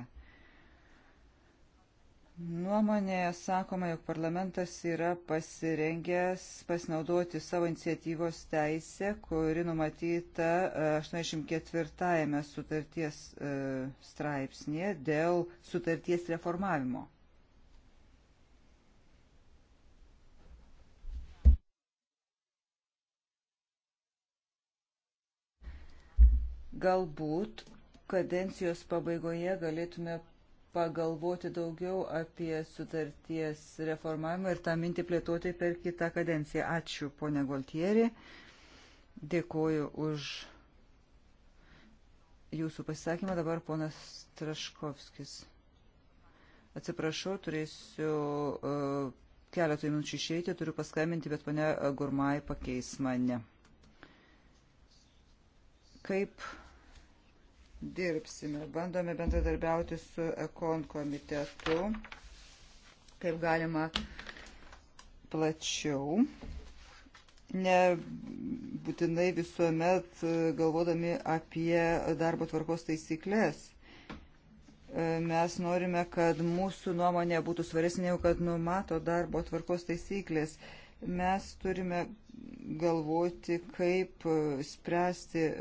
Nuomonėje sakoma, jog parlamentas yra pasirengęs pasinaudoti savo iniciatyvos teisę, kuri numatyta 84 e, sutarties e, straipsnėje dėl sutarties reformavimo. Galbūt kadencijos pabaigoje galėtume pagalvoti daugiau apie sutarties reformavimą ir tą mintį plėtoti per kitą kadenciją. Ačiū, ponė Goltieri. Dėkuoju už jūsų pasisakymą. Dabar ponas Traškovskis. Atsiprašau, turėsiu uh, e, keletą minučių išeiti, turiu paskambinti, bet ponia Gurmai pakeis mane. Kaip dirbsime. Bandome bendradarbiauti su ekon komitetu, kaip galima plačiau nebūtinai visuomet galvodami apie darbo tvarkos taisyklės. Mes norime, kad mūsų nuomonė būtų svaresnė, kad numato darbo tvarkos taisyklės. Mes turime galvoti, kaip e, spręsti e,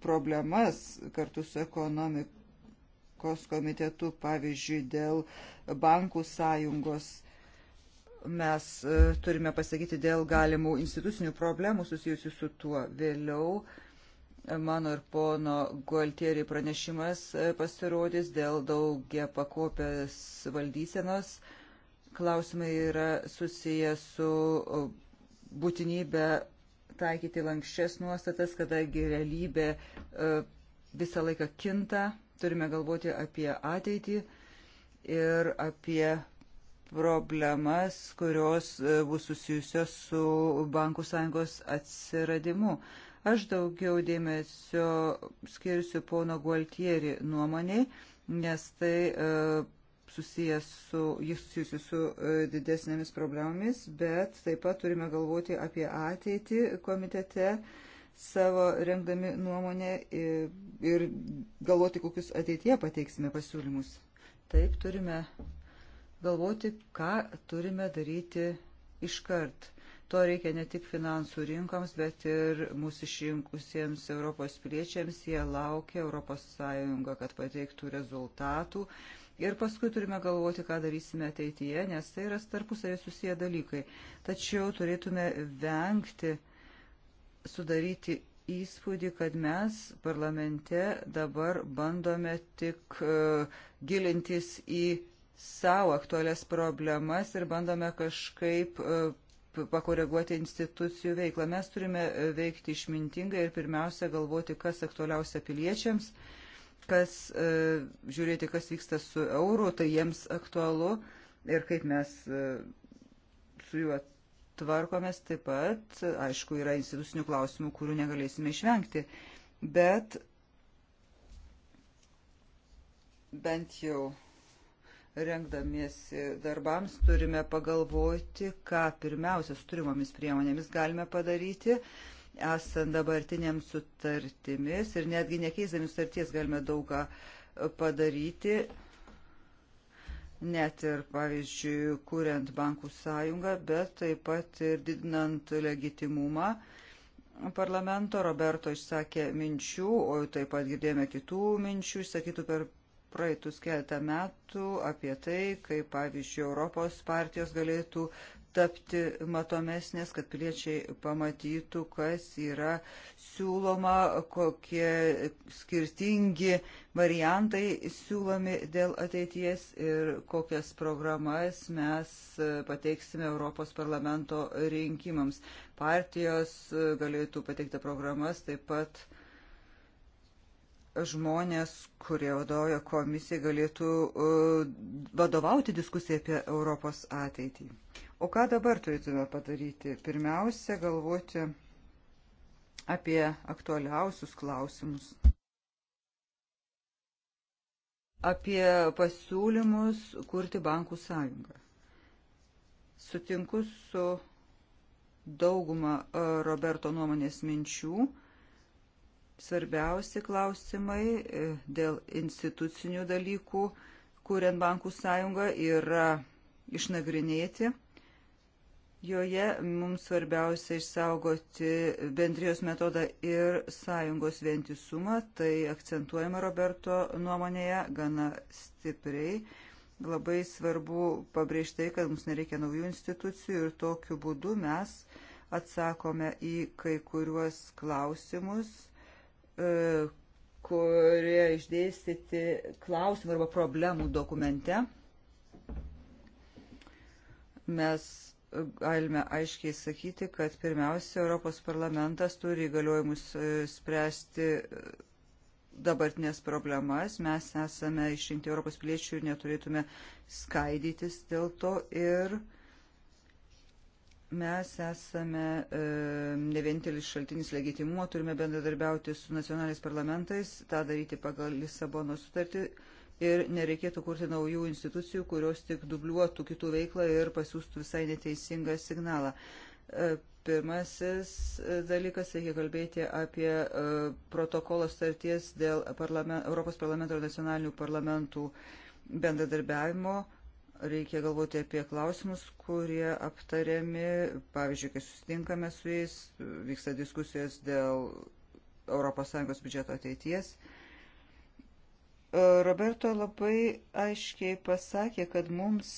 problemas kartu su ekonomikos komitetu, pavyzdžiui, dėl bankų sąjungos mes e, turime pasakyti dėl galimų institucinių problemų susijusių su tuo. Vėliau mano ir pono Gualtieri pranešimas pasirodys dėl daugia pakopės valdysenos klausimai yra susiję su būtinybė taikyti lankščias nuostatas, kadangi realybė e, visą laiką kinta, turime galvoti apie ateitį ir apie problemas, kurios e, bus susijusios su bankų sąjungos atsiradimu. Aš daugiau dėmesio skirsiu pono Gualtieri nuomoniai, nes tai uh, susijęs su, jis susijusi su e, didesnėmis problemomis, bet taip pat turime galvoti apie ateitį komitete savo rengdami nuomonę ir, ir galvoti, kokius ateityje pateiksime pasiūlymus. Taip turime galvoti, ką turime daryti iškart. To reikia ne tik finansų rinkoms, bet ir mūsų išrinkusiems Europos piliečiams. Jie laukia ES, kad pateiktų rezultatų. Uh, Ir paskui turime galvoti, ką darysime ateityje, nes tai yra tarpusavė susiję dalykai. Tačiau turėtume vengti sudaryti įspūdį, kad mes parlamente dabar bandome tik uh, gilintis į savo aktualias problemas ir bandome kažkaip uh, pakoreguoti institucijų veiklą. Mes turime e, veikti išmintingai ir pirmiausia galvoti, kas aktualiausia piliečiams. Uh, kas e, žiūrėti, kas vyksta su euru, tai jiems aktualu ir kaip mes e, su juo tvarkomės taip pat, aišku, yra institucinių klausimų, kurių negalėsime išvengti, bet bent jau rengdamiesi darbams turime pagalvoti, ką pirmiausia su turimomis priemonėmis galime padaryti, uh, esant dabartiniams sutartimis ir netgi nekeisdami sutarties galime daug ką padaryti, net ir, pavyzdžiui, kuriant bankų sąjungą, bet taip pat ir didinant legitimumą parlamento. Roberto išsakė minčių, o taip pat girdėjome kitų minčių išsakytų per praeitus keletą metų apie tai, kaip, pavyzdžiui, Europos partijos galėtų tapti matomesnės, kad piliečiai pamatytų, kas yra siūloma, kokie skirtingi variantai siūlomi dėl ateities ir kokias programas mes pateiksime Europos parlamento rinkimams. Partijos galėtų pateikti programas taip pat žmonės, kurie vadovauja komisijai, galėtų uh, vadovauti diskusijai apie Europos ateitį. O ką dabar turėtume padaryti? Pirmiausia, galvoti apie aktualiausius klausimus. Apie pasiūlymus kurti bankų sąjungą. Sutinku su dauguma e, Roberto nuomonės minčių. Svarbiausi klausimai e, dėl institucinių dalykų, kuriant bankų sąjungą, yra išnagrinėti Joje mums svarbiausia išsaugoti bendrijos metodą ir sąjungos vientisumą, tai akcentuojama Roberto nuomonėje gana stipriai. Labai svarbu pabrėžti, tai, kad mums nereikia naujų institucijų ir tokiu būdu mes atsakome į kai kuriuos klausimus, e, kurie išdėstyti klausimų arba problemų dokumente. Mes galime aiškiai sakyti, kad pirmiausia, Europos parlamentas turi įgaliojimus e, spręsti e, dabartinės problemas. Mes esame išrinkti Europos piliečių ir neturėtume skaidytis dėl to. Ir mes esame e, ne vienintelis šaltinis legitimumo, turime bendradarbiauti su nacionaliniais parlamentais, tą daryti pagal Lisabono sutartį ir nereikėtų kurti naujų institucijų, kurios tik dubliuotų kitų veiklą ir pasiūstų visai neteisingą signalą. E, pirmasis e, dalykas, reikia kalbėti apie e, protokolo starties dėl parlament, Europos parlamento ir nacionalinių parlamentų bendradarbiavimo reikia galvoti apie klausimus, kurie aptariami, pavyzdžiui, kai susitinkame su jais, vyksta diskusijos dėl ES biudžeto ateities. Roberto labai aiškiai pasakė, kad mums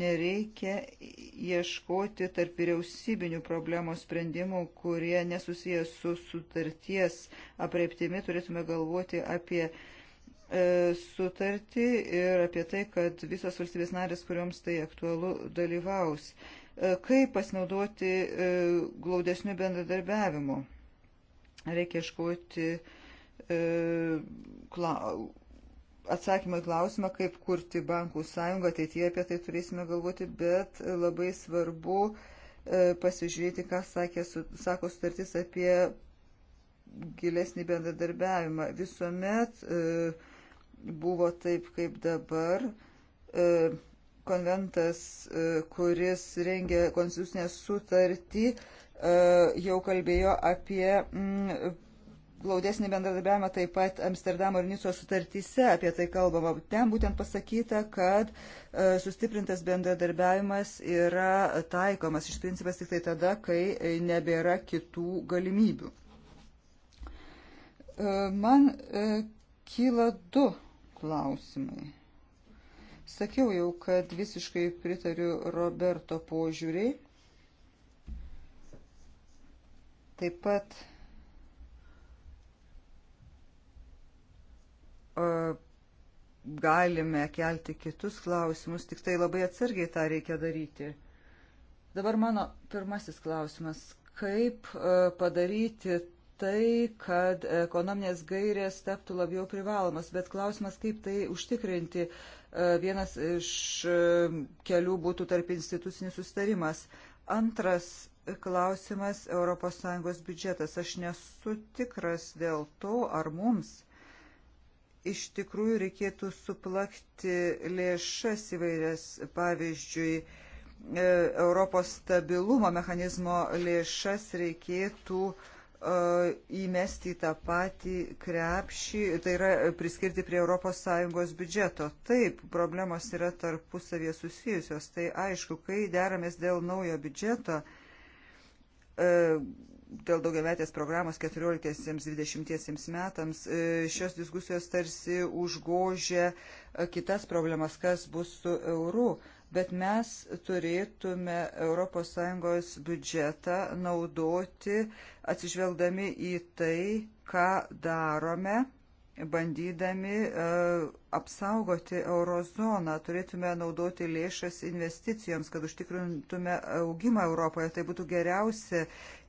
nereikia ieškoti tarp vyriausybinių problemos sprendimų, kurie nesusijęs su sutarties apreiptimi. Turėtume galvoti apie e, sutartį ir apie tai, kad visos valstybės narės, kuriuoms tai aktualu, dalyvaus. E, kaip pasinaudoti e, glaudesniu bendradarbiavimu? Reikia ieškoti e, E, kla, atsakymą į klausimą, kaip kurti bankų sąjungą, ateityje apie tai turėsime galvoti, bet labai svarbu e, pasižiūrėti, ką sakė, sako sutartis apie gilesnį bendradarbiavimą. Visuomet e, buvo taip, kaip dabar. Konventas, kuris rengė konstitucinę sutartį, jau kalbėjo apie mm, glaudesnį bendradarbiavimą taip pat Amsterdamo ir Nico sutartyse apie tai kalbama. Ten būtent pasakyta, kad e, sustiprintas bendradarbiavimas yra taikomas iš principas tik tai tada, kai e, nebėra kitų galimybių. E, man kyla du klausimai. Sakiau jau, kad visiškai pritariu Roberto požiūriai. Taip pat galime kelti kitus klausimus, tik tai labai atsargiai tą reikia daryti. Dabar mano pirmasis klausimas. Kaip padaryti tai, kad ekonominės gairės taptų labiau privalomas, bet klausimas, kaip tai užtikrinti, vienas iš kelių būtų tarp institucinis sustarimas. Antras klausimas - ES biudžetas. Aš nesu tikras dėl to, ar mums iš tikrųjų reikėtų suplakti lėšas įvairias, pavyzdžiui, e, Europos stabilumo mechanizmo lėšas reikėtų e, įmesti į tą patį krepšį, tai yra priskirti prie ES biudžeto. Taip, problemos yra tarpusavie susijusios. Tai aišku, kai deramės dėl naujo biudžeto, e, dėl daugiametės programos 14-20 metams e, šios diskusijos tarsi užgožė e, kitas problemas, kas bus su euru. Bet mes turėtume ES biudžetą naudoti atsižvelgdami į tai, ką darome bandydami e, apsaugoti eurozoną, turėtume naudoti lėšas investicijoms, kad užtikrintume augimą Europoje. Tai būtų geriausia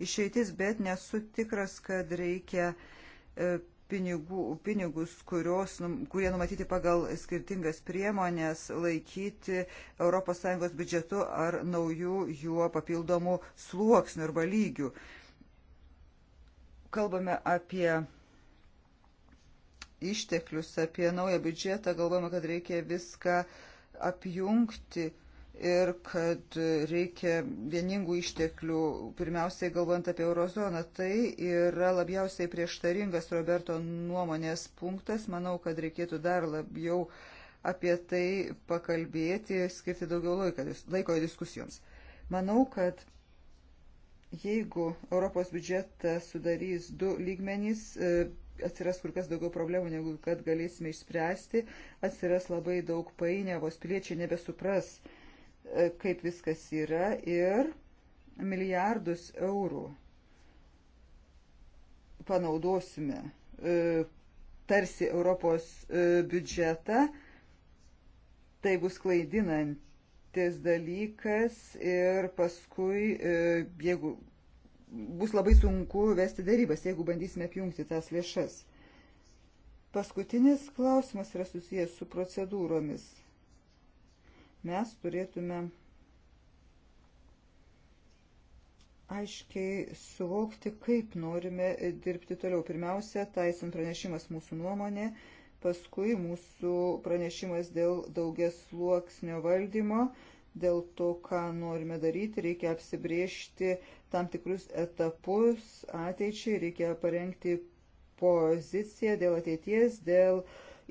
išeitis, bet nesu tikras, kad reikia e, pinigų, pinigus, kurios, kurie numatyti pagal skirtingas priemonės, laikyti ES biudžetu ar naujų juo papildomų sluoksnių arba lygių. Kalbame apie išteklius, apie naują biudžetą, galvojame, kad reikia viską apjungti ir kad reikia vieningų išteklių, pirmiausiai galvant apie eurozoną. Tai yra labiausiai prieštaringas Roberto nuomonės punktas. Manau, kad reikėtų dar labiau apie tai pakalbėti, skirti daugiau laiko, laiko diskusijoms. Manau, kad jeigu Europos biudžetą sudarys du lygmenys e, atsiras kur kas daugiau problemų, negu kad galėsime išspręsti, atsiras labai daug painiavos, piliečiai nebesupras, e, kaip viskas yra ir milijardus eurų panaudosime e, tarsi Europos e, biudžetą, tai bus klaidinantis dalykas ir paskui, jeigu bus labai sunku vesti darybas, jeigu bandysime apjungti tas lėšas. Paskutinis klausimas yra susijęs su procedūromis. Mes turėtume aiškiai suvokti, kaip norime dirbti toliau. Pirmiausia, taisant pranešimas mūsų nuomonė, paskui mūsų pranešimas dėl daugias sluoksnio valdymo, dėl to, ką norime daryti, reikia apsibriežti tam tikrus etapus ateičiai, reikia parengti poziciją dėl ateities, dėl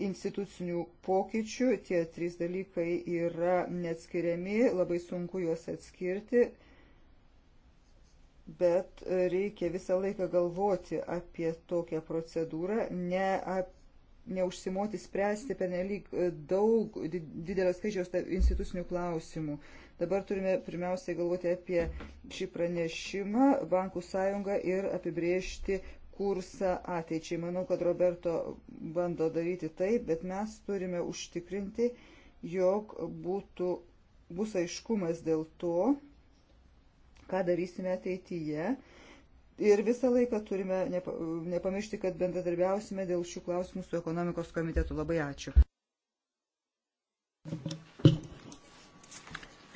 institucinių pokyčių. Tie trys dalykai yra neatskiriami, labai sunku juos atskirti, bet reikia visą laiką galvoti apie tokią procedūrą, ne apie neužsimoti spręsti per nelik e, daug didelio skaičiaus institucinių klausimų. Dabar turime pirmiausiai galvoti apie šį pranešimą, bankų sąjungą ir apibriežti kursą ateičiai. Manau, kad Roberto bando daryti taip, bet mes turime užtikrinti, jog būtų, bus aiškumas dėl to, ką darysime ateityje Ir visą laiką turime nepamiršti, kad bendradarbiausime dėl šių klausimų su ekonomikos komitetu. Labai ačiū.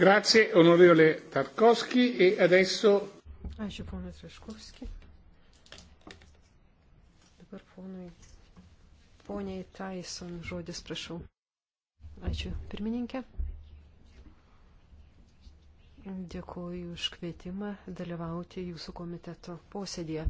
Grazie, onorevole Tarkovski. E adesso... Ačiū, ponas Raškovski. Dabar ponui. Poniai Tyson, žodis prašau. Ačiū, pirmininkė. Dėkuoju už kvietimą dalyvauti jūsų komiteto posėdėje.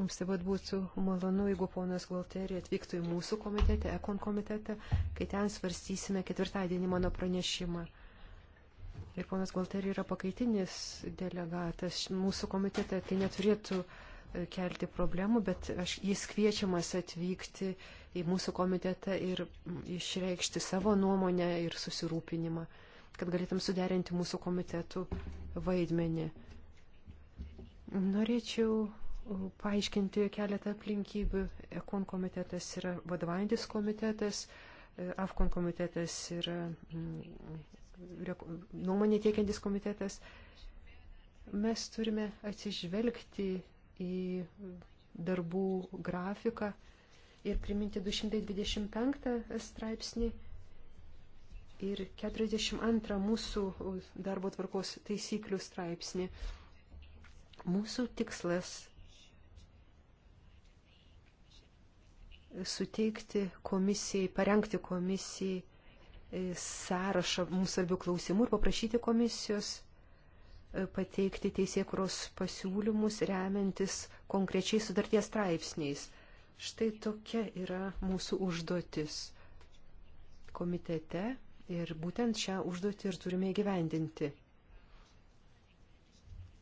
Mums taip pat būtų malonu, jeigu ponas Gualterį atvyktų į mūsų komitetę, Ekon komitetą, kai ten svarstysime ketvirtadienį mano pranešimą. Ir ponas Gualterį yra pakaitinis delegatas mūsų komitete, tai neturėtų uh, kelti problemų, bet aš, jis kviečiamas atvykti į mūsų komitetą ir išreikšti savo nuomonę ir susirūpinimą, kad galėtum suderinti mūsų komitetų vaidmenį. Norėčiau paaiškinti keletą aplinkybių. Ekon komitetas yra vadovaujantis komitetas, e, Afkon komitetas yra nuomonė tiekiantis komitetas. Mes turime atsižvelgti į darbų grafiką ir priminti 225 straipsnį ir 42 mūsų darbo tvarkos taisyklių straipsnį. Mūsų tikslas suteikti komisijai, parengti komisijai sąrašą mums svarbių klausimų ir paprašyti komisijos pateikti teisėkuros pasiūlymus remiantis konkrečiais sudarties straipsniais. Štai tokia yra mūsų užduotis komitete ir būtent šią užduotį ir turime įgyvendinti.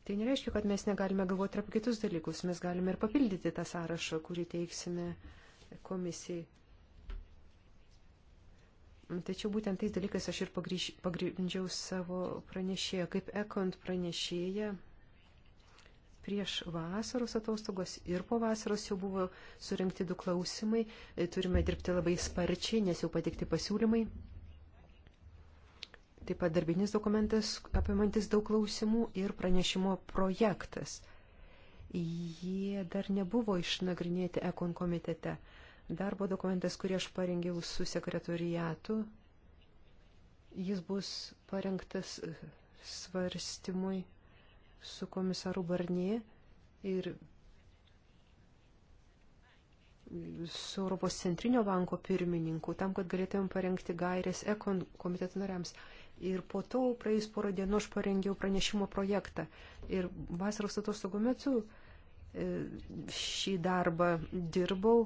Tai nereiškia, kad mes negalime galvoti apie kitus dalykus, mes galime ir papildyti tą sąrašą, kurį teiksime komisijai. Tačiau būtent tais dalykais aš ir pagrindžiau savo pranešėją, kaip ekont pranešėja. Prieš vasaros atostogos ir po vasaros jau buvo surinkti du klausimai. Turime dirbti labai sparčiai, nes jau patikti pasiūlymai. Taip pat darbinis dokumentas apimantis daug klausimų ir pranešimo projektas. Jie dar nebuvo išnagrinėti ekon komitete. Darbo dokumentas, kurį aš parengiau su sekretoriatu, jis bus parengtas e, svarstymui su komisaru Barnie ir su Europos centrinio banko pirmininku, tam, kad galėtumėm parengti gairės ekon komiteto nariams. Ir po to, praėjus porą dienų, aš parengiau pranešimo projektą. Ir vasaros atostogų metu e, šį darbą dirbau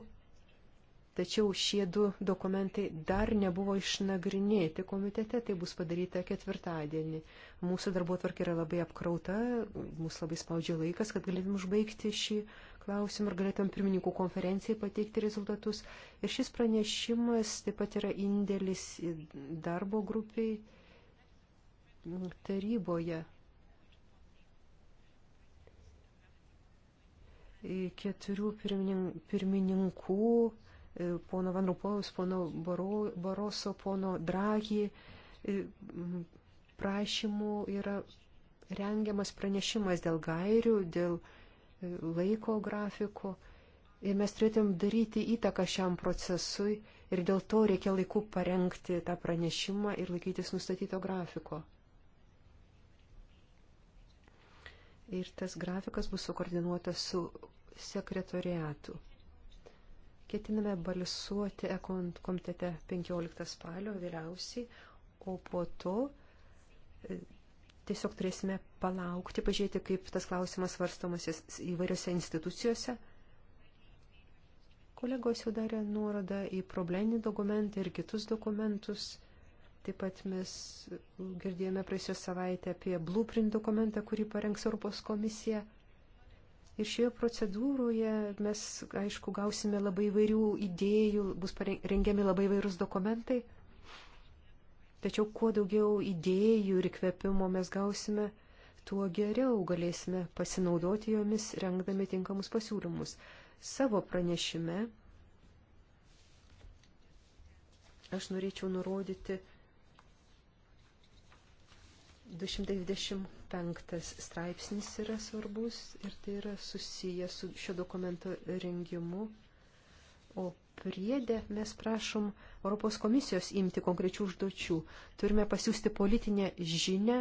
Tačiau šie du dokumentai dar nebuvo išnagrinėti komitete, tai bus padaryta ketvirtadienį. Mūsų darbo tvarkė yra labai apkrauta, mūsų labai spaudžia laikas, kad galėtum užbaigti šį klausimą ir galėtum pirmininkų konferencijai pateikti rezultatus. Ir šis pranešimas taip pat yra indėlis darbo grupiai taryboje. Keturių pirmininkų E, pono Van Rupojaus, pono Baro, Baroso, pono Draghi e, prašymų yra rengiamas pranešimas dėl gairių, dėl e, laiko grafiko. Ir mes turėtum daryti įtaką šiam procesui ir dėl to reikia laiku parengti tą pranešimą ir laikytis nustatyto grafiko. Ir tas grafikas bus sukoordinuotas su sekretoriatu. Ketiname balsuoti ekont komitete 15 spalio vėliausiai, o po to e, tiesiog turėsime palaukti, pažiūrėti, kaip tas klausimas svarstomas įvairiose institucijose. Kolegos jau darė nuorodą į probleminį dokumentą ir kitus dokumentus. Taip pat mes girdėjome praėjusią savaitę apie blueprint dokumentą, kurį parengs Europos komisija. Ir šioje procedūroje mes, aišku, gausime labai įvairių idėjų, bus rengiami labai įvairūs dokumentai. Tačiau kuo daugiau idėjų ir įkvėpimo mes gausime, tuo geriau galėsime pasinaudoti jomis, rengdami tinkamus pasiūlymus. Savo pranešime aš norėčiau nurodyti 220 penktas straipsnis yra svarbus ir tai yra susiję su šio dokumento rengimu. O priedė mes prašom Europos komisijos imti konkrečių užduočių. Turime pasiūsti politinę žinę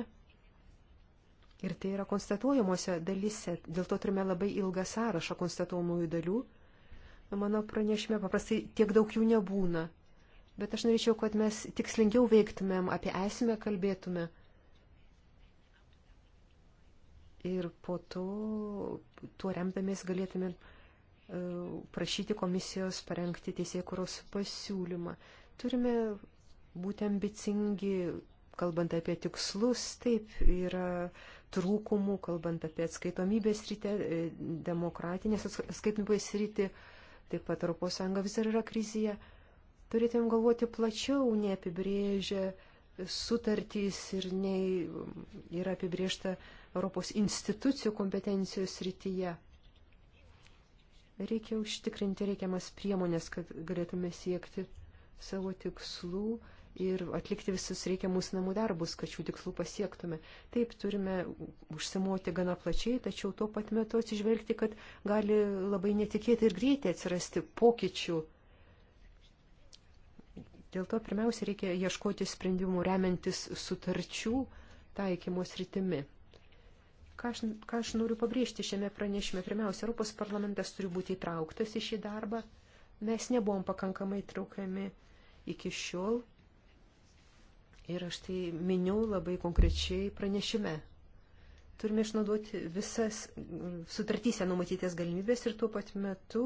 ir tai yra konstatuojamuose dalyse. Dėl to turime labai ilgą sąrašą konstatuojamųjų dalių. Mano pranešime paprastai tiek daug jų nebūna. Bet aš norėčiau, kad mes tikslingiau veiktumėm, apie esmę kalbėtumėm ir po to tuo remdamės galėtume e, prašyti komisijos parengti teisėkuros pasiūlymą. Turime būti ambicingi, kalbant apie tikslus, taip yra trūkumų, kalbant apie atskaitomybės rytę, e, demokratinės atskaitomybės rytį, taip pat Europos Sąjunga vis dar yra krizėje. Turėtum galvoti plačiau, neapibrėžę sutartys ir nei yra apibrėžta uh, Europos institucijų kompetencijos rytyje. Reikia užtikrinti reikiamas priemonės, kad galėtume siekti savo tikslų ir atlikti visus reikiamus namų darbus, kad šių tikslų pasiektume. Taip turime užsimoti gana plačiai, tačiau tuo pat metu atsižvelgti, kad gali labai netikėti ir greitai atsirasti pokyčių. Dėl to pirmiausia reikia ieškoti sprendimų remiantis sutarčių taikymos rytimi. Ką aš, ką aš noriu pabrėžti šiame pranešime? Pirmiausia, Europos parlamentas turi būti įtrauktas į šį darbą. Mes nebuvom pakankamai įtraukiami iki šiol. Ir aš tai miniu labai konkrečiai pranešime. Turime išnaudoti visas sutartyse numatytas galimybės ir tuo pat metu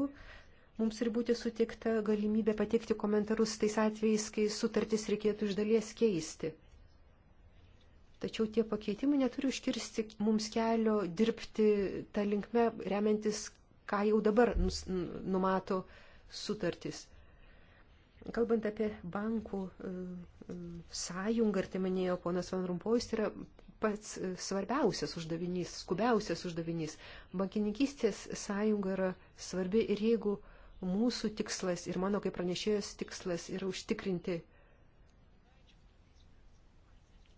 mums turi būti sutikta galimybė pateikti komentarus tais atvejais, kai sutartis reikėtų iš dalies keisti. Tačiau tie pakeitimai neturi užkirsti mums kelio dirbti tą linkmę, remiantis, ką jau dabar numato sutartis. Kalbant apie bankų e, e, sąjungą, ar tai minėjo ponas Van Rumpojus, tai yra pats e, svarbiausias uždavinys, skubiausias uždavinys. Bankininkystės sąjunga yra svarbi ir jeigu mūsų tikslas ir mano kaip pranešėjos tikslas yra užtikrinti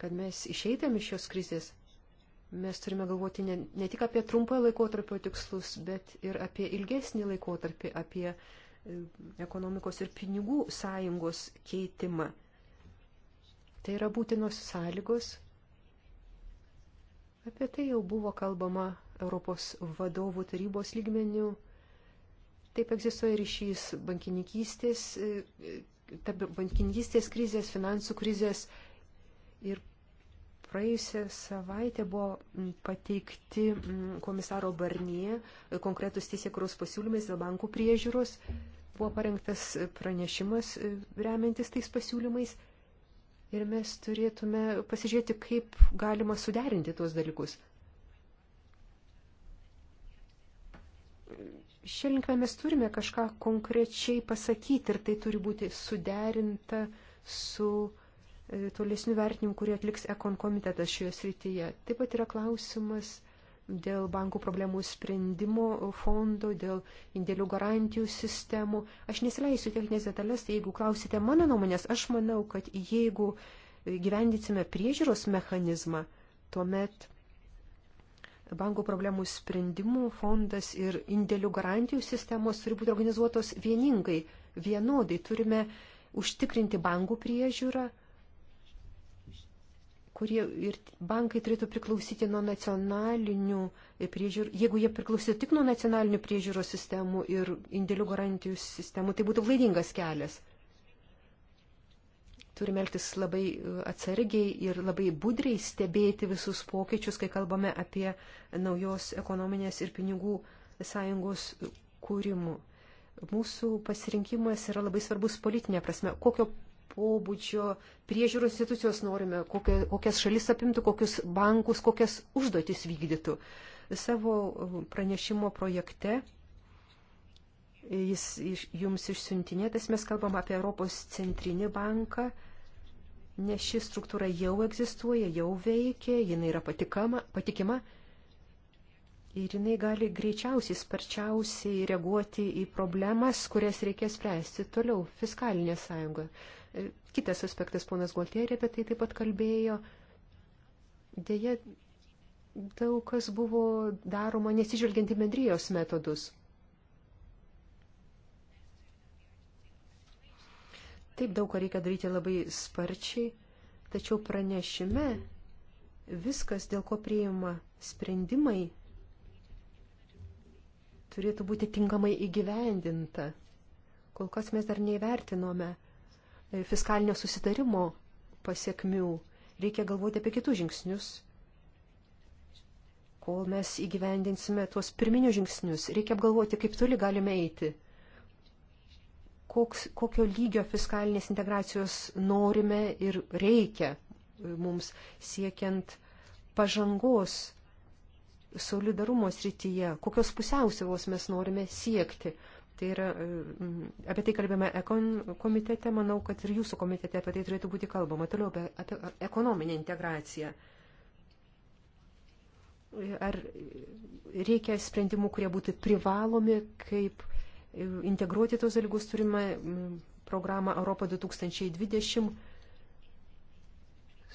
kad mes išeitėm iš šios krizės, mes turime galvoti ne, ne tik apie trumpą laikotarpio tikslus, bet ir apie ilgesnį laikotarpį, apie e, ekonomikos ir pinigų sąjungos keitimą. Tai yra būtinos sąlygos. Apie tai jau buvo kalbama Europos vadovų tarybos lygmenių. Taip egzistuoja ryšys bankininkystės, e, e, bankininkystės krizės, finansų krizės ir praėjusią savaitę buvo pateikti komisaro Barnie e, konkretus teisėkuros pasiūlymais dėl bankų priežiūros. Buvo parengtas pranešimas e, remiantis tais pasiūlymais. Ir mes turėtume pasižiūrėti, kaip galima suderinti tuos dalykus. Šia linkme mes turime kažką konkrečiai pasakyti ir tai turi būti suderinta su E, tolesnių vertinimų, kurie atliks ekon komitetas šioje srityje. Taip pat yra klausimas dėl bankų problemų sprendimo fondo, dėl indėlių garantijų sistemų. Aš nesileisiu techninės detalės, tai jeigu klausite mano nuomonės, aš manau, kad jeigu gyvendysime priežiūros mechanizmą, tuomet bankų problemų sprendimų fondas ir indėlių garantijų sistemos turi būti organizuotos vieningai, vienodai. Turime užtikrinti bankų priežiūrą, kurie ir bankai turėtų priklausyti nuo nacionalinių priežiūrų, jeigu jie priklausytų tik nuo nacionalinių priežiūros sistemų ir indėlių garantijų sistemų, tai būtų klaidingas kelias. Turime elgtis labai uh, atsargiai ir labai budriai stebėti visus pokyčius, kai kalbame apie naujos ekonominės ir pinigų sąjungos kūrimų. Mūsų pasirinkimas yra labai svarbus politinė prasme. Kokio pobūdžio priežiūros institucijos norime, kokia, kokias šalis apimtų, kokius bankus, kokias užduotis vykdytų. Savo pranešimo projekte jis iš, jums išsiuntinėtas, mes kalbam apie Europos centrinį banką, nes ši struktūra jau egzistuoja, jau veikia, jinai yra patikama, patikima ir jinai gali greičiausiai, sparčiausiai reaguoti į problemas, kurias reikės spręsti toliau fiskalinė sąjunga. Kitas aspektas, ponas Gualtierė apie tai taip pat kalbėjo. Deja, daug kas buvo daroma nesižvelgiant į bendrijos metodus. Taip daug ką reikia daryti labai sparčiai, tačiau pranešime viskas, dėl ko prieima sprendimai, turėtų būti tinkamai įgyvendinta. Kol kas mes dar neįvertinome fiskalinio susitarimo pasiekmių, reikia galvoti apie kitus žingsnius. Kol mes įgyvendinsime tuos pirminius žingsnius, reikia apgalvoti, kaip toli galime eiti, koks, kokio lygio fiskalinės integracijos norime ir reikia mums siekiant pažangos solidarumo srityje, kokios pusiausvėros mes norime siekti. Tai yra, e, apie tai kalbėjome ekon komitete, manau, kad ir jūsų komitete apie tai turėtų būti kalbama. Toliau apie, apie ekonominę integraciją. Ar reikia sprendimų, kurie būtų privalomi, kaip e, integruoti tos dalykus turime programą Europą 2020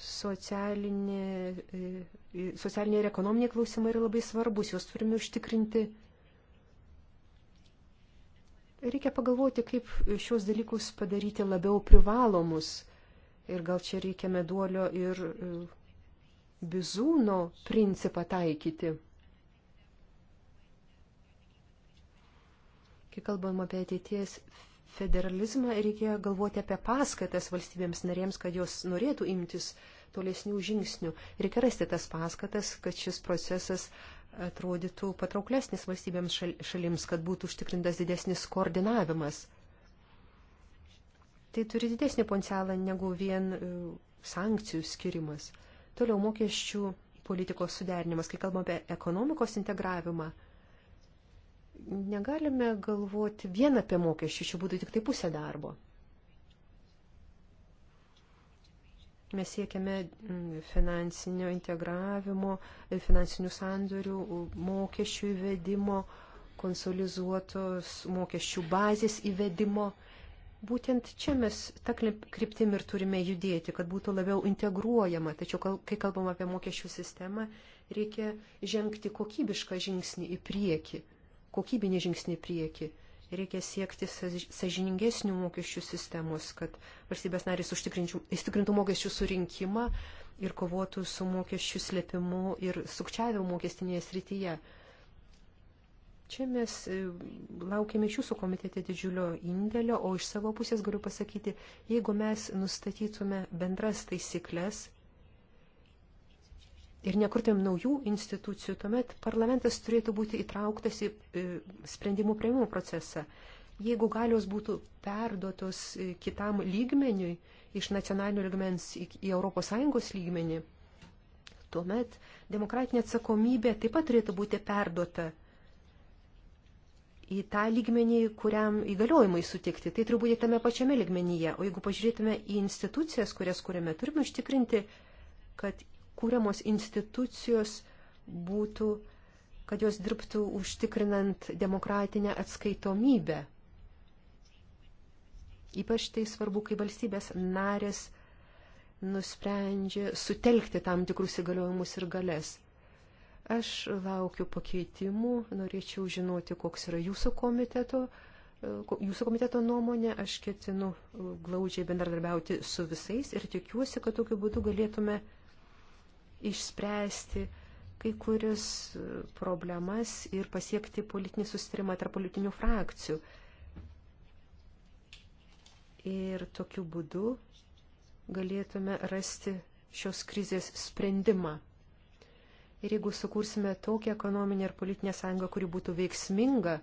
socialinė, e, socialiniai ir ekonominiai klausimai yra labai svarbus, juos turime užtikrinti Reikia pagalvoti, kaip šios dalykus padaryti labiau privalomus. Ir gal čia reikia meduolio ir e, bizūno principą taikyti. Kai kalbam apie ateities federalizmą, reikia galvoti apie paskatas valstybėms narėms, kad jos norėtų imtis tolesnių žingsnių. Reikia rasti tas paskatas, kad šis procesas atrodytų patrauklesnis valstybėms šalims, kad būtų užtikrintas didesnis koordinavimas. Tai turi didesnį potencialą negu vien e, sankcijų skirimas. Toliau mokesčių politikos suderinimas, kai kalbame apie ekonomikos integravimą, negalime galvoti vien apie mokesčių, čia būtų tik tai pusė darbo. Mes siekiame mm, finansinio integravimo, e, finansinių sandorių, mokesčių įvedimo, konsolizuotos mokesčių bazės įvedimo. Būtent čia mes tą kryptim ir turime judėti, kad būtų labiau integruojama. Tačiau, kai kalbam apie mokesčių sistemą, reikia žengti kokybišką žingsnį į priekį, kokybinį žingsnį į priekį. Reikia siekti sažiningesnių mokesčių sistemus, kad valstybės narys užtikrintų mokesčių surinkimą ir kovotų su mokesčių slėpimu ir sukčiavimu mokestinėje srityje. Čia mes e, laukiame iš jūsų komitete didžiulio indėlio, o iš savo pusės galiu pasakyti, jeigu mes nustatytume bendras taisyklės ir nekurtėm naujų institucijų, tuomet parlamentas turėtų būti įtrauktas į e, sprendimų prieimimo procesą. Jeigu galios būtų perduotos e, kitam lygmeniui, iš nacionalinio lygmens į ES lygmenį, tuomet demokratinė atsakomybė taip pat turėtų būti perduota į tą lygmenį, kuriam įgaliojimai sutikti. Tai turi būti tame pačiame lygmenyje. O jeigu pažiūrėtume į institucijas, kurias kuriame, turime užtikrinti, kad kūriamos institucijos būtų, kad jos dirbtų užtikrinant demokratinę atskaitomybę. Ypač tai svarbu, kai valstybės narės nusprendžia sutelkti tam tikrus įgaliojimus ir galės. Aš laukiu pakeitimų, norėčiau žinoti, koks yra jūsų komiteto jūsų komiteto nuomonė, aš ketinu glaudžiai bendradarbiauti su visais ir tikiuosi, kad tokiu būdu galėtume išspręsti kai kurias problemas ir pasiekti politinį sustarimą tarp politinių frakcijų. Ir tokiu būdu galėtume rasti šios krizės sprendimą. Ir jeigu sukursime tokią ekonominę ir politinę sąjungą, kuri būtų veiksminga,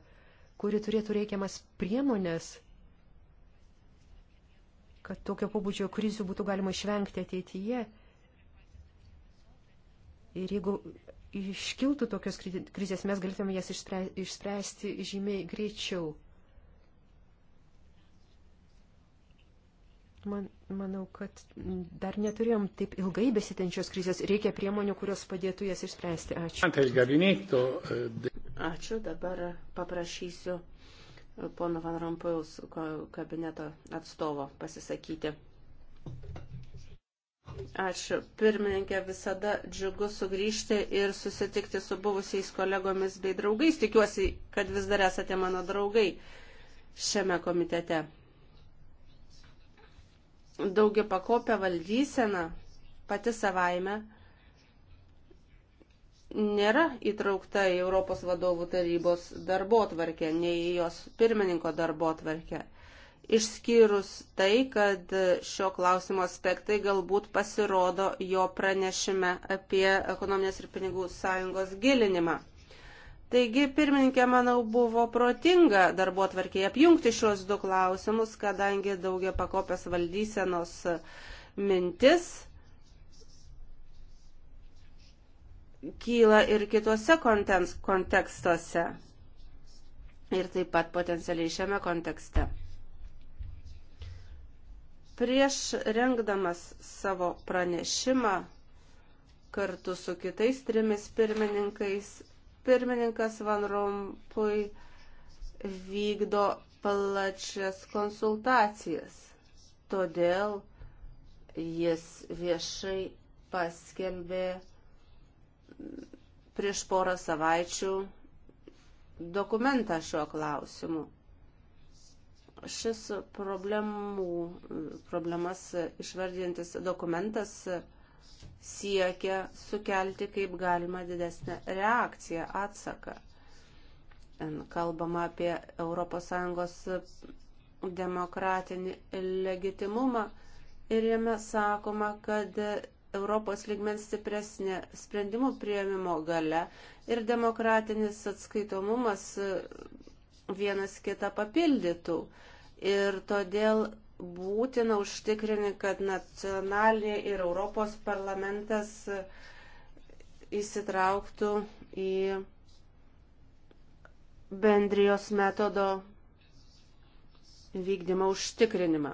kuri turėtų reikiamas priemonės, kad tokio pobūdžio krizių būtų galima išvengti ateityje, Ir jeigu iškiltų tokios krizės, mes galėtume jas išspręsti žymiai greičiau. Man, manau, kad dar neturėjom taip ilgai besitenčios krizės. Reikia priemonių, kurios padėtų jas išspręsti. Ačiū. Eh, Ačiū. Dabar paprašysiu pono Van Rompujaus kabineto atstovo pasisakyti. Ačiū. Pirmininkė, visada džiugu sugrįžti ir susitikti su buvusiais kolegomis bei draugais. Tikiuosi, kad vis dar esate mano draugai šiame komitete. Daugia pakopė valdysena pati savaime nėra įtraukta į Europos vadovų tarybos darbo tvarkę, nei į jos pirmininko darbo tvarkę išskyrus tai, kad šio klausimo aspektai galbūt pasirodo jo pranešime apie ekonominės ir pinigų sąjungos gilinimą. Taigi, pirmininkė, manau, buvo protinga darbo atvarkiai apjungti šios du klausimus, kadangi daugia pakopės valdysenos mintis kyla ir kitose kontekstuose ir taip pat potencialiai šiame kontekste. Prieš rengdamas savo pranešimą kartu su kitais trimis pirmininkais, pirmininkas Van Rompuy vykdo plačias konsultacijas. Todėl jis viešai paskelbė prieš porą savaičių dokumentą šiuo klausimu. Šis problemų, problemas išvardintis dokumentas siekia sukelti kaip galima didesnę reakciją, atsaką. Kalbama apie ES demokratinį legitimumą ir jame sakoma, kad Europos lygmens stipresnė sprendimų prieimimo gale ir demokratinis atskaitomumas vienas kitą papildytų ir todėl būtina užtikrinti, kad nacionalinė ir Europos parlamentas įsitrauktų į bendrijos metodo vykdymo užtikrinimą.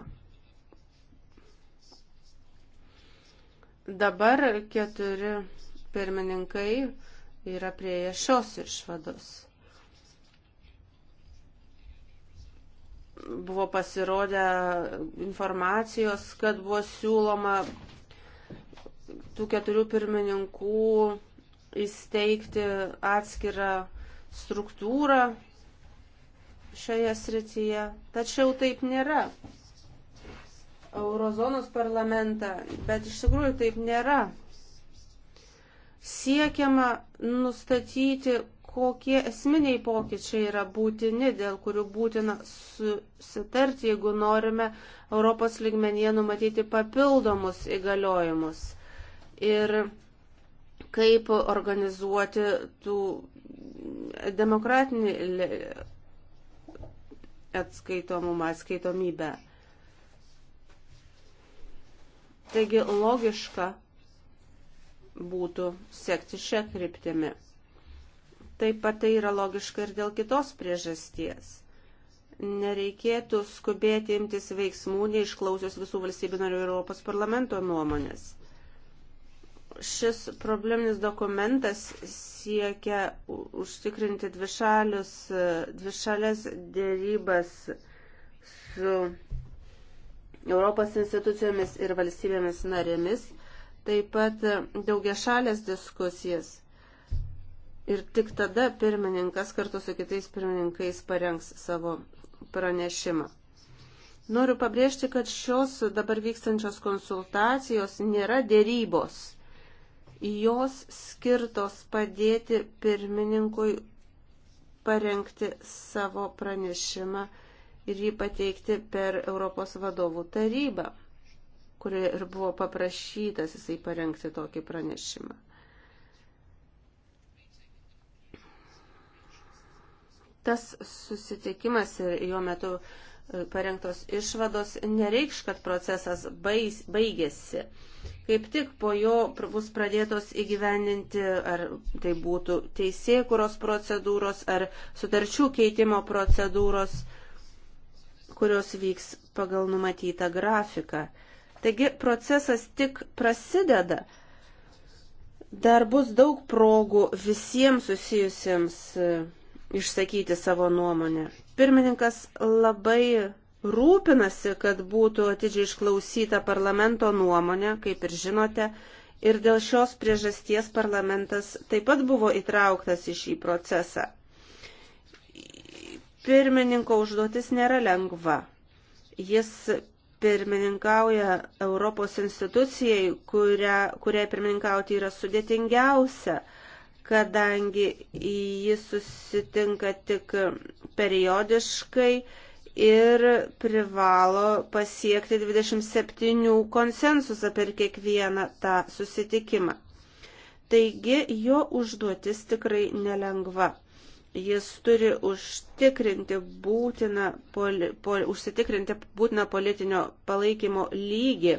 Dabar keturi pirmininkai yra prie šios išvados. buvo pasirodę informacijos, kad buvo siūloma tų keturių pirmininkų įsteigti atskirą struktūrą šioje srityje. Tačiau taip nėra. Eurozonos parlamentą, bet iš tikrųjų taip nėra. Siekiama nustatyti kokie esminiai pokyčiai yra būtini, dėl kurių būtina susitarti, jeigu norime Europos ligmenyje numatyti papildomus įgaliojimus. Ir kaip organizuoti tų demokratinį atskaitomumą, atskaitomybę. Taigi logiška būtų sekti šią kryptimį. Taip pat tai yra logiška ir dėl kitos priežasties. Nereikėtų skubėti imtis veiksmų, neišklausius visų valstybių narių Europos parlamento nuomonės. Šis probleminis dokumentas siekia užtikrinti dvišalius, dvišalės dėrybas su Europos institucijomis ir valstybėmis narėmis, taip pat daugia šalės diskusijas ir tik tada pirmininkas kartu su kitais pirmininkais parengs savo pranešimą. Noriu pabrėžti, kad šios dabar vykstančios konsultacijos nėra dėrybos. Jos skirtos padėti pirmininkui parengti savo pranešimą ir jį pateikti per Europos vadovų tarybą, kuri ir buvo paprašytas jisai parengti tokį pranešimą. tas susitikimas ir jo metu e, parengtos išvados nereikš, kad procesas bais, baigėsi. Kaip tik po jo bus pradėtos įgyvendinti, ar tai būtų teisėkuros procedūros, ar sutarčių keitimo procedūros, kurios vyks pagal numatytą grafiką. Taigi procesas tik prasideda. Dar bus daug progų visiems susijusiems e, išsakyti savo nuomonę. Pirmininkas labai rūpinasi, kad būtų atidžiai išklausyta parlamento nuomonė, kaip ir žinote, ir dėl šios priežasties parlamentas taip pat buvo įtrauktas į šį procesą. Pirmininko užduotis nėra lengva. Jis pirmininkauja Europos institucijai, kuria, kuriai pirmininkauti yra sudėtingiausia – kadangi jis susitinka tik periodiškai ir privalo pasiekti 27 konsensusą per kiekvieną tą susitikimą. Taigi jo užduotis tikrai nelengva. Jis turi užtikrinti būtiną, poli, pol, užsitikrinti būtiną politinio palaikymo lygį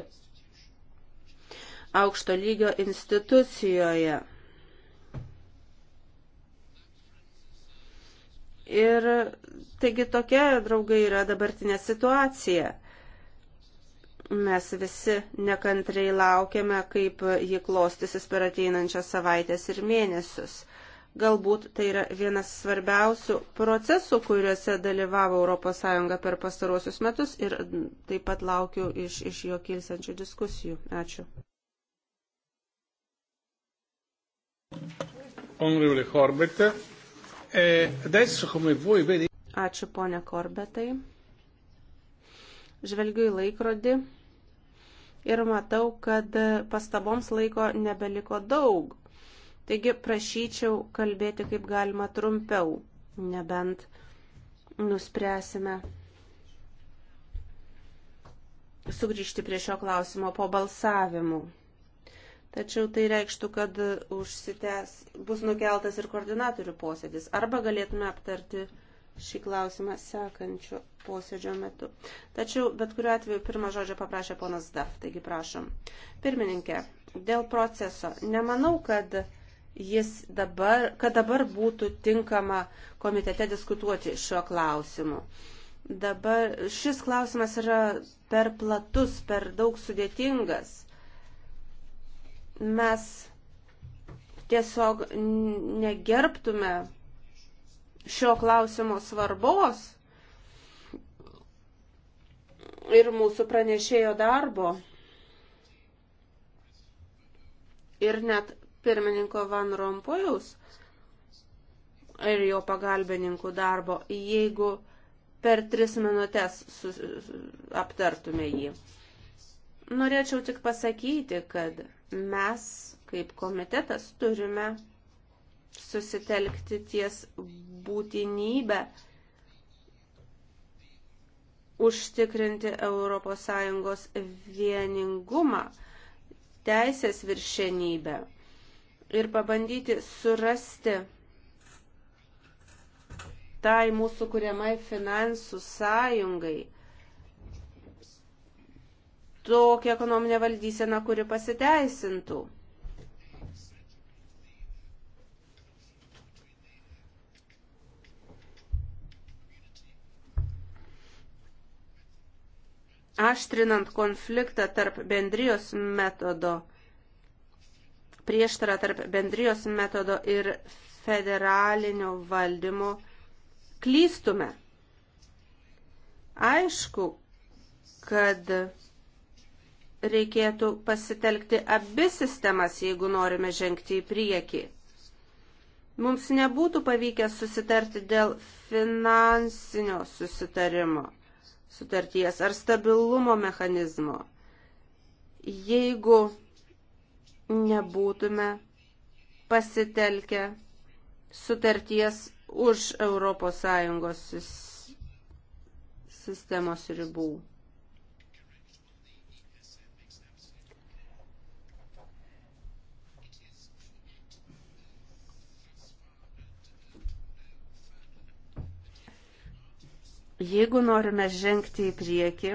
aukšto lygio institucijoje Ir taigi tokia, draugai, yra dabartinė situacija. Mes visi nekantriai laukiame, kaip ji klostysis per ateinančias savaitės ir mėnesius. Galbūt tai yra vienas svarbiausių procesų, kuriuose dalyvavo ES per pastaruosius metus ir taip pat laukiu iš, iš jo kilsiančių diskusijų. Ačiū. Honorable Horbert. Ačiū, ponė Korbetai. Žvelgiu į laikrodį ir matau, kad pastaboms laiko nebeliko daug. Taigi prašyčiau kalbėti kaip galima trumpiau, nebent nuspręsime sugrįžti prie šio klausimo po balsavimu. Tačiau tai reikštų, kad užsitęs bus nukeltas ir koordinatorių posėdis. Arba galėtume aptarti šį klausimą sekančio posėdžio metu. Tačiau, bet kuriuo atveju, pirmą žodžią paprašė ponas Daf, taigi prašom. Pirmininkė, dėl proceso. Nemanau, kad jis dabar, kad dabar būtų tinkama komitete diskutuoti šiuo klausimu. Dabar šis klausimas yra per platus, per daug sudėtingas mes tiesiog negerbtume šio klausimo svarbos ir mūsų pranešėjo darbo ir net pirmininko Van Rompujaus ir jo pagalbininkų darbo, jeigu per tris minutės aptartume jį. Norėčiau tik pasakyti, kad mes kaip komitetas turime susitelkti ties būtinybę užtikrinti ES vieningumą, teisės viršenybę ir pabandyti surasti tai mūsų kuriamai finansų sąjungai tokią ekonominę valdyseną, kuri pasiteisintų. Aštrinant konfliktą tarp bendrijos metodo, prieštara tarp bendrijos metodo ir federalinio valdymo, klystume. Aišku, kad reikėtų pasitelkti abi sistemas, jeigu norime žengti į priekį. Mums nebūtų pavykę susitarti dėl finansinio susitarimo sutarties ar stabilumo mechanizmo, jeigu nebūtume pasitelkę sutarties už ES sistemos ribų. Jeigu norime žengti į priekį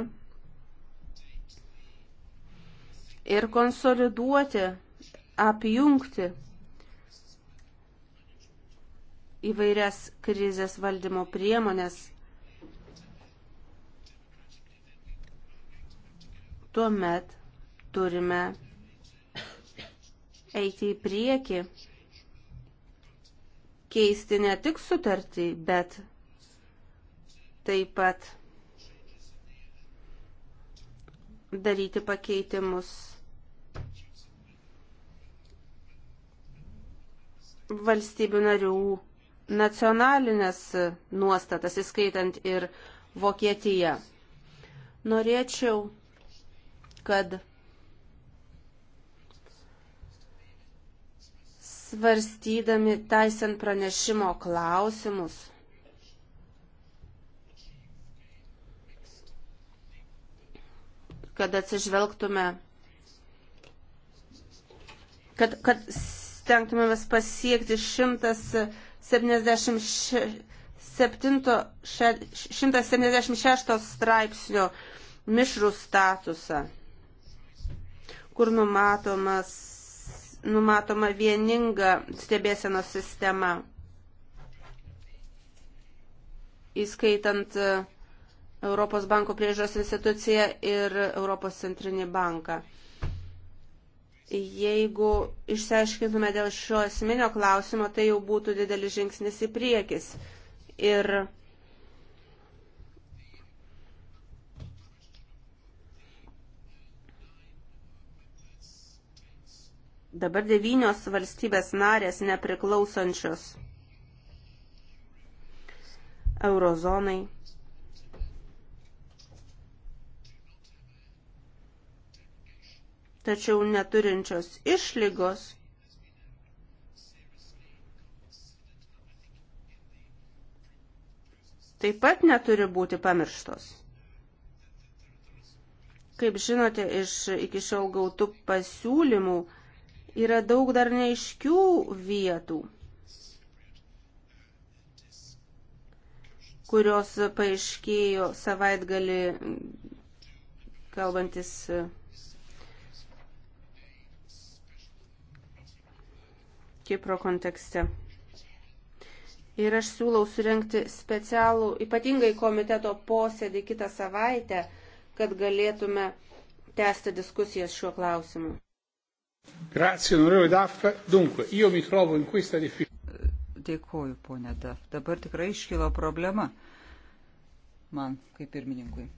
ir konsoliduoti, apjungti įvairias krizės valdymo priemonės, tuomet turime eiti į priekį, keisti ne tik sutartį, bet taip pat daryti pakeitimus valstybių narių nacionalinės nuostatas, įskaitant ir Vokietiją. Norėčiau, kad svarstydami taisant pranešimo klausimus, kad atsižvelgtume, kad, kad stengtumėmės pasiekti 176, 176 straipsnio mišrų statusą, kur numatomas, numatoma vieninga stebėsenos sistema, įskaitant uh, Europos banko priežos instituciją ir Europos centrinį banką. Jeigu išsiaiškintume dėl šio esminio klausimo, tai jau būtų didelis žingsnis į priekis. Ir dabar devynios valstybės narės nepriklausančios eurozonai tačiau neturinčios išlygos taip pat neturi būti pamirštos. Kaip žinote, iš iki šiol gautų pasiūlymų yra daug dar neiškių vietų, kurios paaiškėjo savaitgali kalbantis Kipro kontekste. Ir aš siūlau surenkti specialų, ypatingai komiteto posėdį kitą savaitę, kad galėtume tęsti diskusijas šiuo klausimu. Grazie, onorevole Daff. Dunque, io mi trovo in questa difficoltà. Dėkoju, ponė Daff. Dabar tikrai iškilo problema man, kaip pirmininkui.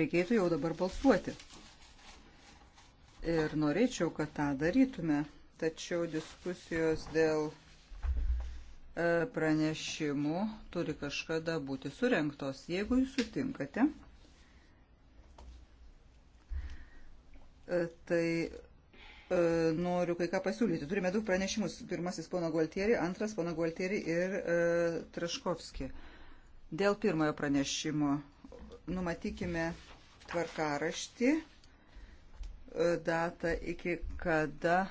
Reikėtų jau dabar balsuoti ir norėčiau, kad tą darytume. Tačiau diskusijos dėl e, pranešimų turi kažkada būti surenktos, jeigu jūs sutinkate. E, tai e, noriu kai ką pasiūlyti. Turime du pranešimus. Pirmasis pono Gualtieri, antras pono Gualtieri ir e, Traškovski. Dėl pirmojo pranešimo numatykime tvarkaraštį datą, iki kada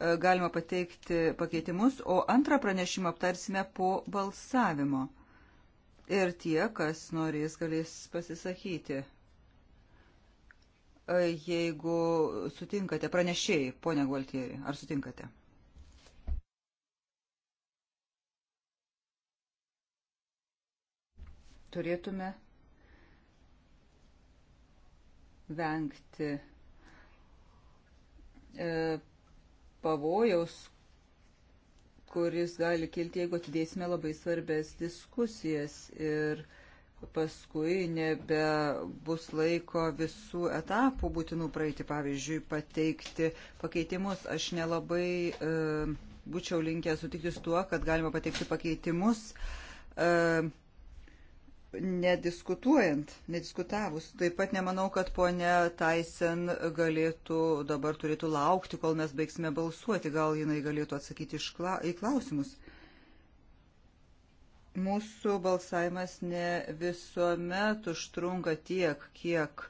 e, galima pateikti pakeitimus, o antrą pranešimą aptarsime po balsavimo. Ir tie, kas norės, galės pasisakyti. E, jeigu sutinkate, pranešėjai, ponia Gualtieri, ar sutinkate? Turėtume vengti E, pavojaus, kuris gali kilti, jeigu atidėsime labai svarbės diskusijas ir paskui nebebus laiko visų etapų būtinų praeiti, pavyzdžiui, pateikti pakeitimus. Aš nelabai e, būčiau linkę sutikti su tuo, kad galima pateikti pakeitimus. E, nediskutuojant, nediskutavus. Taip pat nemanau, kad ponia Taisen galėtų dabar turėtų laukti, kol mes baigsime balsuoti. Gal jinai galėtų atsakyti kla, į klausimus. Mūsų balsavimas ne visuomet užtrunka tiek, kiek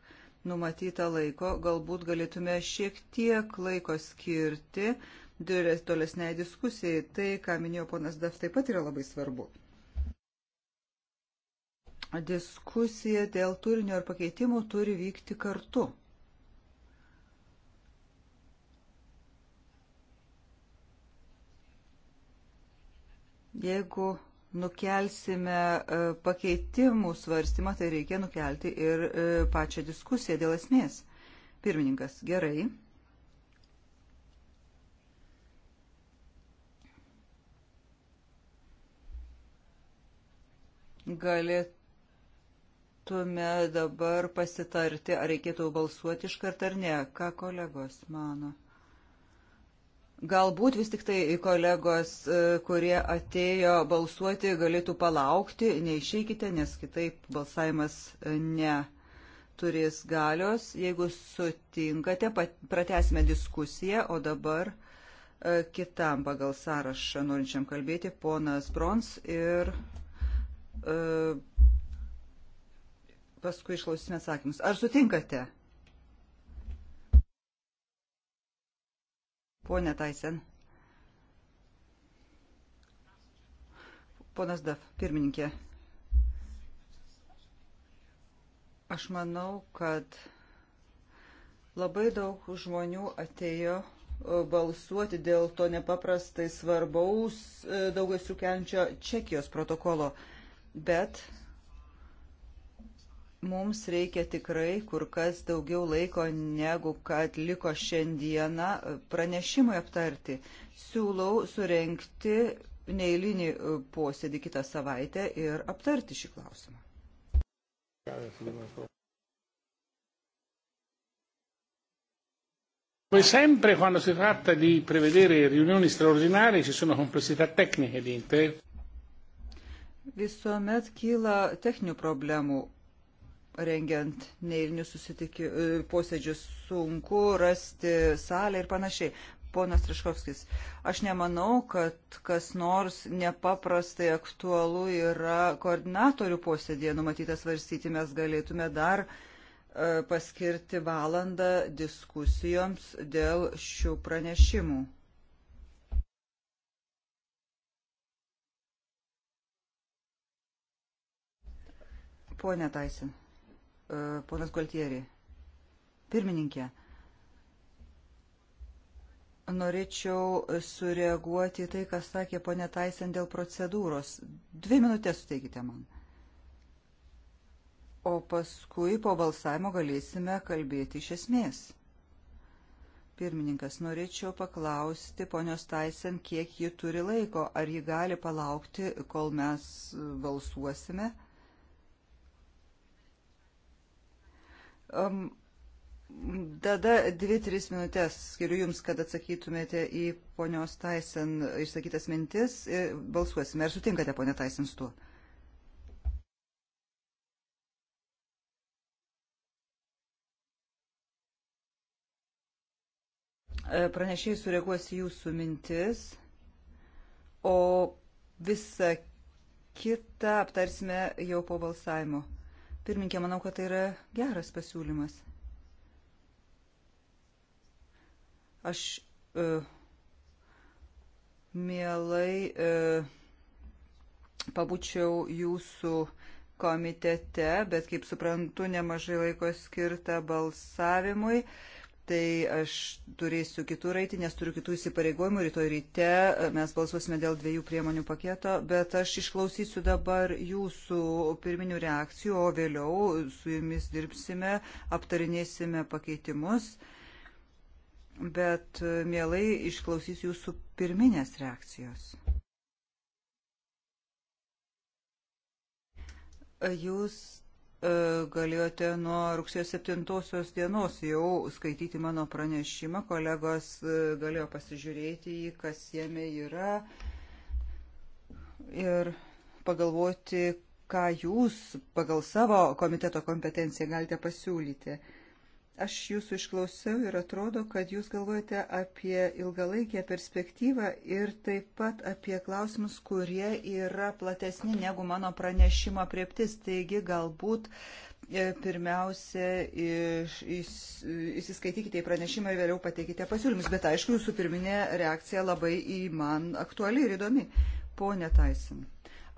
numatyta laiko. Galbūt galėtume šiek tiek laiko skirti tolesnei diskusijai. Tai, ką minėjo ponas Daf, taip pat yra labai svarbu diskusija dėl turinio ir pakeitimų turi vykti kartu. Jeigu nukelsime e, pakeitimų svarstymą, tai reikia nukelti ir e, pačią diskusiją dėl esmės. Pirmininkas, gerai. Galėt galėtume dabar pasitarti, ar reikėtų balsuoti iš karto ar ne, ką kolegos mano. Galbūt vis tik tai kolegos, e, kurie atėjo balsuoti, galėtų palaukti, neišeikite, nes kitaip balsavimas e, ne turės galios. Jeigu sutinkate, pratesime diskusiją, o dabar e, kitam pagal sąrašą norinčiam kalbėti, ponas Brons ir. Uh, paskui išklausysime atsakymus. Ar sutinkate? Pone Taisen. Ponas Daf, pirmininkė. Aš manau, kad labai daug žmonių atėjo e, balsuoti dėl to nepaprastai svarbaus e, daugiau sukelčio Čekijos protokolo. Bet Mums reikia tikrai kur kas daugiau laiko, negu kad liko šiandieną pranešimui aptarti. Siūlau surenkti neįlinį posėdį kitą savaitę ir aptarti šį klausimą. Come sempre, quando si tratta di prevedere riunioni straordinarie, ci sono complessità tecniche di inter. Visuomet kyla techninių problemų, rengiant neįrinius e, posėdžius sunku rasti salę ir panašiai. Ponas Triškovskis, aš nemanau, kad kas nors nepaprastai aktualu yra koordinatorių posėdėje numatytas varstyti. Mes galėtume dar e, paskirti valandą diskusijoms dėl šių pranešimų. Pone Taisin. E, ponas Gualtieri. Pirmininkė, norėčiau sureaguoti į tai, kas sakė ponė Taisen dėl procedūros. Dvi minutės suteikite man. O paskui po balsavimo galėsime kalbėti iš esmės. Pirmininkas, norėčiau paklausti ponios Taisen, kiek ji turi laiko, ar ji gali palaukti, kol mes balsuosime. Um, Tada dvi, tris minutės skiriu Jums, kad atsakytumėte į ponios Taisen išsakytas mintis ir e, balsuosime. Ar sutinkate, ponė Taisen, su tuo? E, pranešėjai sureaguosi Jūsų mintis, o visą kitą aptarsime jau po balsavimo. Pirminkė, manau, kad tai yra geras pasiūlymas. Aš e, mielai e, pabučiau jūsų komitete, bet kaip suprantu, nemažai laiko skirta balsavimui. E, tai aš turėsiu kitų raitį, nes turiu kitų įsipareigojimų. Rytoj ryte e, mes balsuosime dėl dviejų priemonių paketo, bet aš išklausysiu dabar jūsų pirminių reakcijų, o vėliau su jumis dirbsime, aptarinėsime pakeitimus. Bet e, mielai išklausysiu jūsų pirminės reakcijos. E, jūs E, galėjote nuo rugsėjo 7 dienos jau skaityti mano pranešimą. Kolegos e, galėjo pasižiūrėti į, kas jame yra ir pagalvoti, ką jūs pagal savo komiteto kompetenciją galite pasiūlyti. Aš jūsų išklausiau ir atrodo, kad jūs galvojate apie ilgalaikę perspektyvą ir taip pat apie klausimus, kurie yra platesni negu mano pranešimo prieptis. Taigi galbūt e, pirmiausia iš, iš, įsiskaitykite į pranešimą ir vėliau pateikite pasiūlymus. Bet aišku, jūsų pirminė reakcija labai į man aktuali ir įdomi. Pone Taisin,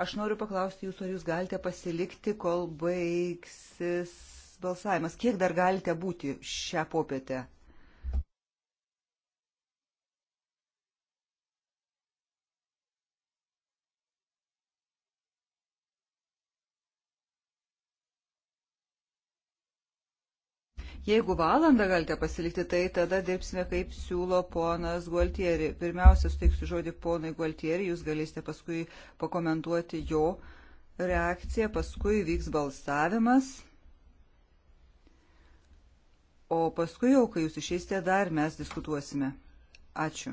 aš noriu paklausti jūsų, ar jūs galite pasilikti, kol baigsis balsavimas. Kiek dar galite būti šią popietę? Jeigu valandą galite pasilikti, tai tada dirbsime kaip siūlo ponas Gualtieri. Pirmiausia, suteiksiu žodį ponai Gualtieri, jūs galėsite paskui pakomentuoti jo reakciją, paskui vyks balsavimas. O paskui jau, kai jūs išeisite, dar mes diskutuosime. Ačiū.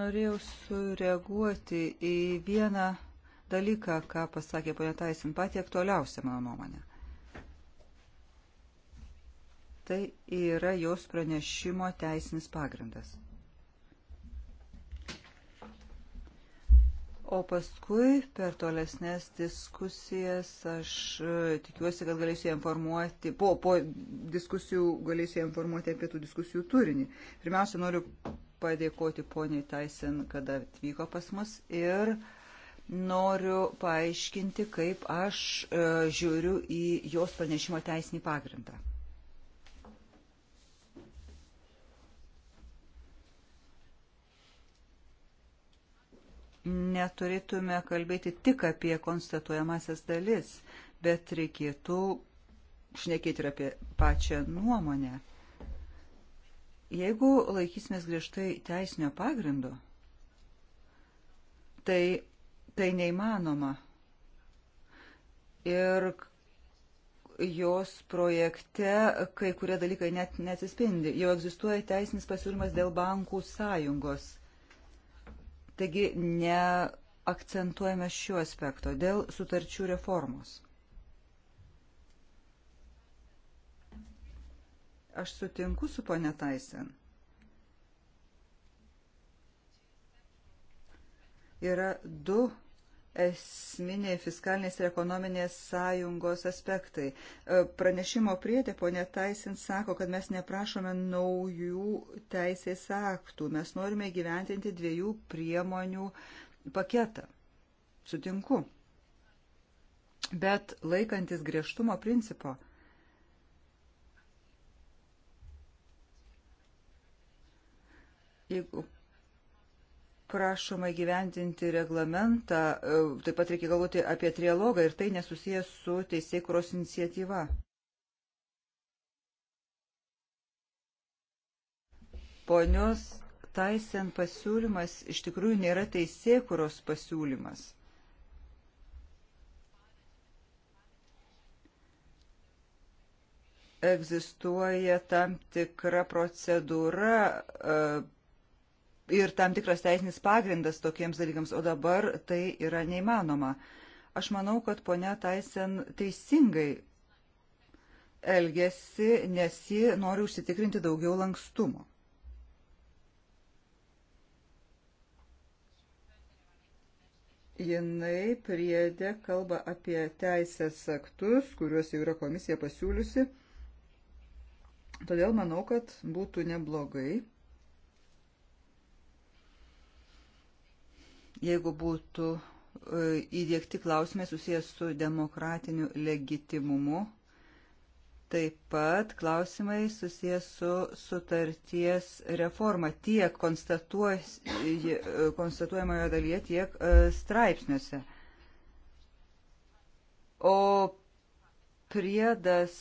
Norėjau sureaguoti į vieną dalyką, ką pasakė ponia Taisin, pati aktualiausia mano nuomonė. Tai yra jos pranešimo teisinis pagrindas. O paskui per tolesnės diskusijas aš e, tikiuosi, kad galėsiu informuoti, po, po diskusijų galėsiu informuoti apie tų diskusijų turinį. Pirmiausia, noriu padėkoti poniai Taisen, kad atvyko pas mus ir noriu paaiškinti, kaip aš e, žiūriu į jos pranešimo teisinį pagrindą. neturėtume kalbėti tik apie konstatuojamasias dalis, bet reikėtų šnekėti ir apie pačią nuomonę. Jeigu laikysimės griežtai teisinio pagrindo, tai tai neįmanoma. Ir jos projekte kai kurie dalykai net nesispindi. Jau egzistuoja teisinis pasiūlymas dėl bankų sąjungos. Taigi neakcentuojame šiuo aspekto dėl sutarčių reformos. Aš sutinku su ponė Taisen. Yra du esminiai fiskalinės ir ekonominės sąjungos aspektai. E, pranešimo priedė ponė Taisin sako, kad mes neprašome naujų teisės aktų, mes norime gyventinti dviejų priemonių paketą. Sutinku. Bet laikantis griežtumo principo, jeigu prašoma įgyvendinti reglamentą, e, taip pat reikia galvoti apie trialogą ir tai nesusijęs su teisėkuros iniciatyva. Ponios Taisen pasiūlymas iš tikrųjų nėra teisėkuros pasiūlymas. Egzistuoja tam tikra procedūra, e, ir tam tikras teisinis pagrindas tokiems dalykams, o dabar tai yra neįmanoma. Aš manau, kad ponia Taisen teisingai elgesi, nes ji nori užsitikrinti daugiau lankstumo. jinai priedė kalba apie teisės aktus, kuriuos jau yra komisija pasiūliusi. Todėl manau, kad būtų neblogai jeigu būtų e, įdėkti klausimai susijęs su demokratiniu legitimumu, taip pat klausimai susijęs su sutarties reforma tiek e, konstatuojamojo dalyje, tiek e, straipsniuose. O priedas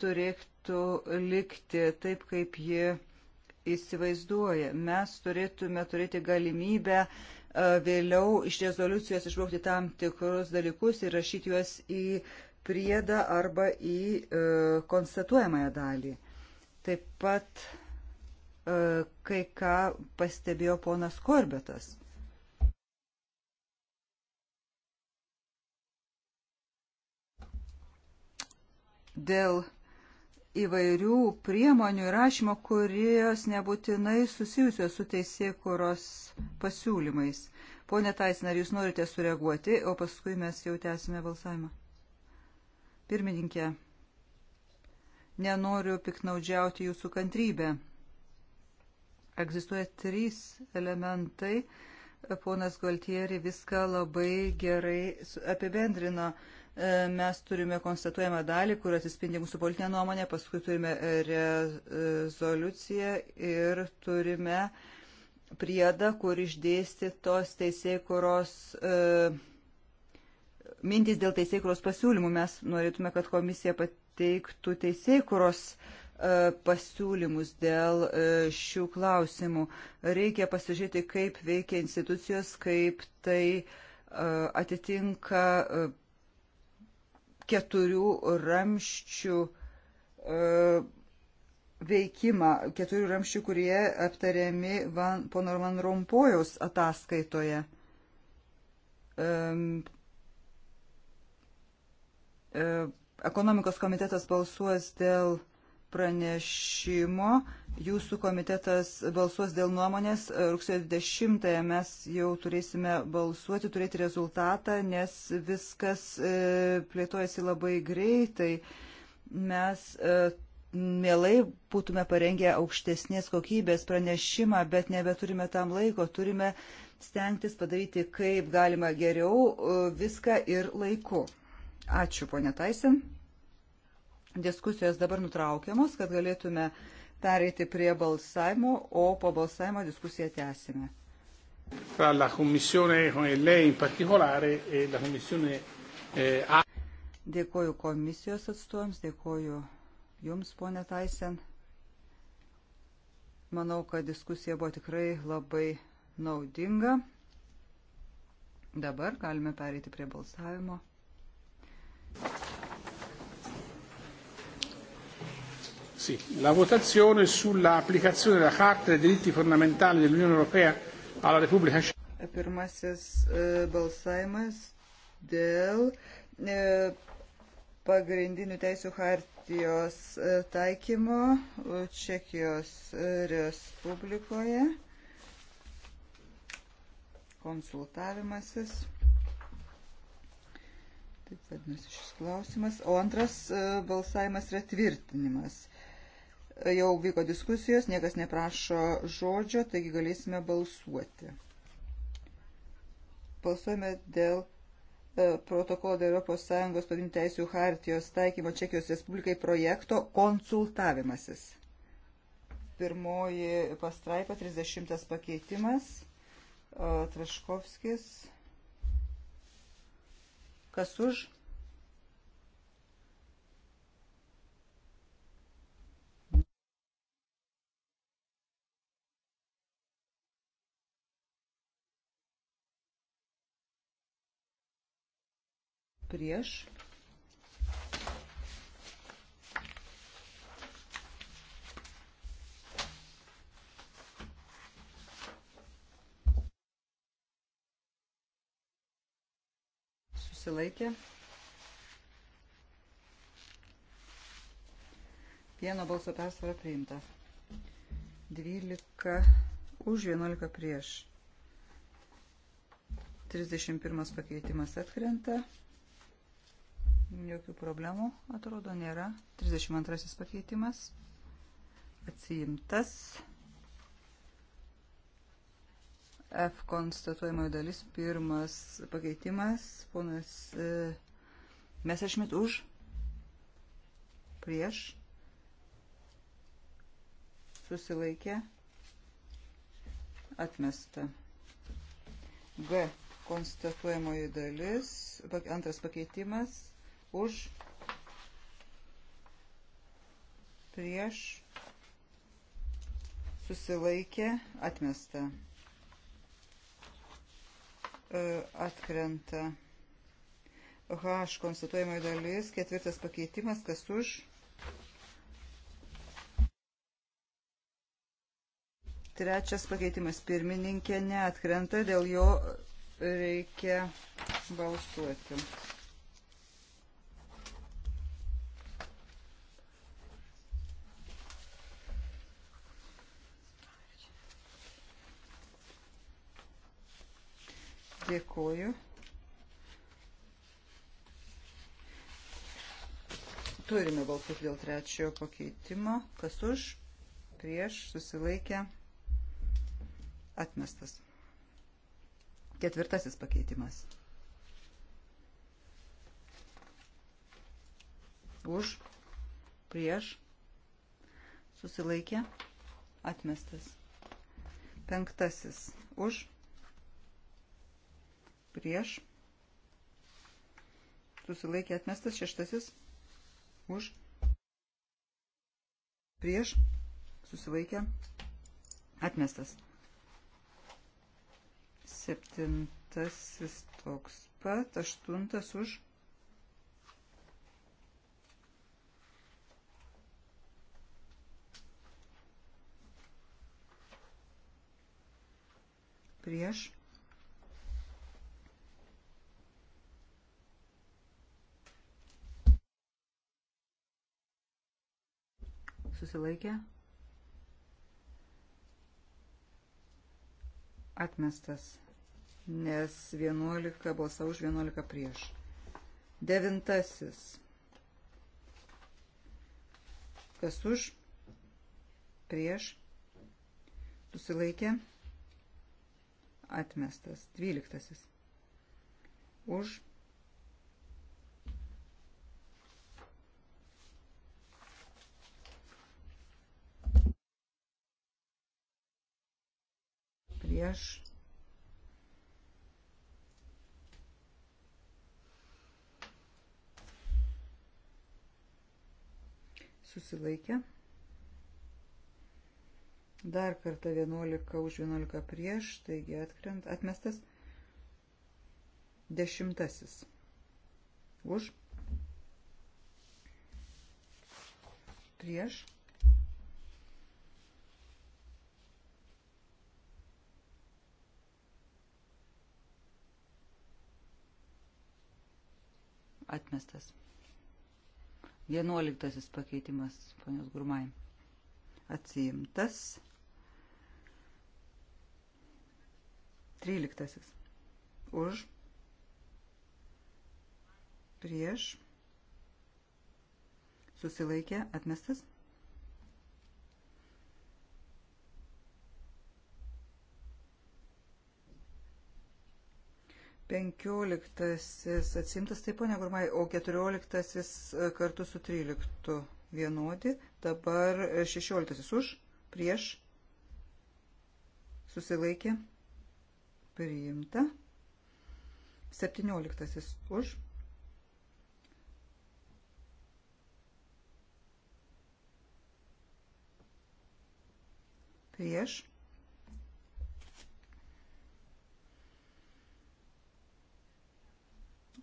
turėtų likti taip, kaip ji įsivaizduoja. Mes turėtume turėti galimybę uh, E, vėliau iš rezoliucijos išbraukti tam tikrus dalykus ir rašyti juos į priedą arba į e, konstatuojamąją dalį. Taip pat e, kai ką pastebėjo ponas Korbetas. Dėl įvairių priemonių įrašymo, kurios nebūtinai susijusios su teisėkuros pasiūlymais. Pone Taisin, ar jūs norite sureaguoti, o paskui mes jau tęsime balsavimą? Pirmininkė, nenoriu piknaudžiauti jūsų kantrybę. Egzistuoja trys elementai. Ponas Galtieri viską labai gerai apibendrino. Uh, E, mes turime konstatuojamą dalį, kur atsispindi mūsų politinė nuomonė, paskui turime rezoliuciją ir turime priedą, kur išdėsti tos teisėkuros e, mintys dėl teisėkuros pasiūlymų. Mes norėtume, kad komisija pateiktų teisėkuros e, pasiūlymus dėl e, šių klausimų. Reikia pasižiūrėti, kaip veikia institucijos, kaip tai e, atitinka e, keturių ramščių e, veikimą, keturių ramščių, kurie aptariami Van, pono Roman Rompojaus ataskaitoje. Um, e, ekonomikos komitetas balsuos dėl pranešimo Jūsų komitetas balsuos dėl nuomonės. Rugsėjo 20-ąją mes jau turėsime balsuoti, turėti rezultatą, nes viskas e, plėtojasi labai greitai. Mes e, mielai būtume parengę aukštesnės kokybės pranešimą, bet nebeturime tam laiko. Turime stengtis padaryti kaip galima geriau e, viską ir laiku. Ačiū, ponė Taisin. Diskusijos dabar nutraukiamos, kad galėtume uh, pereiti prie balsavimo, o po balsavimo diskusiją tęsime. Tra la commissione con lei in particolare e la commissione eh, A. Dėkoju komisijos atstovams, dėkoju Jums, ponė Taisen. Manau, kad diskusija buvo tikrai labai naudinga. Dabar galime pereiti prie balsavimo. sì, la votazione sull'applicazione della Carta dei diritti fondamentali dell'Unione Europea alla Repubblica Pirmasis e, balsavimas dėl e, pagrindinių teisų hartijos e, taikymo Čekijos Respublikoje. Konsultavimasis. Taip vadinasi šis klausimas. O antras balsavimas yra tvirtinimas. Jau vyko diskusijos, niekas neprašo žodžio, taigi galėsime balsuoti. Balsuojame dėl e, protokolo dėl Europos Sąjungos pagrindinių teisių hartijos taikymo Čekijos Respublikai projekto konsultavimasis. Pirmoji pastraipa, 30 pakeitimas, e, Traškovskis. Kas už? prieš. Susilaikė. Vieno balso persvara priimta. 12 už 11 prieš. 31 pakeitimas atkrenta. Jokių problemų, atrodo, nėra. 32 pakeitimas. Atsiimtas. F konstatuojamoji dalis. Pirmas pakeitimas. Ponas e, Mesešmit už. Prieš. Susilaikė. Atmesta. G konstatuojamoji dalis. Antras pakeitimas už, prieš, susilaikė, atmesta, e, atkrenta. H konstatuojamoji dalis, ketvirtas pakeitimas, kas už. Trečias pakeitimas pirmininkė neatkrenta, dėl jo reikia balsuoti. Dėkuoju. Turime balsus dėl trečiojo pakeitimo. Kas už? Prieš susilaikę. Atmestas. Ketvirtasis pakeitimas. Už, prieš, susilaikė, atmestas. Penktasis. Už, prieš prieš, susilaikė atmestas, šeštasis už, prieš, susilaikė atmestas. Septintasis toks pat, aštuntas už. Prieš susilaikė, atmestas, nes 11 balsą už 11 prieš. Devintasis. Kas už? Prieš. Susilaikė. Atmestas. Dvyliktasis. Už prieš. Susilaikė. Dar kartą 11 už 11 prieš, taigi atkrent, atmestas dešimtasis. Už. Prieš. Prieš atmestas. Vienuoliktasis pakeitimas, ponios Gurmai, atsiimtas. Tryliktasis. Už. Prieš. Susilaikė, atmestas. 15 atsimtas, taip ponia Gurmai, o 14 kartu su 13 vienodi, dabar 16 už, prieš, susilaikė, priimta, 17 už, prieš,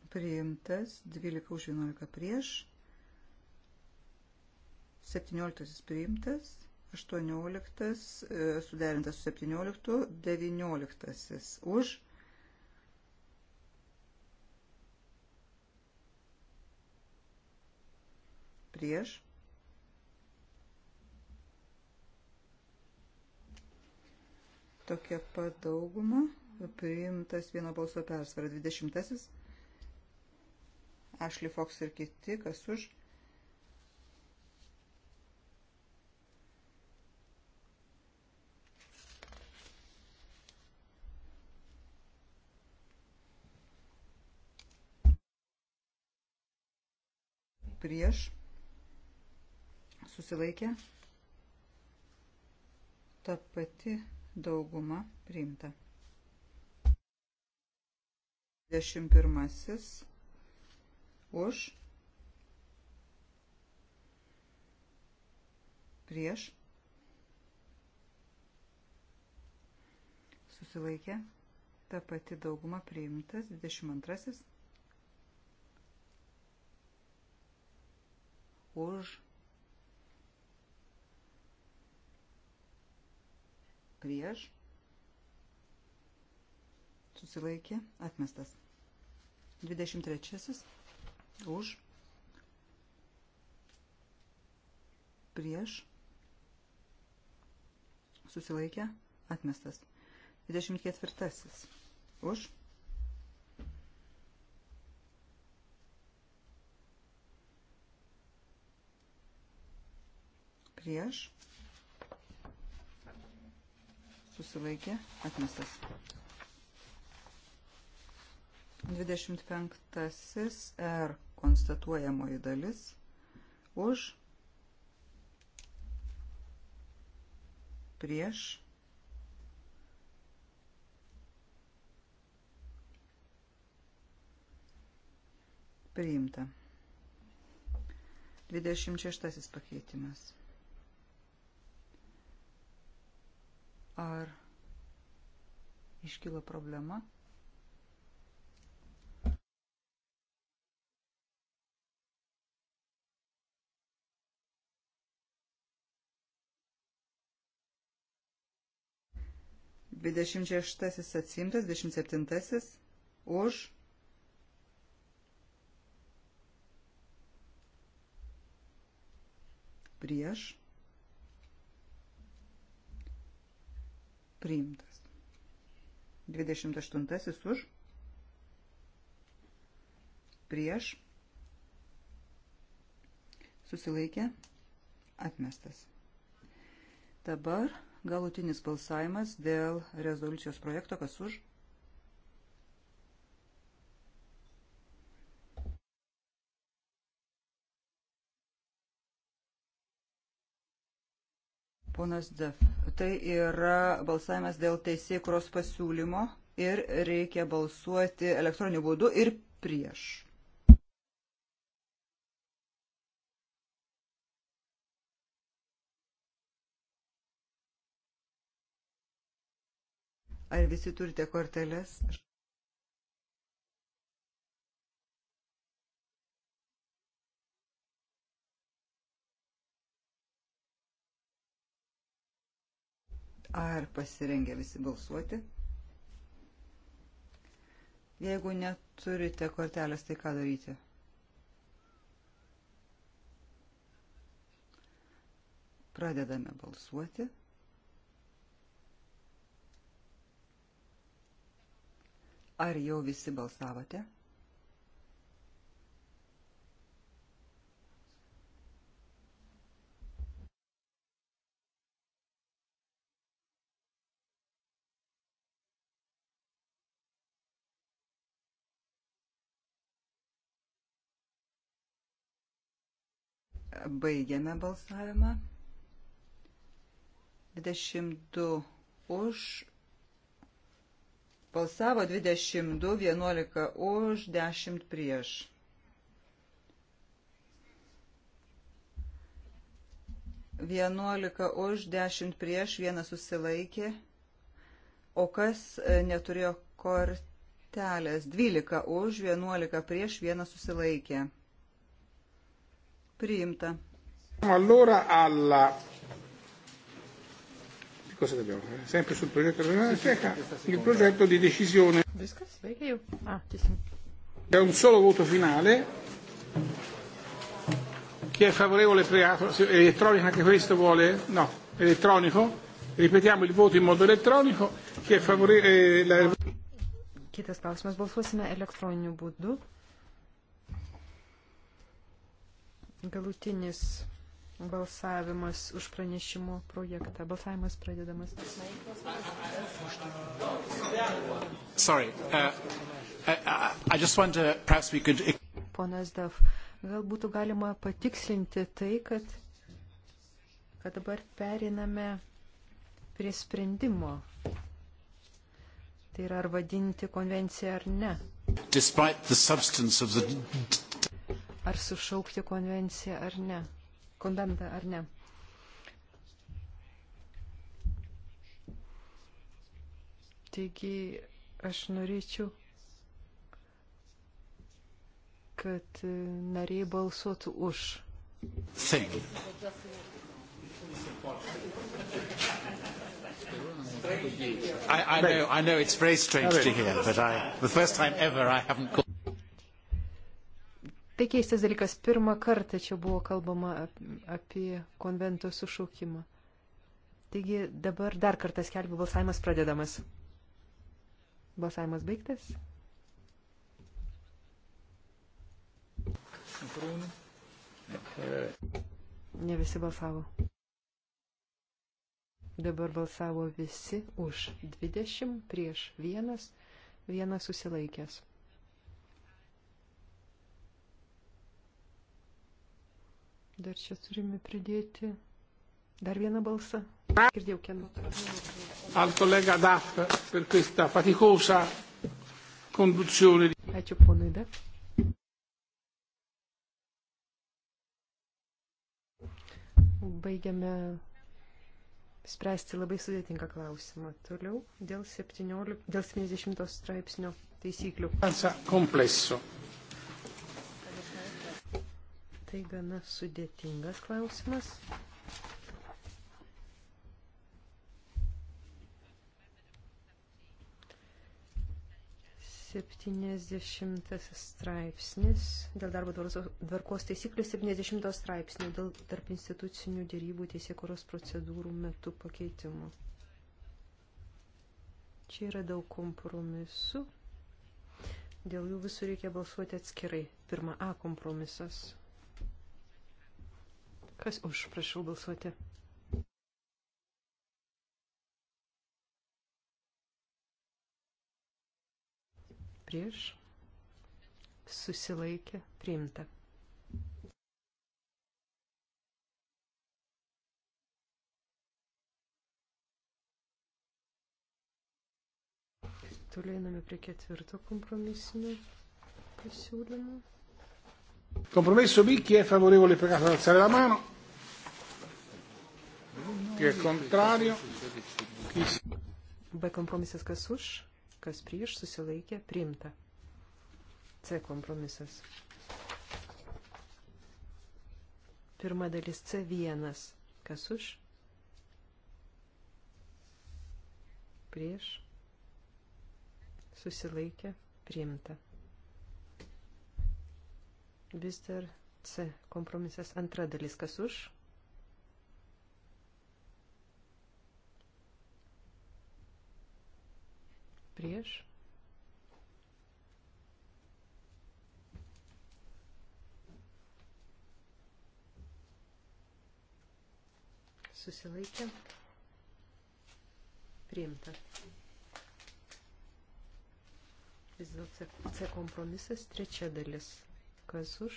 priimtas 12 už 11 prieš, 17 priimtas, 18 e, suderintas su 17, 19 už. Prieš. Tokia pat dauguma priimtas vieno balso persvara 20 Ashley Fox ir kiti, kas už. Prieš susilaikė ta pati dauguma priimta. 21 už, prieš, susilaikė, ta pati dauguma priimtas, 22, už, prieš, susilaikė, atmestas. 23 už, prieš, susilaikė, atmestas. 24. Už. Prieš. Susilaikė, atmestas. 25. R konstatuojamoji dalis už prieš priimta. 26 pakeitimas. Ar iškilo problema? 26 atsimtas, 27 už. Prieš. Priimtas. 28 už. Prieš. Susilaikė. Atmestas. Dabar Galutinis balsavimas dėl rezoliucijos projekto, kas už. Ponas Def, tai yra balsavimas dėl teisėkuros pasiūlymo ir reikia balsuoti elektroniniu būdu ir prieš. Ar visi turite korteles? Ar pasirengę visi balsuoti? Jeigu neturite kortelės, tai ką daryti? Pradedame balsuoti. Ar jau visi balsavote? Baigiame balsavimą. 22 už balsavo 22, 11 už, 10 prieš. Vienuolika už, dešimt prieš, vienas susilaikė, o kas e, neturėjo kortelės, dvylika už, vienuolika prieš, vienas susilaikė. Priimta. Allora alla Cosa dobbiamo fare? Sempre sul progetto dell'Unione il progetto di decisione. Viskas, veikia jau. Ah, C'è un solo voto finale. Chi è favorevole preato? Elettronico anche questo vuole? No, elettronico. Ripetiamo il voto in modo elettronico. Chi è favorevole? Eh, la... Kitas klausimas balsuosime elektroniniu būdu. Galutinis balsavimas už pranešimo projektą. Balsavimas pradedamas. Sorry, uh, I, I just wonder, perhaps we could... Ponas Dav, gal būtų galima patikslinti tai, kad, kad dabar periname prie sprendimo. Tai yra ar vadinti konvenciją ar ne. Ar sušaukti konvenciją ar ne kondamta ar ne. Taigi aš norėčiau, kad e, nariai balsuotų už. Thing. I, I know, I know it's very strange to hear, but I, the first time ever I haven't called. Tai keistas dalykas, pirmą kartą čia buvo kalbama apie konvento sušaukimą. Taigi dabar dar kartą skelbiu balsavimas pradedamas. Balsavimas baigtas. Ne visi balsavo. Dabar balsavo visi už 20 prieš 1, vienas susilaikęs. Dar čia turime pridėti dar vieną balsą. Girdėjau kieno. Al kolega Daf per questa faticosa conduzione. Ačiū ponui Daf. Baigiame spręsti labai sudėtingą klausimą. Toliau dėl, 17, dėl 70 straipsnio taisyklių. Komplesso. Tai gana sudėtingas klausimas. Septyniasdešimtasis straipsnis dėl darbo tvarkos taisyklių 70 straipsnių dėl tarp institucinių dėrybų teisėkuros procedūrų metu pakeitimų. Čia yra daug kompromisų. Dėl jų visų reikia balsuoti atskirai. Pirma A kompromisas. Kas už? Prašau balsuoti. Prieš. Susilaikė. Priimta. Toliau einame prie ketvirto kompromisinio pasiūlymo. Kompromiso B, chi è favorevole è pregato ad alzare la mano. Chi è contrario? Chi... B kompromisas kas už, kas prieš, susilaikė, priimta. C kompromisas. Pirma dalis C1. Kas už? Prieš. Susilaikė, priimta. Vis dar C kompromisas antra dalis, kas už. Prieš. Susilaikė. Priimta. Vis dėlto C kompromisas trečia dalis kas už.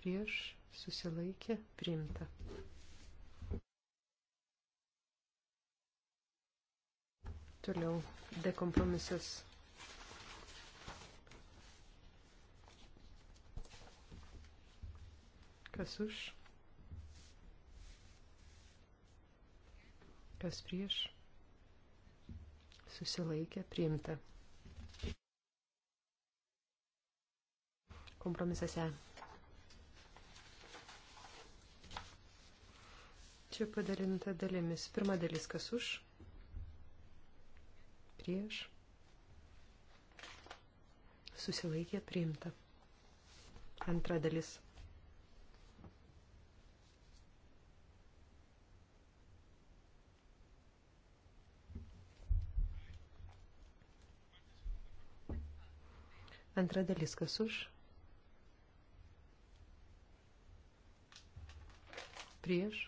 Prieš susilaikė priimta. Toliau dekompromisas. Kas už? kas prieš, susilaikė, priimta. Kompromisase. Čia padalinta dalimis. Pirma dalis, kas už, prieš, susilaikė, priimta. Antra dalis. Antra dalis, kas už? Prieš.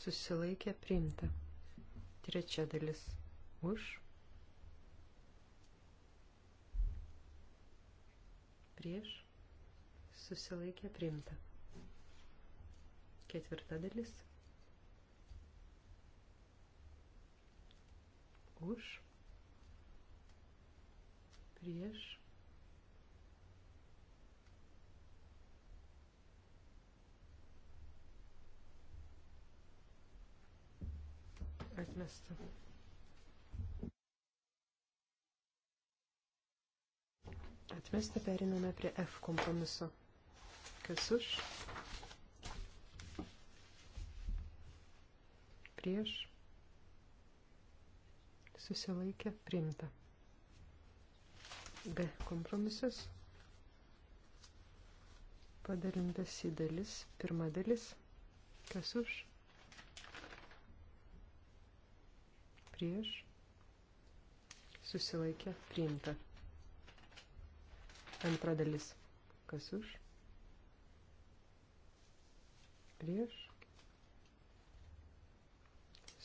Susilaikė priimta. Trečia dalis. Už. Prieš. Susilaikė priimta. Ketvirta dalis. Už prieš. Atmesta. Atmesta periname prie F kompromiso. Kas už? Prieš. Susilaikė. Priimta. B kompromisas padalintas į dalis, pirma dalis, kas už, prieš, susilaikė, priimta. Antra dalis, kas už, prieš,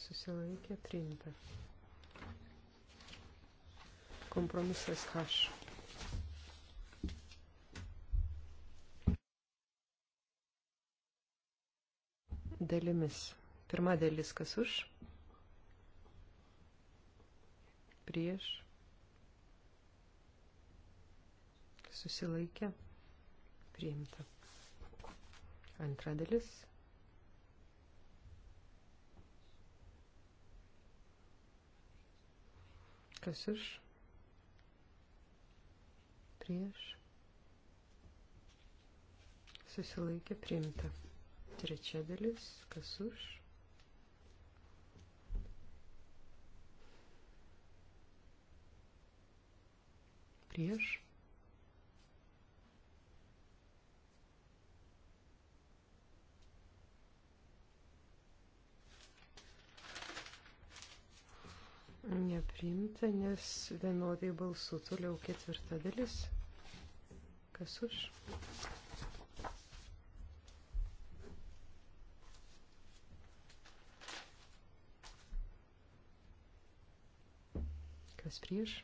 susilaikė, priimta. Kompromisas H. Dalimis. Pirma dalis kas už? Prieš. Susilaikė. Priimta. Antra dalis. Kas už? prieš, susilaikė priimta. Trečia dalis, kas už. Prieš. Nepriimta, nes vienodai balsų toliau ketvirta dalis kas už. Kas prieš.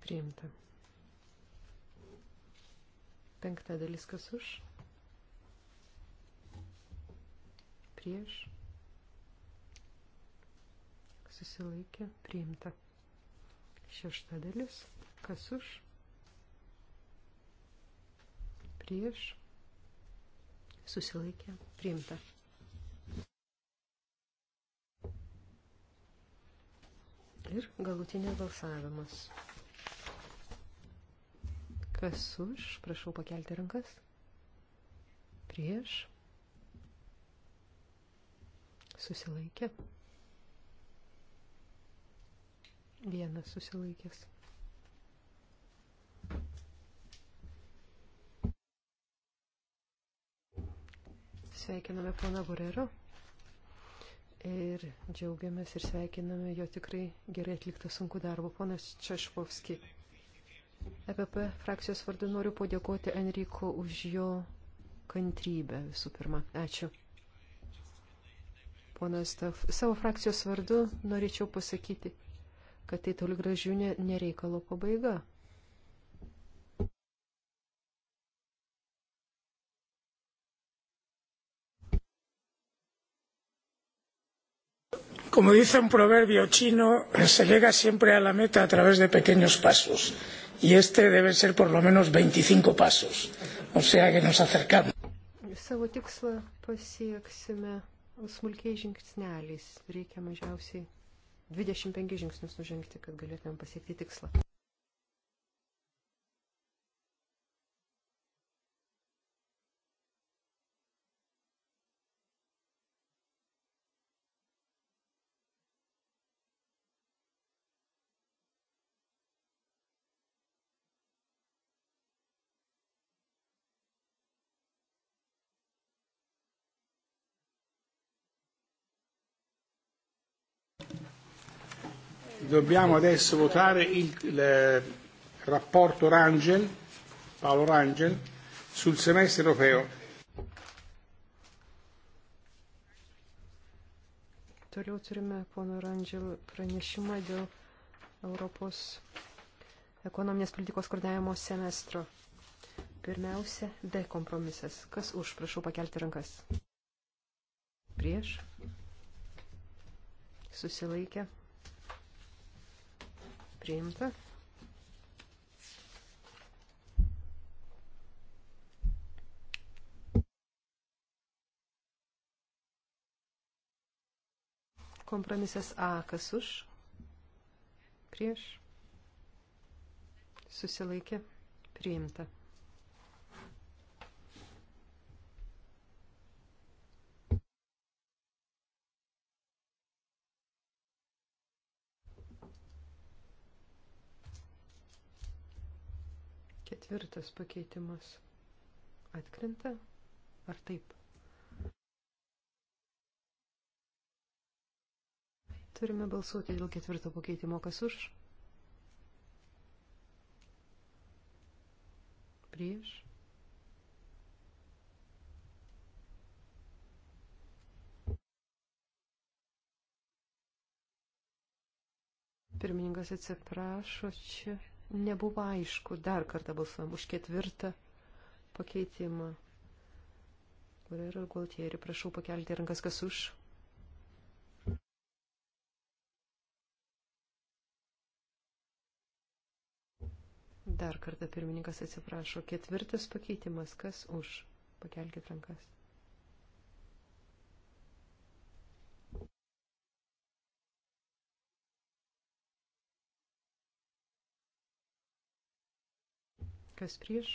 Priimta. Penkta dalis kas už. Prieš susilaikė, priimta. Šešta dalis, kas už, prieš, susilaikė, priimta. Ir galutinės balsavimas. Kas už, prašau pakelti rankas, prieš, susilaikė, priimta. Vienas susilaikęs. Sveikiname poną Gurero ir džiaugiamės ir sveikiname jo tikrai gerai atliktą sunku darbą. Ponas Češpovski. EPP frakcijos vardu noriu padėkoti Enriko už jo kantrybę visų pirma. Ačiū. Ponas Taf, savo frakcijos vardu norėčiau pasakyti, kad tai toli gražių nereikalo pabaiga. Como dice un proverbio chino, se llega siempre a la meta a través de pequeños pasos. Y este debe ser por lo menos 25 pasos. O sea que nos acercamos. Savo tikslą pasieksime smulkiais žingsneliais. Reikia mažiausiai 25 žingsnius nužengti, kad galėtumėm pasiekti tikslą. Dobbiamo adesso votare il, il eh, rapporto Rangel, Paolo Rangel, sul semestre europeo. Toliau turime pono Rangel pranešimą dėl Europos ekonominės politikos koordinavimo semestro. Pirmiausia, D kompromisas. Kas už? Prašau pakelti rankas. Prieš. Susilaikė priimta. Kompromisas A, kas už, prieš, susilaikė, priimta. Ketvirtas pakeitimas atkrinta, ar taip? Turime balsuoti dėl ketvirto pakeitimo, kas už? Prieš. Pirmininkas atsiprašo čia nebuvo aišku. Dar kartą balsuojam už ketvirtą pakeitimą. Kur yra Gualtieri? Prašau pakelti rankas, kas už. Dar kartą pirmininkas atsiprašo. Ketvirtas pakeitimas, kas už? Pakelkit rankas. kas prieš,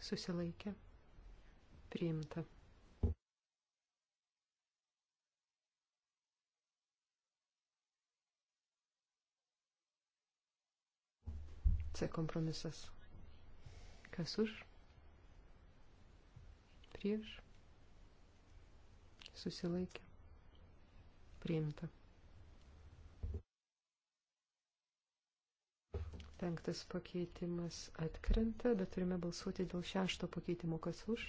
susilaikė, priimta. C kompromisas. Kas už? Prieš. Susilaikė. Priimta. Penktas pakeitimas atkrenta, bet turime balsuoti dėl šešto pakeitimo, kas už.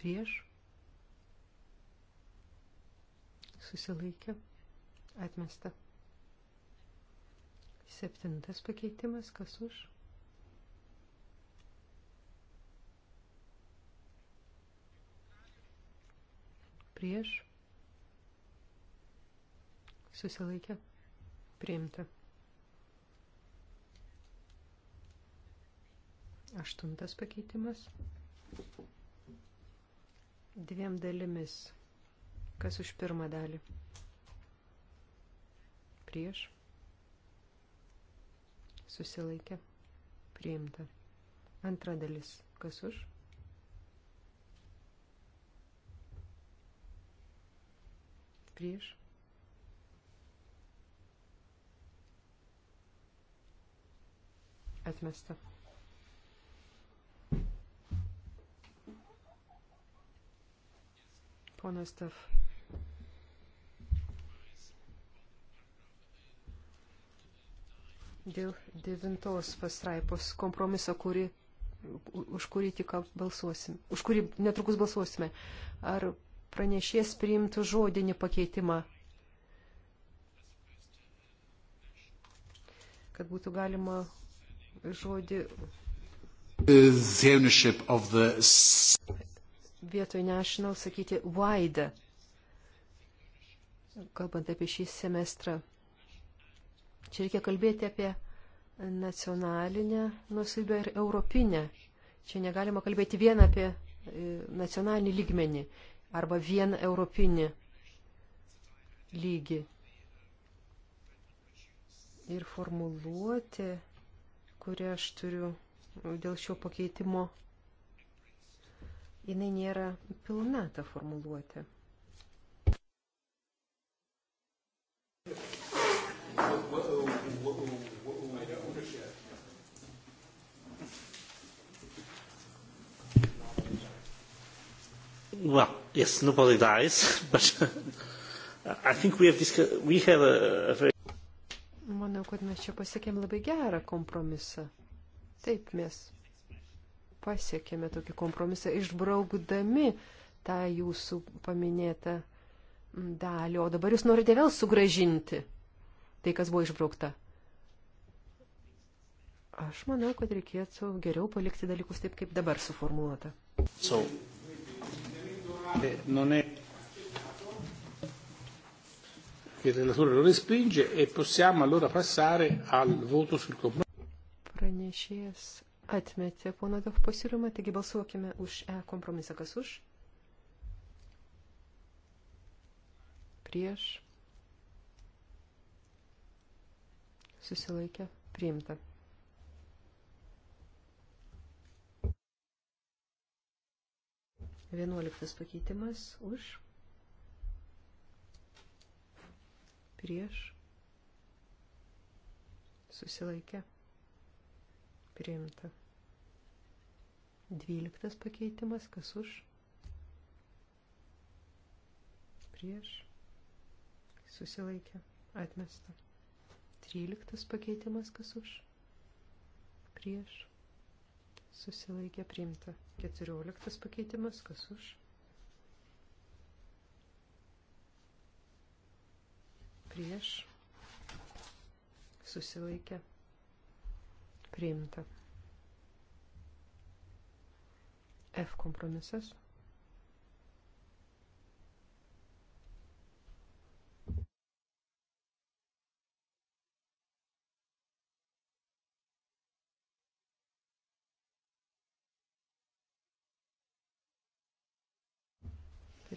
Prieš. Susilaikė. Atmesta. Septintas pakeitimas, kas už. prieš, susilaikė, priimta. Aštuntas pakeitimas. Dviem dalimis. Kas už pirmą dalį? Prieš. Susilaikė. Priimta. Antra dalis. Kas už? prieš. Atmesta. Ponas Tav. Dėl devintos pastraipos kompromiso, kuri, už kurį tik balsuosim, už kurį netrukus balsuosime. Ar pranešės priimtų žodinį pakeitimą, kad būtų galima žodį the... vietoj national sakyti wide, kalbant apie šį semestrą. Čia reikia kalbėti apie nacionalinę nusibę ir europinę. Čia negalima kalbėti vien apie e, nacionalinį lygmenį arba vien europinį lygį. Ir formuluoti, kurią aš turiu dėl šio pakeitimo, jinai nėra pilna ta formuluotė. Well, Yes, nobody dies, but uh, I think we have, discuss, we have a, a very... Manau, kad mes čia pasiekėm labai gerą kompromisą. Taip, mes pasiekėme tokį kompromisą, išbraukdami tą jūsų paminėtą dalį, o dabar jūs norite vėl sugražinti tai, kas buvo išbraukta. Aš manau, kad reikėtų geriau palikti dalykus taip, kaip dabar suformuota. So, non è il relatore lo respinge e possiamo allora passare al voto sul compromesso. Pranešėjas atmetė pono Dov pasiūlymą, taigi balsuokime už E kompromisą. Kas už? Prieš. Susilaikė. Priimta. Vienuoliktas pakeitimas už. Prieš. Susilaikė. Priimta. Dvyliktas pakeitimas, kas už. Prieš. Susilaikė. Atmesta. Tryliktas pakeitimas, kas už. Prieš. Susilaikė. Priimta. Keturioliktas pakeitimas, kas už? Prieš susilaikė priimta. F kompromisas.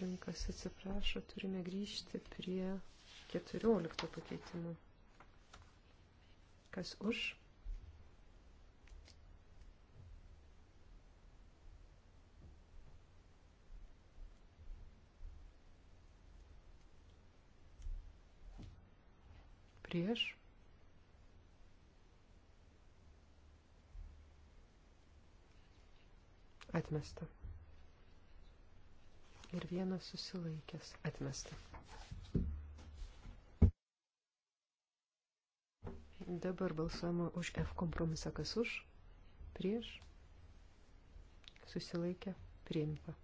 Pirmininkas atsiprašo, turime grįžti prie 14 pakeitimų. Kas už? Prieš? Atmesta ir vienas susilaikęs atmesta. Dabar balsuojama už F kompromisą, kas už, prieš, susilaikę, priimta.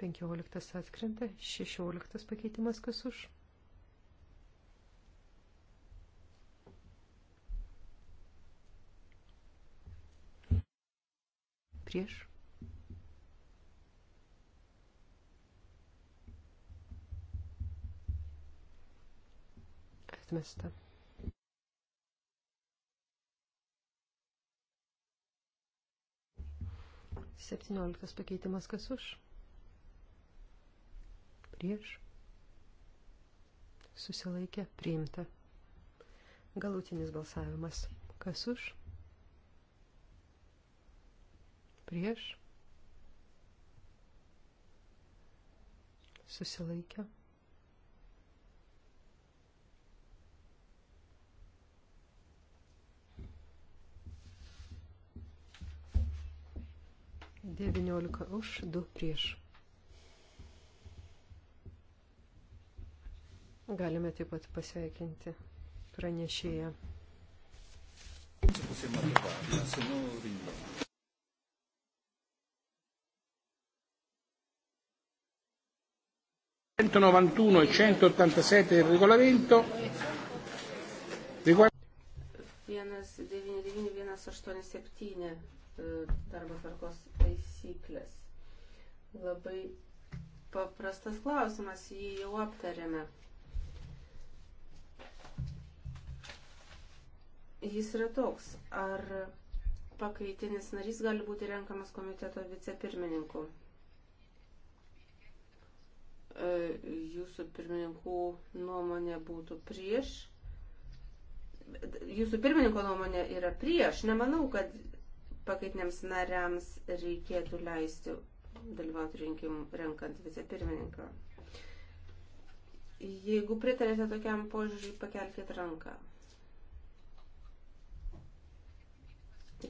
15 atskrenta, 16 pakeitimas, kas už, prieš. Atmesta. Septynioliktas pakeitimas kas už? Prieš. Susilaikė priimta. Galutinis balsavimas. Kas už? prieš, susilaikę. Devyniolika už, du prieš. Galime taip pat pasveikinti pranešėją. Čia pusė mano, nes jau 191 e 187 del regolamento. Riguarda... 199-187 e, darbo tvarkos taisyklės. Labai paprastas klausimas, jį jau aptarėme. Jis yra toks, ar pakaitinis narys gali būti renkamas komiteto vicepirmininku? E, jūsų pirmininkų nuomonė būtų prieš. Jūsų pirmininko nuomonė yra prieš. Nemanau, kad pakaitiniams nariams reikėtų leisti dalyvauti rinkimų renkant vicepirmininką. Jeigu pritarėte tokiam požiūriui, pakelkite ranką.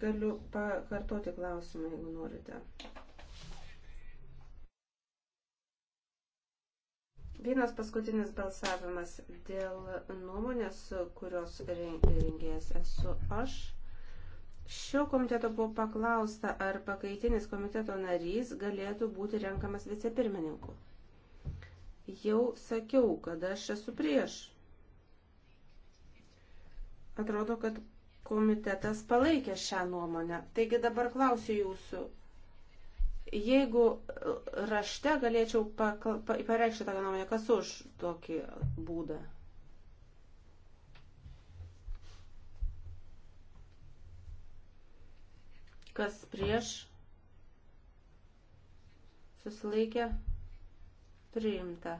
Galiu pakartoti klausimą, jeigu norite. Vienas paskutinis balsavimas dėl nuomonės, kurios rengėjas esu aš. Šio komiteto buvo paklausta, ar pakaitinis komiteto narys galėtų būti renkamas vicepirmininku. Jau sakiau, kad aš esu prieš. Atrodo, kad komitetas palaikė šią nuomonę. Taigi dabar klausiu jūsų, Jeigu e, rašte galėčiau pareikšti tokią nuomonę, kas už tokį būdą? Kas prieš? Susilaikė? Priimta.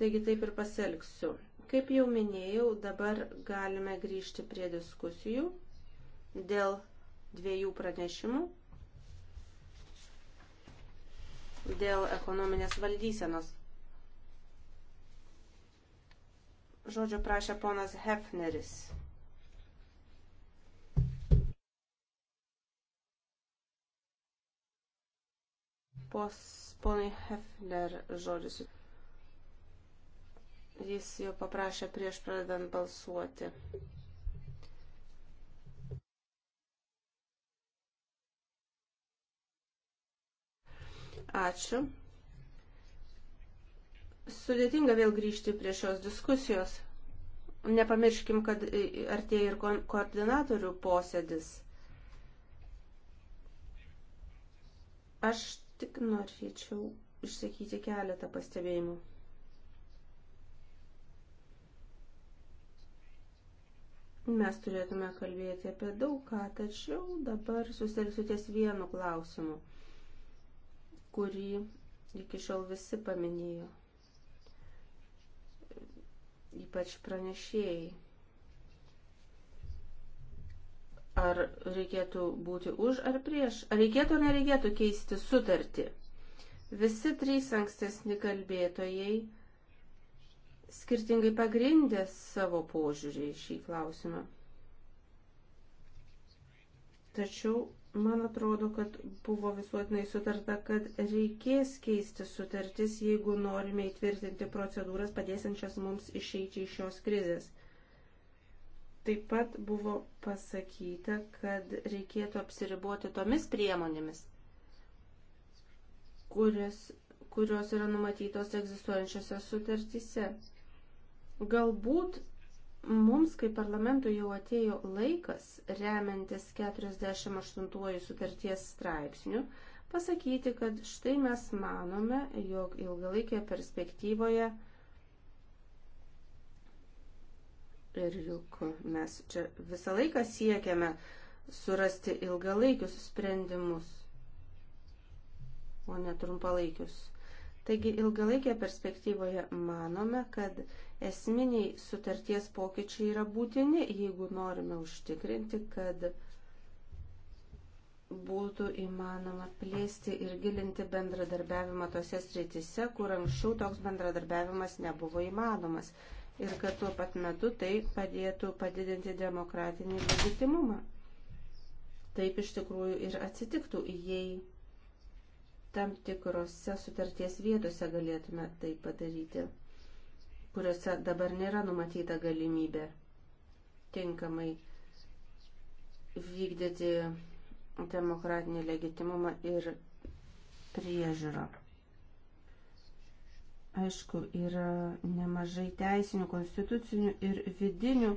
Taigi taip ir pasielgsiu. Kaip jau minėjau, dabar galime grįžti prie diskusijų dėl dviejų pranešimų dėl ekonominės valdysenos. Žodžio prašė ponas Hefneris. Pos, ponai Hefner žodis. Jis jau paprašė prieš pradedant balsuoti. Ačiū. Sudėtinga vėl grįžti prie šios diskusijos. Nepamirškim, kad artėja ir ko koordinatorių posėdis. Aš tik norėčiau išsakyti keletą pastebėjimų. Mes turėtume kalbėti apie daug ką, tačiau dabar susitelksiu ties vienu klausimu – kurį iki šiol visi paminėjo, ypač pranešėjai. Ar reikėtų būti už ar prieš, ar reikėtų ar nereikėtų keisti sutartį. Visi trys ankstesni kalbėtojai skirtingai pagrindė savo požiūrį į šį klausimą. Tačiau Man atrodo, kad buvo visuotinai sutarta, kad reikės keisti sutartis, jeigu norime įtvirtinti procedūras padėsiančias mums išeiti iš šios krizės. Taip pat buvo pasakyta, kad reikėtų apsiriboti tomis priemonėmis, kurias, kurios yra numatytos egzistuojančiose sutartyse. Galbūt Mums, kaip parlamentui, jau atėjo laikas, remiantis 48 sutarties straipsnių, pasakyti, kad štai mes manome, jog ilgalaikėje perspektyvoje ir juk mes čia visą laiką siekiame surasti ilgalaikius sprendimus, o ne trumpalaikius. Taigi ilgalaikėje perspektyvoje manome, kad esminiai sutarties pokyčiai yra būtini, jeigu norime užtikrinti, kad būtų įmanoma plėsti ir gilinti bendradarbiavimą tose sritise, kur anksčiau toks bendradarbiavimas nebuvo įmanomas ir kad tuo pat metu tai padėtų padidinti demokratinį legitimumą. Taip iš tikrųjų ir atsitiktų, jei tam tikrose sutarties vietose galėtume tai padaryti, kuriuose dabar nėra numatyta galimybė tinkamai vykdyti demokratinį legitimumą ir priežiūrą. Aišku, yra nemažai teisinių, konstitucinių ir vidinių,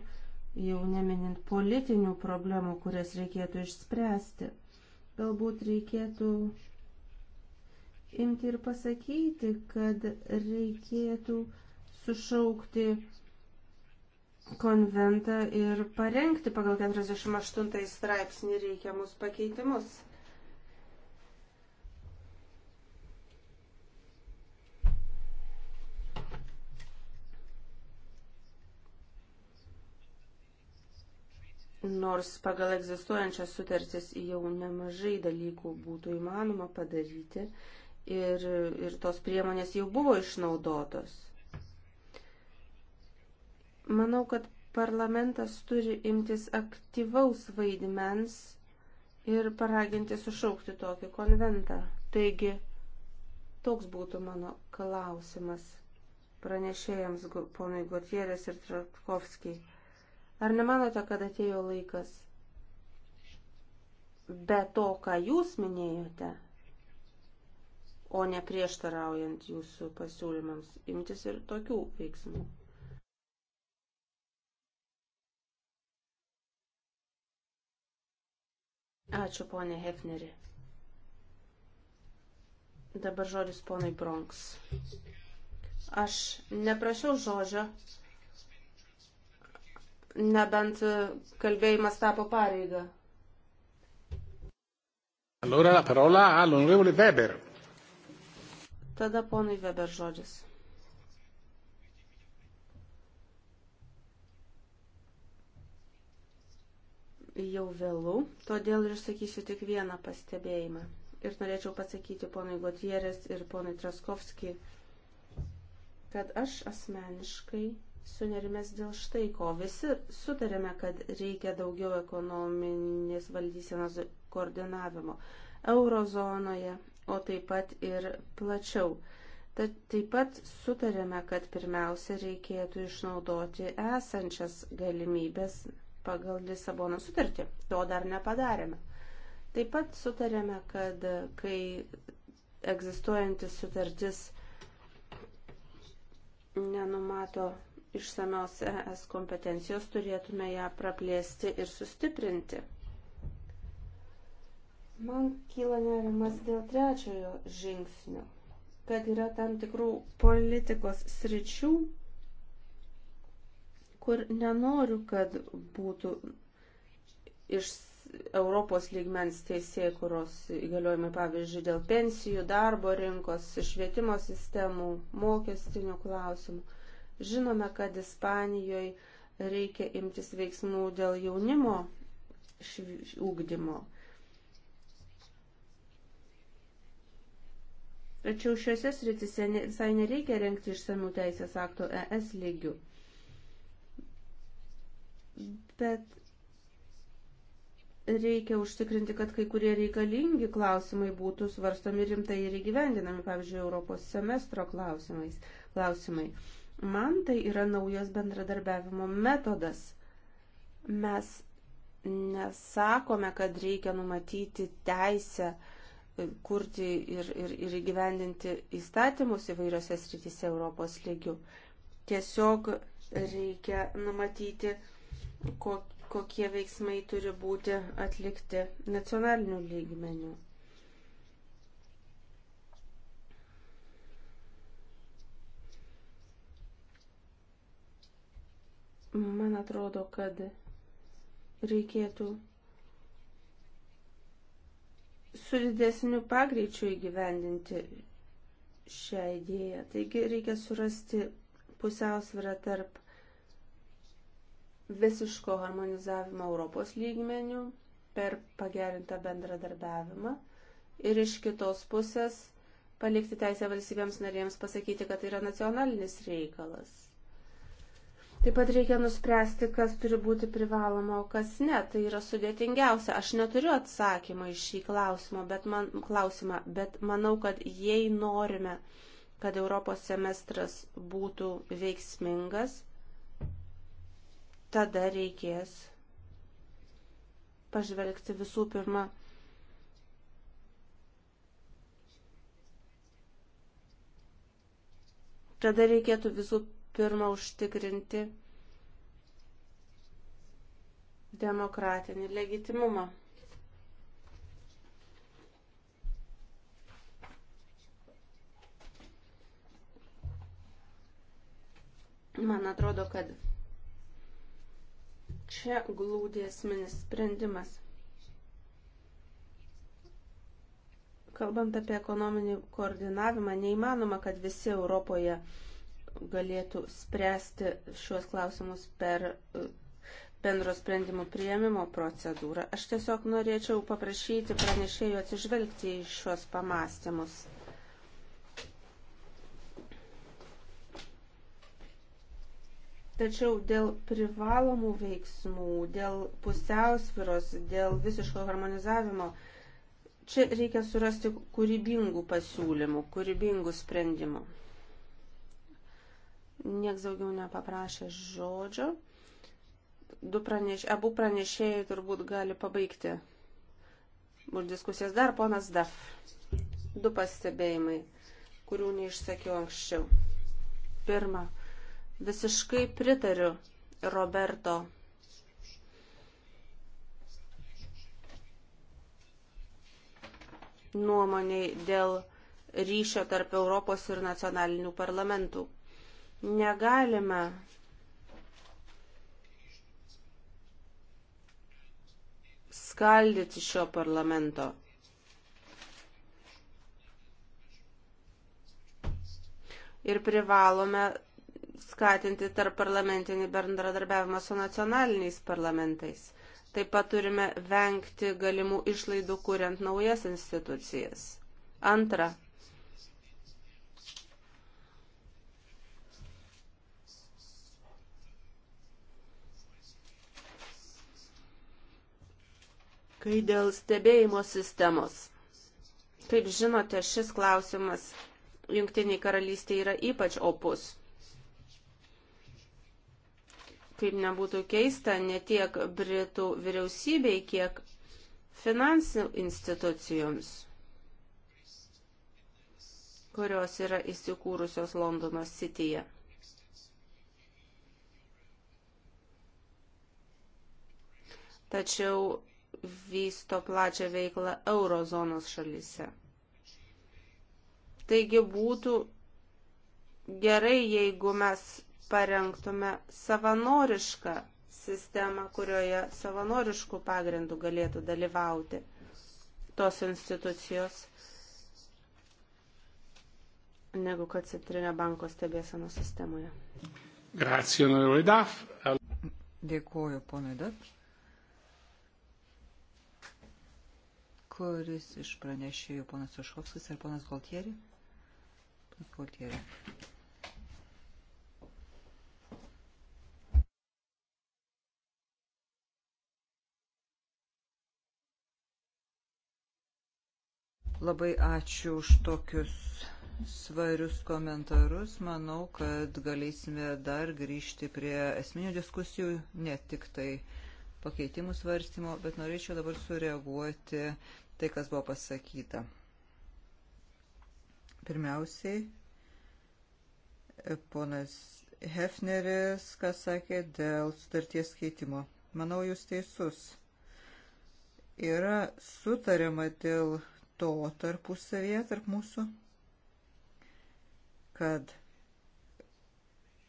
jau neminint politinių problemų, kurias reikėtų išspręsti. Galbūt reikėtų imti ir pasakyti, kad reikėtų sušaukti konventą ir parengti pagal 48 straipsnį reikiamus pakeitimus. Nors pagal egzistuojančias sutartis jau nemažai dalykų būtų įmanoma padaryti, ir, ir tos priemonės jau buvo išnaudotos. Manau, kad parlamentas turi imtis aktyvaus vaidmens ir paraginti sušaukti tokį konventą. Taigi, toks būtų mano klausimas pranešėjams ponui Gotierės ir Tratkovskijai. Ar nemanote, kad atėjo laikas be to, ką jūs minėjote, o ne prieštaraujant jūsų pasiūlymams imtis ir tokių veiksmų. Ačiū, ponė Hefneri. Dabar žodis ponai Bronks. Aš neprašiau žodžio, nebent kalbėjimas tapo pareiga. Allora la parola all'onorevole Weber. Tada ponui Weber žodis. Jau vėlų, todėl ir sakysiu tik vieną pastebėjimą. Ir norėčiau pasakyti ponui Gotieres ir ponui Traskovski, kad aš asmeniškai sunerimės dėl štai ko. Visi sutarėme, kad reikia daugiau ekonominės valdysenos koordinavimo eurozonoje, o taip pat ir plačiau. Tad taip pat sutarėme, kad pirmiausia reikėtų išnaudoti esančias galimybės pagal Lisabono sutartį. To dar nepadarėme. Taip pat sutarėme, kad kai egzistuojantis sutartis nenumato išsamios ES kompetencijos, turėtume ją praplėsti ir sustiprinti. Man kyla nerimas dėl trečiojo žingsnio, kad yra tam tikrų politikos sričių, kur nenoriu, kad būtų iš Europos lygmens teisėjai, kurios įgaliojimai, pavyzdžiui, dėl pensijų, darbo rinkos, švietimo sistemų, mokestinių klausimų. Žinome, kad Ispanijoje reikia imtis veiksmų dėl jaunimo ugdymo. Šv tačiau šiuose sritise visai nereikia renkti išsamių teisės aktų ES lygių. Bet reikia užtikrinti, kad kai kurie reikalingi klausimai būtų svarstomi rimtai ir įgyvendinami, pavyzdžiui, Europos semestro klausimais. klausimai. Man tai yra naujas bendradarbiavimo metodas. Mes nesakome, kad reikia numatyti teisę uh, kurti ir, ir, ir įgyvendinti įstatymus įvairiose srityse Europos lygių. Tiesiog reikia numatyti, kokie veiksmai turi būti atlikti nacionaliniu lygmeniu. Man atrodo, kad reikėtų su didesniu pagreičiu įgyvendinti šią idėją. Taigi reikia surasti pusiausvyrą tarp visiško harmonizavimo Europos lygmenių per pagerintą bendradarbiavimą ir iš kitos pusės palikti teisę valstybėms narėms pasakyti, kad tai yra nacionalinis reikalas. Taip pat reikia nuspręsti, kas turi būti privaloma, o kas ne. Tai yra sudėtingiausia. Aš neturiu atsakymą į šį klausimą, bet, man, klausimą, bet manau, kad jei norime, kad Europos semestras būtų veiksmingas, tada reikės pažvelgti visų pirma tada reikėtų visų pirma užtikrinti demokratinį legitimumą. Man atrodo, kad čia glūdė esminis sprendimas. Kalbant apie ekonominį koordinavimą, neįmanoma, kad visi Europoje uh, galėtų spręsti šiuos klausimus per e, bendro sprendimų prieimimo procedūrą. Aš tiesiog norėčiau paprašyti pranešėjų atsižvelgti į šiuos pamastymus. Tačiau dėl privalomų veiksmų, dėl pusiausviros, dėl visiško harmonizavimo, čia reikia surasti kūrybingų pasiūlymų, kūrybingų sprendimų. Niekas daugiau nepaprašė žodžio. Du praneš, abu pranešėjai turbūt gali pabaigti už diskusijas. Dar ponas Daf. Du pastebėjimai, kurių neišsakiau anksčiau. Pirma, visiškai pritariu Roberto nuomoniai dėl ryšio tarp Europos ir nacionalinių parlamentų. Negalime skaldyti šio parlamento. Ir privalome skatinti tarp parlamentinį bendradarbiavimą su nacionaliniais parlamentais. Taip pat turime vengti galimų išlaidų kuriant naujas institucijas. Antra, Kai dėl stebėjimo sistemos. Kaip žinote, šis klausimas Junktiniai karalystė yra ypač opus. Kaip nebūtų keista, ne tiek Britų vyriausybei, kiek finansinių institucijoms, kurios yra įsikūrusios Londono sityje. Tačiau vysto plačią veiklą eurozonos šalyse. Taigi būtų gerai, jeigu mes parengtume savanorišką sistemą, kurioje savanoriškų pagrindų galėtų dalyvauti tos institucijos, negu kad Centrinio banko stebėsano sistemoje. Grazie, Dėkuoju, ponai Daf. kuris iš pranešėjų ponas Uškovskis ir ponas Galtieri. Ponas Galtieri. Labai ačiū už tokius svarius komentarus. Manau, kad galėsime dar grįžti prie esminių diskusijų, ne tik tai pakeitimų svarstymo, bet norėčiau dabar sureaguoti tai, kas buvo pasakyta. Pirmiausiai, ponas Hefneris, kas sakė dėl sutarties keitimo. Manau, jūs teisus. Yra sutariama dėl to tarpusavėje, tarp mūsų, kad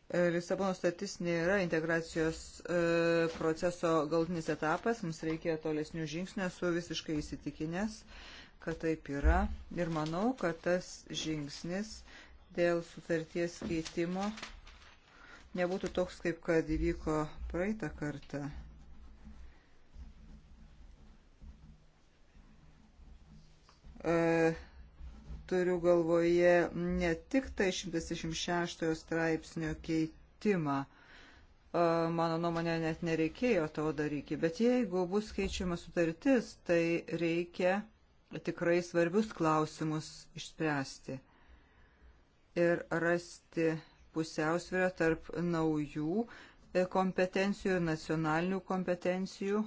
E, Lisabono statis nėra integracijos e, proceso galtinis etapas, mums reikia tolesnių žingsnių, esu visiškai įsitikinęs, kad taip yra. Ir manau, kad tas žingsnis dėl sutarties keitimo nebūtų toks, kaip kad įvyko praeitą kartą. Uh, turiu galvoje ne tik tai 166 straipsnio keitimą. Mano nuomonė net nereikėjo to daryti, bet jeigu bus keičiama sutartis, tai reikia tikrai svarbius klausimus išspręsti ir rasti pusiausvyrą tarp naujų kompetencijų ir nacionalinių kompetencijų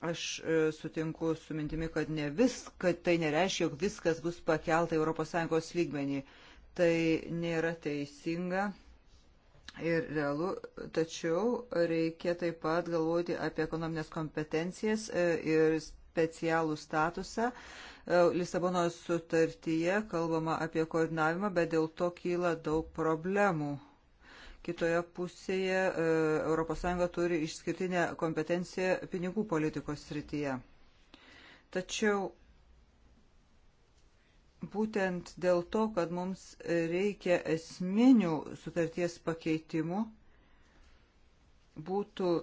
Aš e, sutinku su mintimi, kad, ne vis, kad tai nereiškia, jog viskas bus pakelta ES lygmenį. Tai nėra teisinga ir realu, tačiau reikia taip pat galvoti apie ekonominės kompetencijas e, ir specialų statusą. E, Lisabonos sutartyje kalbama apie koordinavimą, bet dėl to kyla daug problemų Kitoje pusėje ES turi išskirtinę kompetenciją pinigų politikos srityje. Tačiau būtent dėl to, kad mums reikia esminių sutarties pakeitimų, būtų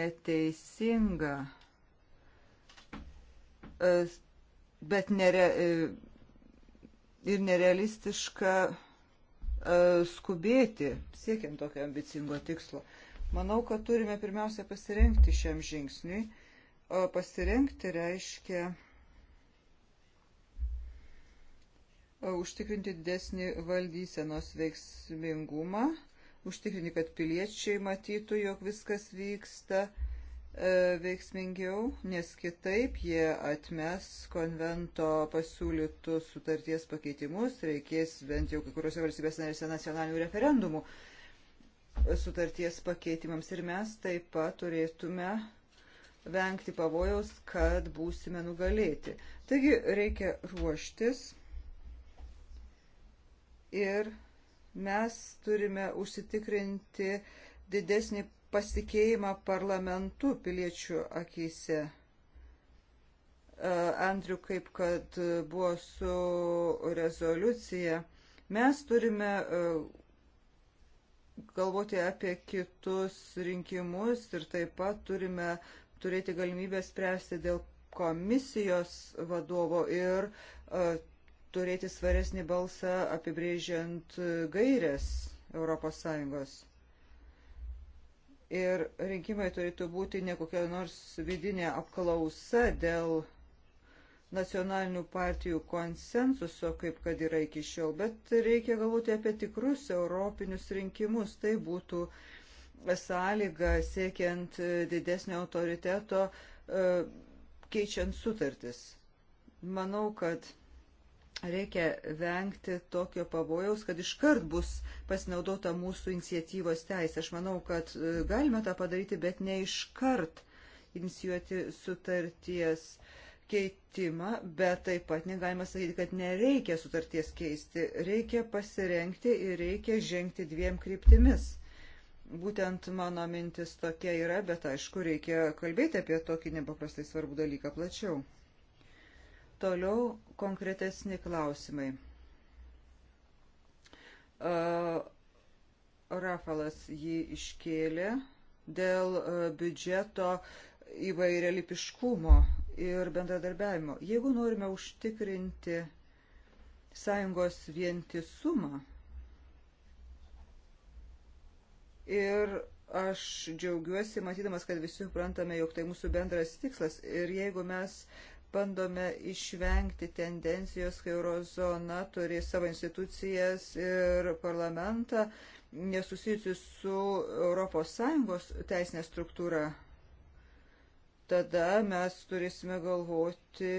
neteisinga, e, bet nere, e, ir nerealistiška E, skubėti siekiant tokio ambicingo tikslo. Manau, kad turime pirmiausia pasirengti šiam žingsniui. O pasirengti reiškia e, užtikrinti didesnį valdysenos veiksmingumą, užtikrinti, kad piliečiai matytų, jog viskas vyksta E, veiksmingiau, nes kitaip jie atmes konvento pasiūlytus sutarties pakeitimus, reikės bent jau kai kuriuose valstybės narėse nacionalinių referendumų sutarties pakeitimams ir mes taip pat turėtume vengti pavojaus, kad būsime nugalėti. Taigi reikia ruoštis ir mes turime užsitikrinti didesnį pasikeimą parlamentu piliečių akise. E, Andriu, kaip kad buvo su rezoliucija, mes turime e, galvoti apie kitus rinkimus ir taip pat turime turėti galimybę spręsti dėl komisijos vadovo ir e, turėti svaresnį balsą apibrėžiant gairias ES. Ir rinkimai turėtų būti ne kokia nors vidinė apklausa dėl nacionalinių partijų konsensuso, kaip kad yra iki šiol, bet reikia galvoti apie tikrus europinius rinkimus. Tai būtų sąlyga siekiant didesnio autoriteto, e, keičiant sutartis. Manau, kad reikia vengti tokio pavojaus, kad iškart bus pasinaudota mūsų iniciatyvos teisė. Aš manau, kad e, galime tą padaryti, bet ne iškart inicijuoti sutarties keitimą, bet taip pat negalima sakyti, kad nereikia sutarties keisti. Reikia pasirenkti ir reikia žengti dviem kryptimis. Būtent mano mintis tokia yra, bet aišku, reikia kalbėti apie tokį nepaprastai svarbų dalyką plačiau. Toliau konkretesni klausimai. Rafalas jį iškėlė dėl biudžeto įvairialipiškumo ir bendradarbiavimo. Jeigu norime užtikrinti sąjungos vientisumą, ir aš džiaugiuosi, matydamas, kad visi suprantame, jog tai mūsų bendras tikslas. Ir jeigu mes bandome išvengti tendencijos, kai eurozona turi savo institucijas ir parlamentą nesusijusi su ES teisinė struktūra. Tada mes turėsime galvoti,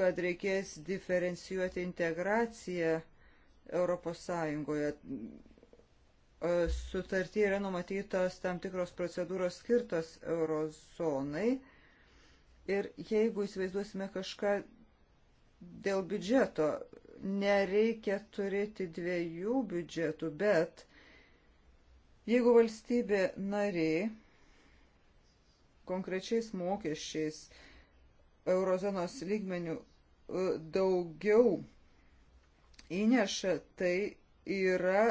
kad reikės diferencijuoti integraciją Europos Sąjungoje. Sutartyje yra numatytos tam tikros procedūros skirtos eurozonai Ir jeigu įsivaizduosime kažką dėl biudžeto, nereikia turėti dviejų biudžetų, bet jeigu valstybė nariai konkrečiais mokesčiais eurozonos lygmenių e, daugiau įneša, tai yra,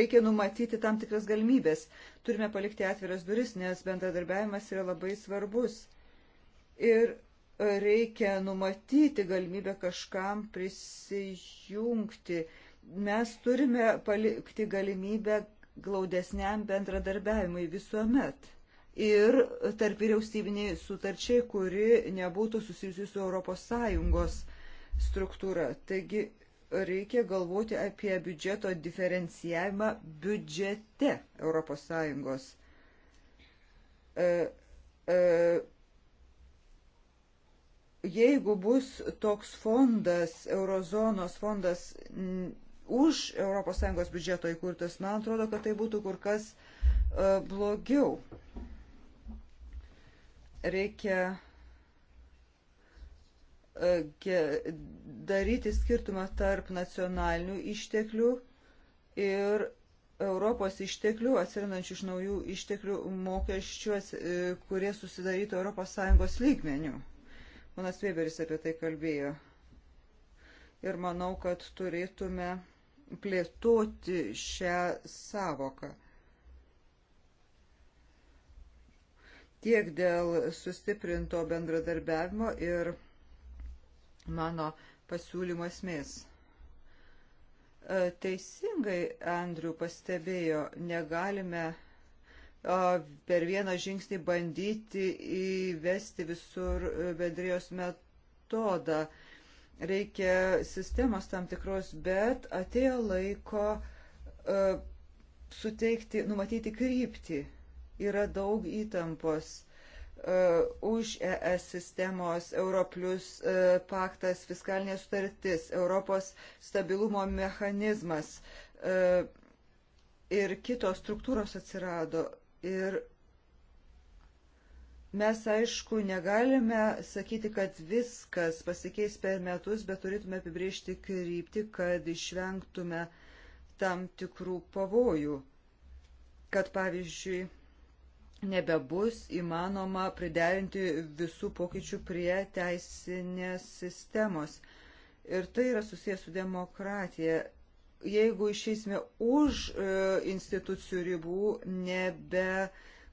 reikia numatyti tam tikras galimybės. Turime palikti atviras duris, nes bendradarbiavimas yra labai svarbus ir reikia numatyti galimybę kažkam prisijungti. Mes turime palikti galimybę glaudesniam bendradarbiavimui visuomet. Ir tarp vyriausybiniai sutarčiai, kuri nebūtų susijusi su ES struktūra. Taigi reikia galvoti apie biudžeto diferencijavimą biudžete ES. E, e, jeigu bus toks fondas, eurozonos fondas už ES biudžeto įkurtas, man atrodo, kad tai būtų kur kas e, blogiau. Reikia e, daryti skirtumą tarp nacionalinių išteklių ir Europos išteklių, atsirandančių iš naujų išteklių mokesčių, e, kurie susidarytų ES lygmenių. Manas Weberis apie tai kalbėjo. Ir manau, kad turėtume plėtoti šią savoką. Tiek dėl sustiprinto bendradarbiavimo ir mano pasiūlymo esmės. Teisingai Andriu pastebėjo, negalime per vieną žingsnį bandyti įvesti visur e, bendrijos metodą. Reikia sistemos tam tikros, bet atėjo laiko e, suteikti, numatyti kryptį. Yra daug įtampos e, už ES sistemos, Europlius paktas, fiskalinė sutartis, Europos stabilumo mechanizmas ir kitos struktūros atsirado Ir mes, aišku, negalime sakyti, kad viskas pasikeis per metus, bet turėtume apibriežti kryptį, kad išvengtume tam tikrų pavojų. Kad, pavyzdžiui, nebebus įmanoma priderinti visų pokyčių prie teisinės sistemos. Ir tai yra susijęs su demokratija jeigu išeisime už e, institucijų ribų, nebe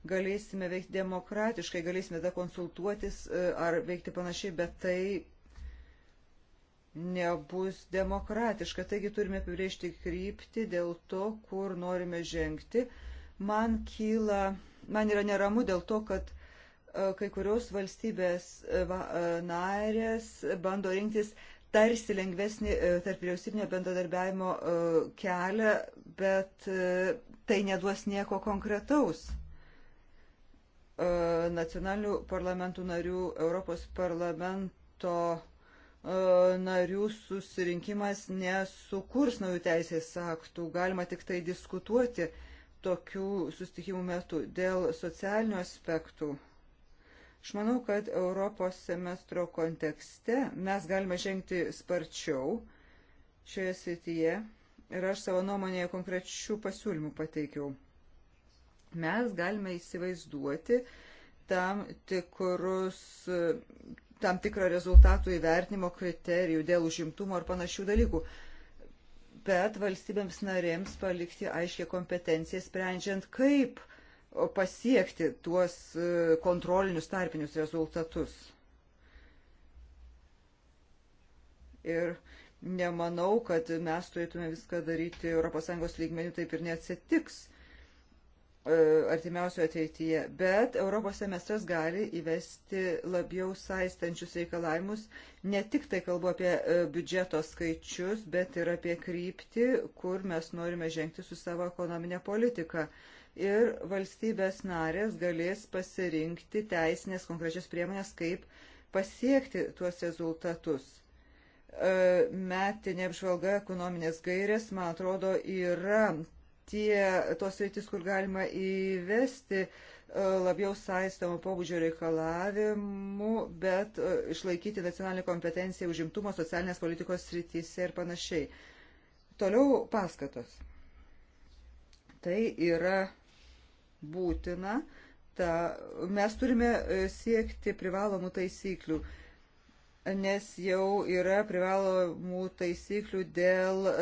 galėsime veikti demokratiškai, galėsime tada konsultuotis e, ar veikti panašiai, bet tai nebus demokratiška. Taigi turime apibrėžti kryptį dėl to, kur norime žengti. Man kyla, man yra neramu dėl to, kad e, kai kurios valstybės narės bando rinktis tarsi lengvesnį e, tarp vyriausybinio bendradarbiavimo e, kelią, bet e, tai neduos nieko konkretaus. Nacionalinių parlamentų narių, Europos parlamento narių susirinkimas nesukurs naujų teisės aktų, galima tik tai diskutuoti tokių sustikimų metu dėl socialinių aspektų. Aš manau, kad Europos semestro kontekste mes galime žengti sparčiau šioje srityje ir aš savo nuomonėje konkrečių pasiūlymų pateikiau. Mes galime įsivaizduoti tam, tikrus, tam tikrą rezultatų įvertinimo kriterijų dėl užimtumo ar panašių dalykų bet valstybėms narėms palikti aiškiai kompetenciją sprendžiant, kaip pasiekti tuos e, kontrolinius tarpinius rezultatus. Ir nemanau, kad mes turėtume viską daryti ES lygmenių, taip ir neatsitiks e, artimiausioje ateityje. Bet Europos semestras gali įvesti labiau saistančius reikalavimus. Ne tik tai kalbu apie e, biudžeto skaičius, bet ir apie kryptį, kur mes norime žengti su savo ekonominė politika. Uh, ir valstybės narės galės pasirinkti teisinės konkrečias priemonės, kaip pasiekti tuos rezultatus. E, metinė apžvalga ekonominės gairės, man atrodo, yra tie tos rytis, kur galima įvesti e, labiau saistamų pobūdžio reikalavimų, bet e, išlaikyti nacionalinę kompetenciją užimtumo socialinės politikos srityse ir panašiai. Toliau paskatos. Tai yra būtina. Ta, mes turime e, siekti privalomų taisyklių, nes jau yra privalomų taisyklių dėl e,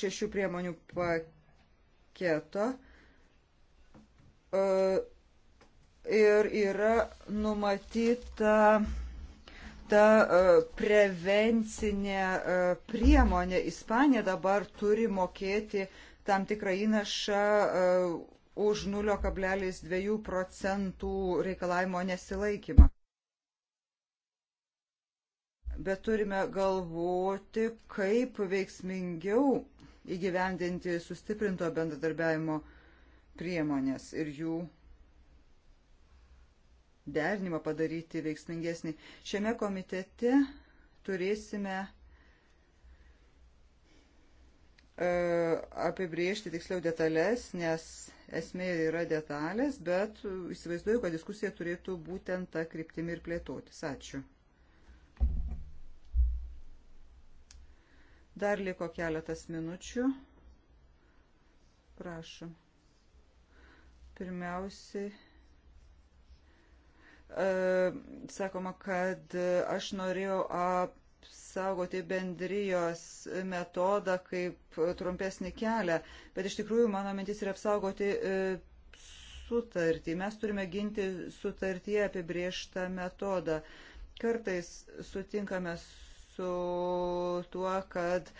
šešių priemonių paketo. E, ir yra numatyta ta prevencinė priemonė. Ispanija dabar turi mokėti tam tikrą įnašą už 0,2 procentų reikalavimo nesilaikymą. Bet turime galvoti, kaip veiksmingiau įgyvendinti sustiprinto bendradarbiavimo priemonės ir jų derinimą padaryti veiksmingesnį. Šiame komitete turėsime E, apibriežti tiksliau detalės, nes esmė yra detalės, bet įsivaizduoju, kad diskusija turėtų būtent tą kryptimį ir plėtotis. Ačiū. Dar liko keletas minučių. Prašom. Pirmiausiai e, sakoma, kad aš norėjau ap apsaugoti bendrijos metodą kaip trumpesnį kelią, bet iš tikrųjų mano mintis yra apsaugoti e, sutartį. Mes turime ginti sutartyje apibrieštą metodą. Kartais sutinkame su tuo, kad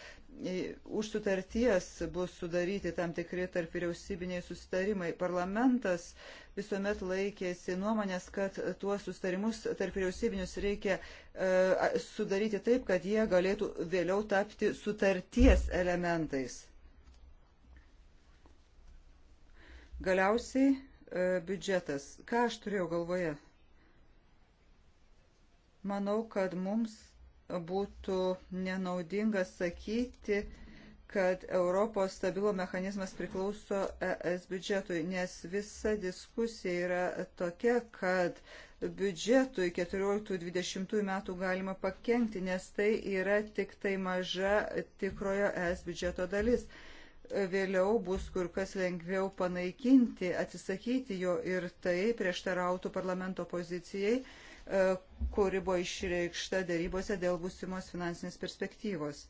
už sutarties bus sudaryti tam tikri tarp vyriausybiniai susitarimai. Parlamentas visuomet laikėsi nuomonės, kad tuos susitarimus tarp vyriausybinius reikia e, sudaryti taip, kad jie galėtų vėliau tapti sutarties elementais. Galiausiai e, biudžetas. Ką aš turėjau galvoje? Manau, kad mums būtų nenaudinga sakyti, kad Europos stabilo mechanizmas priklauso ES biudžetui, nes visa diskusija yra tokia, kad biudžetui 14-20 metų galima pakengti, nes tai yra tik tai maža tikrojo ES biudžeto dalis. Vėliau bus kur kas lengviau panaikinti, atsisakyti jo ir tai prieštarautų parlamento pozicijai E, kuri buvo išreikšta darybose dėl būsimos finansinės perspektyvos.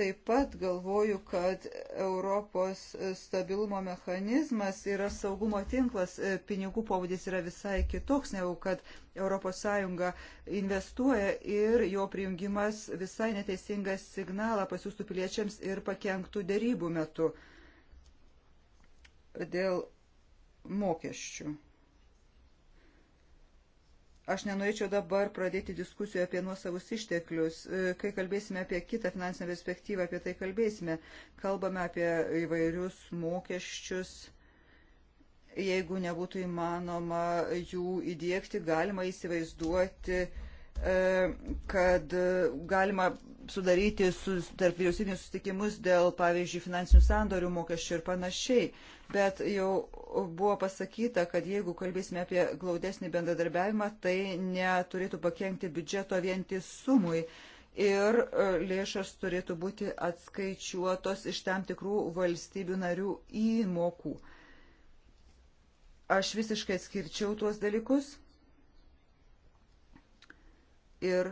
Taip pat galvoju, kad Europos stabilumo mechanizmas yra saugumo tinklas, e, pinigų paudys yra visai kitoks, negu kad ES investuoja ir jo prijungimas visai neteisingas signalą pasiūstų piliečiams ir pakenktų dėrybų metu dėl mokesčių. Aš nenorėčiau dabar pradėti diskusijų apie nuosavus išteklius. E, kai kalbėsime apie kitą finansinę perspektyvą, apie tai kalbėsime. Kalbame apie įvairius mokesčius. Jeigu nebūtų įmanoma jų įdėkti, galima įsivaizduoti E, kad galima sudaryti sus, tarp vyriausybinius susitikimus dėl, pavyzdžiui, finansinių sandorių mokesčių ir panašiai. Bet jau buvo pasakyta, kad jeigu kalbėsime apie glaudesnį bendradarbiavimą, tai neturėtų pakengti biudžeto vientisumui. Ir e, lėšas turėtų būti atskaičiuotos iš tam tikrų valstybių narių įmokų. Aš visiškai atskirčiau tuos dalykus ir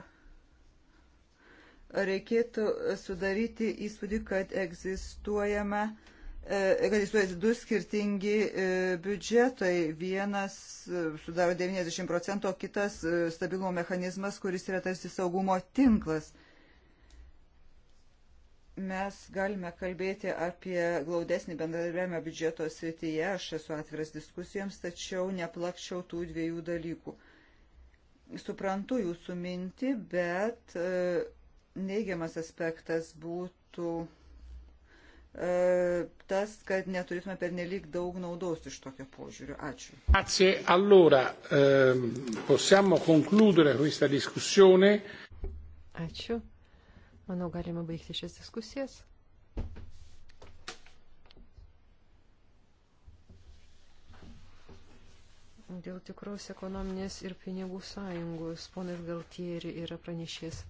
reikėtų sudaryti įspūdį, kad egzistuojama e, kad egzistuoja du skirtingi e, biudžetai. Vienas e, sudaro 90 procentų, o kitas stabilumo mechanizmas, kuris yra tarsi saugumo tinklas. Mes galime kalbėti apie glaudesnį bendradarbiavimą biudžeto srityje, aš esu atviras diskusijoms, tačiau neplakčiau tų dviejų dalykų suprantu jūsų mintį, bet e, neigiamas aspektas būtų e, tas, kad neturėtume pernelyg daug naudos iš tokio požiūrio. Ačiū. Grazie. Allora, e, possiamo concludere questa discussione. Ačiū. Manau, galime baigti šias diskusijas. dėl tikros ekonominės ir pinigų sąjungos. Ponas Galtieri yra pranešęs.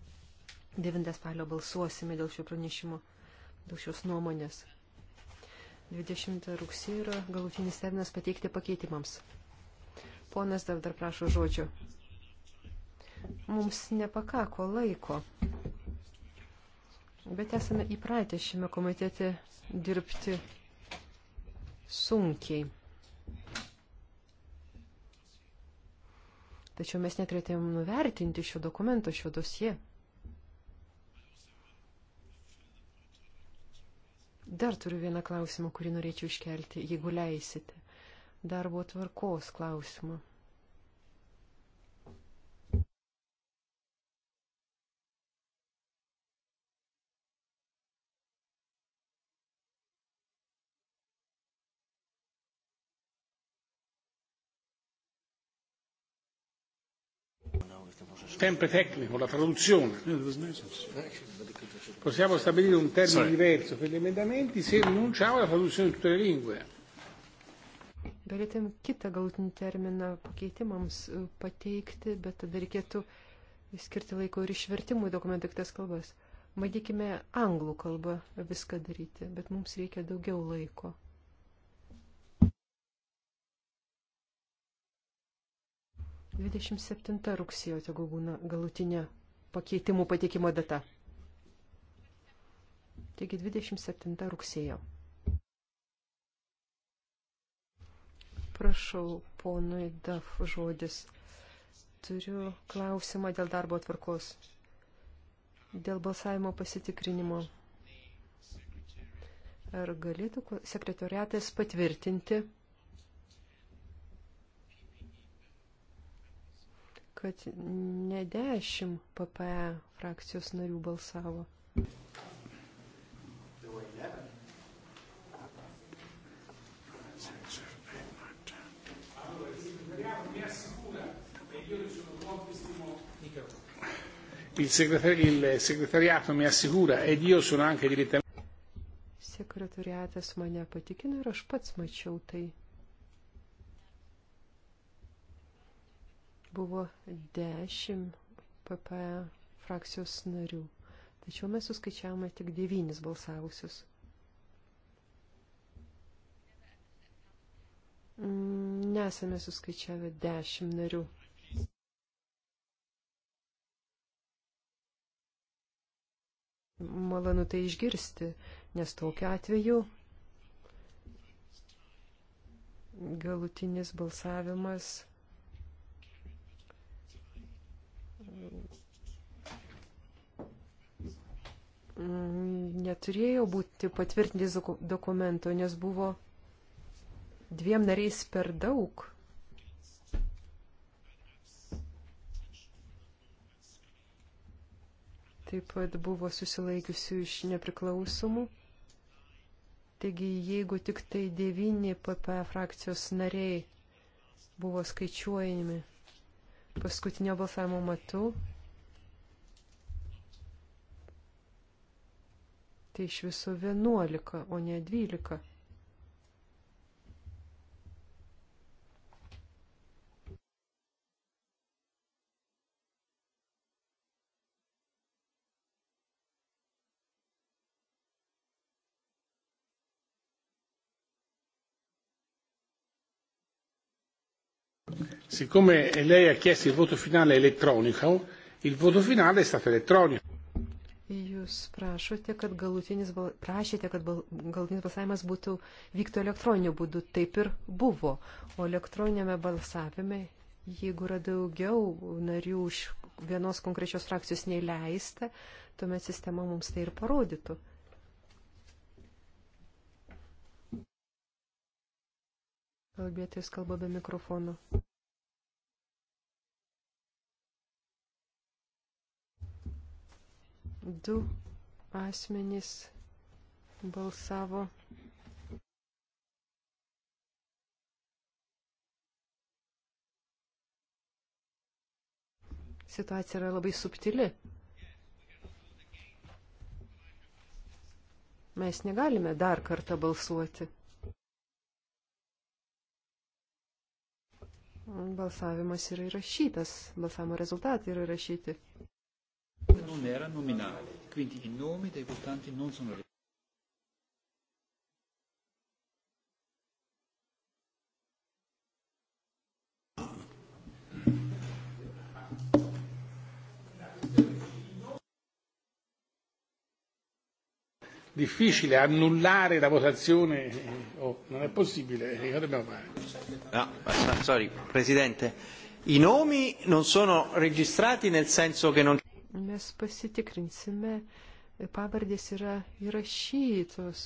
9 spalio balsuosime dėl šio pranešimo, dėl šios nuomonės. 20 rugsėjo yra galutinis terminas pateikti pakeitimams. Ponas dar, dar prašo žodžio. Mums nepakako laiko, bet esame įpratę šiame komitete dirbti sunkiai. Tačiau mes neturėtumėm nuvertinti šio dokumento, šio dosie. Dar turiu vieną klausimą, kurį norėčiau iškelti, jeigu leisite. Darbo tvarkos klausimą. sempre tecnico, la traduzione. Eh, Possiamo stabilire un termine Sorry. diverso per gli emendamenti se rinunciamo alla traduzione in tutte le lingue. Galėtum kitą galutinį terminą pakeitimams e, pateikti, bet tada reikėtų skirti laiko ir išvertimui dokumentų kitas kalbas. Bandykime anglų kalbą viską daryti, bet mums reikia daugiau laiko. 27 rugsėjo tegu būna galutinė pakeitimų pateikimo data. Taigi 27 rugsėjo. Prašau, ponui Daf žodis. Turiu klausimą dėl darbo atvarkos, dėl balsavimo pasitikrinimo. Ar galėtų sekretoriatas patvirtinti? kad ne 10 PPE frakcijos narių balsavo. Il, segretari, il segretariato mi assicura ed io sono anche direttamente. Sekretariatas mane patikino ir aš pats mačiau tai. buvo 10 PP frakcijos narių, tačiau mes suskaičiavome tik 9 balsavusius. Mm, nesame suskaičiavę 10 narių. Malonu tai išgirsti, nes tokiu atveju galutinis balsavimas Mm, neturėjo būti patvirtinti dokumento, nes buvo dviem nariais per daug. Taip pat buvo susilaikiusių iš nepriklausomų. Taigi, jeigu tik tai devyni PP frakcijos nariai buvo skaičiuojami Paskutinio balsavimo metu tai iš viso 11, o ne 12. Siccome lei ha chiesto il voto finale elettronico, il voto finale è stato elettronico. Jūs prašote, kad galutinis, prašėte, kad galutinis balsavimas būtų vyktų elektroniniu būdu. Taip ir buvo. O elektroninėme balsavime, jeigu yra daugiau narių už vienos konkrečios frakcijos neįleista, tuomet sistema mums tai ir parodytų. Kalbėtojas kalba be mikrofono. Du asmenys balsavo. Situacija yra labai subtili. Mes negalime dar kartą balsuoti. Balsavimas yra įrašytas, balsavimo rezultatai yra įrašyti. Non era nominale, quindi i nomi dei votanti non sono difficile annullare la votazione eh, oh, non è possibile eh, cosa dobbiamo fare? No, ah, ah, sorry, Presidente i nomi non sono registrati nel senso che non Mes pasitikrinsime, pavardės yra įrašytos.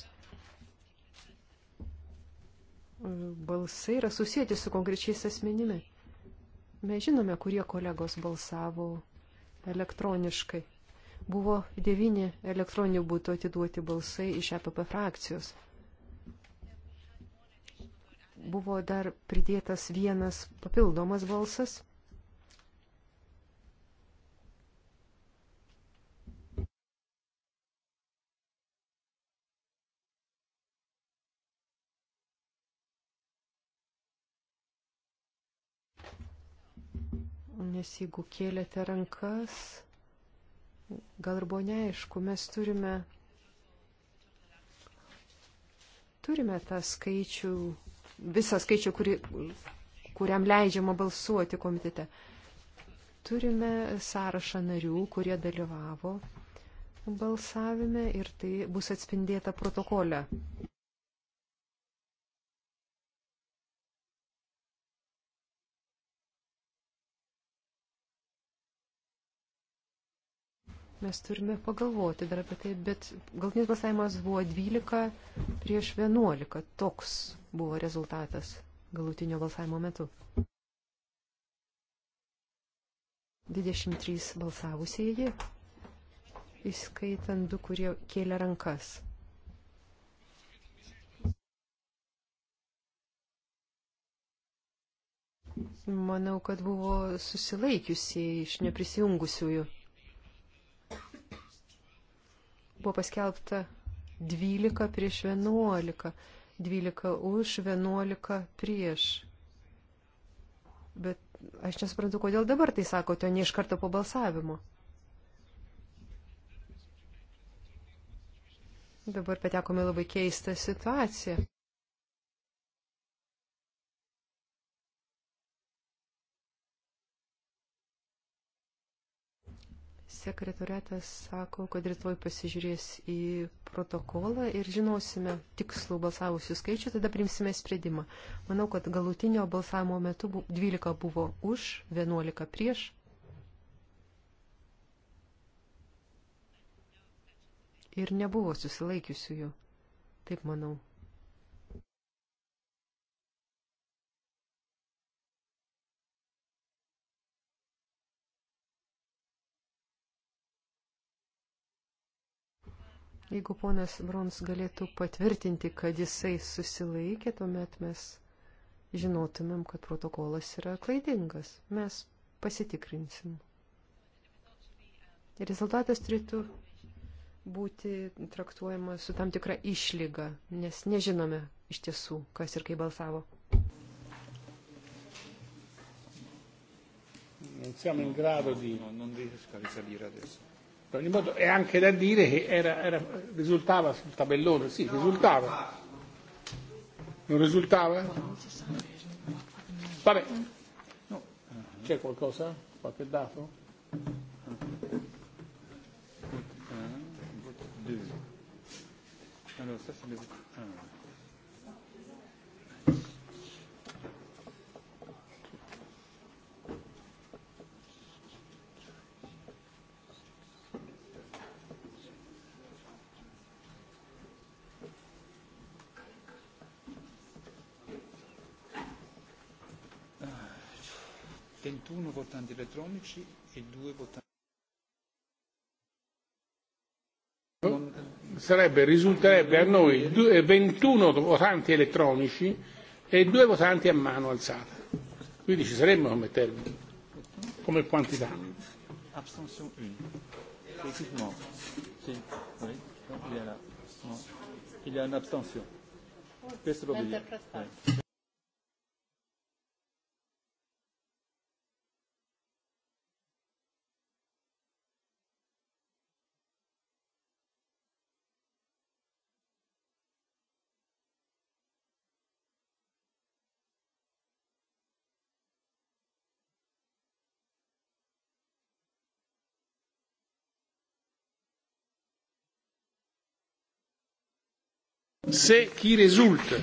Balsai yra susijęti su konkrečiais asmenimi. Mes žinome, kurie kolegos balsavo elektroniškai. Buvo devyni elektroninių būtų atiduoti balsai iš EPP frakcijos. Buvo dar pridėtas vienas papildomas balsas. žmonės, jeigu kėlėte rankas, gal ir buvo neaišku, mes turime, turime tą skaičių, visą skaičių, kuri, kuriam leidžiama balsuoti komitete. Turime sąrašą narių, kurie dalyvavo balsavime ir tai bus atspindėta protokole. Mes turime pagalvoti dar apie tai, bet galtinis balsavimas buvo 12 prieš 11. Toks buvo rezultatas galutinio balsavimo metu. 23 balsavusieji, įskaitant du, kurie kėlė rankas. Manau, kad buvo susilaikiusiai iš neprisijungusiųjų buvo paskelbta 12 prieš 11, 12 už, 11 prieš. Bet aš nesuprantu, kodėl dabar tai sakote, o ne iš karto po balsavimo. Dabar patekome labai keistą situaciją. Sekretariatas sako, kad rytoj pasižiūrės į protokolą ir žinosime tikslų balsavusių skaičių, tada primsime sprendimą. Manau, kad galutinio balsavimo metu 12 buvo už, 11 prieš. Ir nebuvo susilaikiusiųjų. Taip manau. Jeigu ponas Brons galėtų patvirtinti, kad jisai susilaikė, tuomet mes žinotumėm, kad protokolas yra klaidingas. Mes pasitikrinsim. Rezultatas turėtų būti traktuojamas su tam tikra išlyga, nes nežinome iš tiesų, kas ir kaip balsavo. non siamo in grado di... No, non riesco a risalire adesso. Ad ogni modo è anche da dire che era, era, risultava sul tabellone, sì, risultava. Non risultava? Vabbè, c'è qualcosa? Qualche dato? Alors ça c'est le... ah. 1 votanti elettronici e 2 votanti. Sarebbe, risulterebbe a noi 21 eh, votanti elettronici e 2 votanti a mano alzata. Quindi ci saremmo come termine, come quantità. Abstention 1. Effectivement. Sì. Oui. Il y a, la... no. Il y a une abstention. Questo lo vedo. c'est qu'il résulte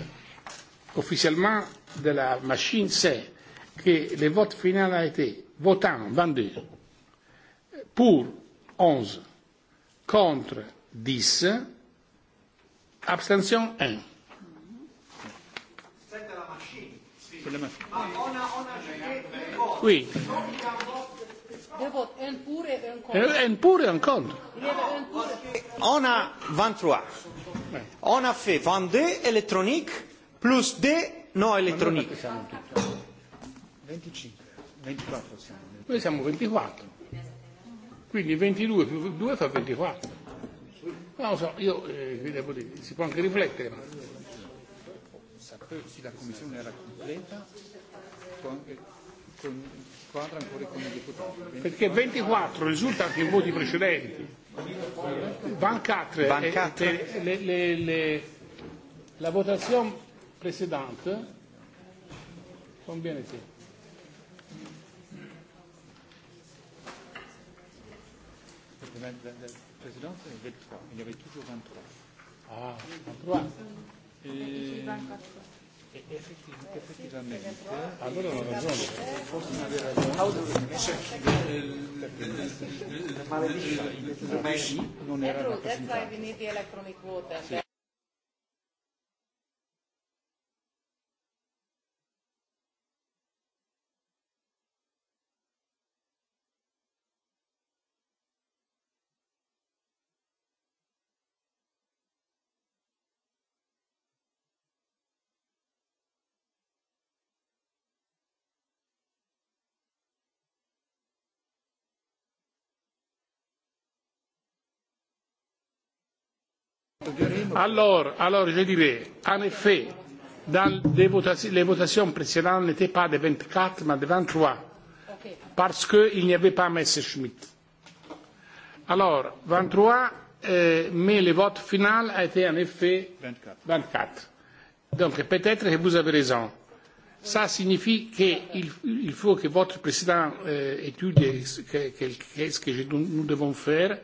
officiellement de la machine, c'est que le vote final a été votant 22 pour 11, contre 10, abstention 1. Oui. Un pour et un contre. Un pour et un contre. On a 23. On a fait 22 électroniques plus 2 non électroniques. Siamo 25, 24 siamo. Noi siamo 24. Quindi 22 più 2 fa 24. Non lo so, io eh, devo dire, si può anche riflettere. Ma... Sapere se la commissione era completa con, con squadra ancora con i deputati. Perché 24 risulta anche i voti precedenti. Van 4, Van 4. Eh, le, le, le, le, la votazione precedente conviene sì. La présidente, il y avait toujours 23. Ah, 23. Et... 24. Effettivamente, allora ho ragione. Forse non aveva ragione. La malattia non era rappresentata. Alors, alors je dirais, en effet, dans les votations, les votations précédentes n'étaient pas de 24, mais de 23, okay. parce qu'il n'y avait pas Messerschmitt. Alors, 23, euh, mais le vote final a été en effet 24. 24. Donc peut-être que vous avez raison. Ça signifie qu'il il faut que votre président euh, étudie qu'est-ce que, que, que nous devons faire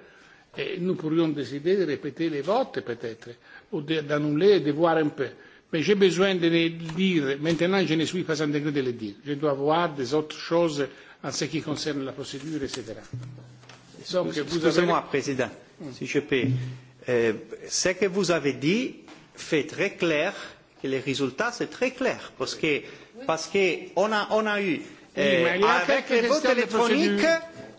Et nous pourrions décider de répéter les votes, peut-être, ou d'annuler, de voir un peu. Mais j'ai besoin de les dire. Maintenant, je ne suis pas en degré de les dire. Je dois voir des autres choses en ce qui concerne la procédure, etc. Donc, vous avez... moi Président, mm. si je peux. Euh, ce que vous avez dit fait très clair que les résultats, c'est très clair. Parce que, parce que on a, on a eu, euh, oui, avec les votes électroniques,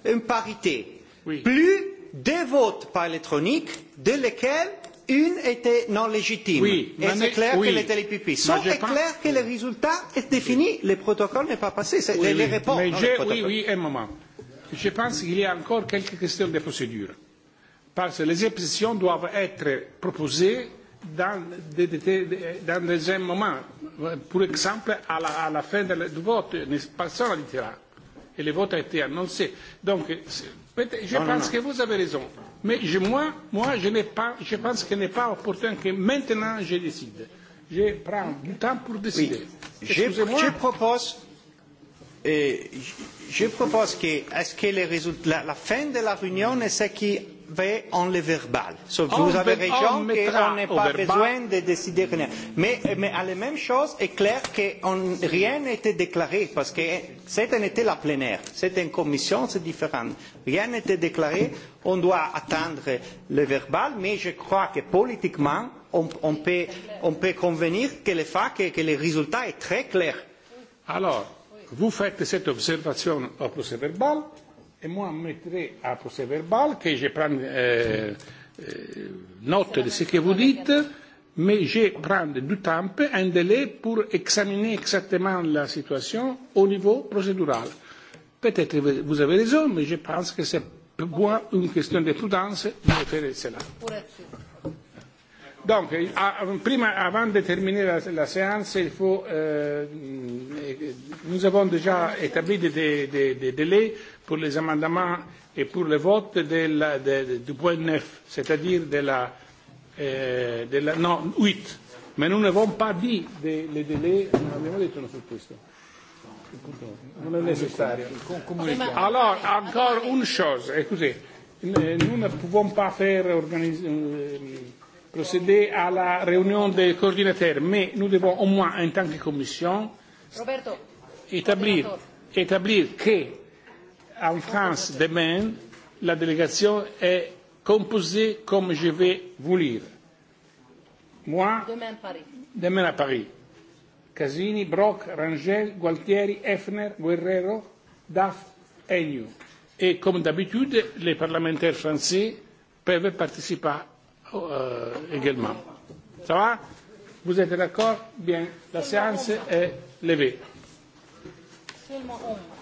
une parité. Oui. Plus deux votes par électronique, de lesquels une était non légitime. Oui, et c'est clair oui. qu'elle était les pipis. Sauf que pense... clair que le résultat est défini, oui. le protocole n'est pas passé. C'est oui, les, oui. réponses. Mais je, le oui, oui, un moment. Je pense qu'il y a encore quelques questions de procédure. Parce que les expressions doivent être proposées dans, de, de, de, dans le deuxième moment. Par exemple, à la, à la fin du vote, personne ne dira. Et le vote a été annoncé. Donc, Je non, pense non, non. que vous avez raison. Mais je, moi, moi je, pas, je pense qu'il n'est pas opportun que maintenant je décide. Je prends du temps pour décider. Oui. Je, je propose, euh, je propose que, est-ce que les résultats, la, la fin de la réunion est ce qui vais en le verbal. So, on vous avez raison qu'on n'a pas verbal. besoin de décider rien. Mais, mais à la même chose, est clair que on, rien n'était déclaré parce que c'était n'était la plénière, c'était une commission, c'est différent. Rien n'était déclaré. On doit attendre le verbal, mais je crois que politiquement, on, on, peut, on peut convenir que le fait que, que le résultat est très clair. Alors, vous faites cette observation au procès verbal et moi mettrai à procès verbal que je prends euh, euh, note de ce que vous dites, mais je prends du temps, un délai pour examiner exactement la situation au niveau procédural. Peut-être vous avez raison, mais je pense que c'est pour moi une question de prudence de faire cela. Donc, à, euh, prima, avant de terminer la, la séance, il faut, euh, nous avons déjà établi des, des, des, des délais pour les amendements et pour le vote de la, de, de, du point 9, c'est-à-dire de la, euh, de la non, 8. Mais nous n'avons pas dit de, le délai, non abbiamo detto su questo. Non è necessario. Alors, encore une chose, écoutez, nous ne pouvons pas faire organiser, euh, procéder à la réunion des coordinateurs, mais nous devons au moins, en tant que commission, Roberto, établir, établir que en France demain, la délégation est composée comme je vais vous lire. Moi, demain, Paris. demain à Paris. Casini, Brock, Rangel, Gualtieri, Hefner, Guerrero, Duff, Agnew. Et comme d'habitude, les parlementaires français peuvent participer euh, également. Ça va Vous êtes d'accord Bien. La séance est levée. Seulement 11.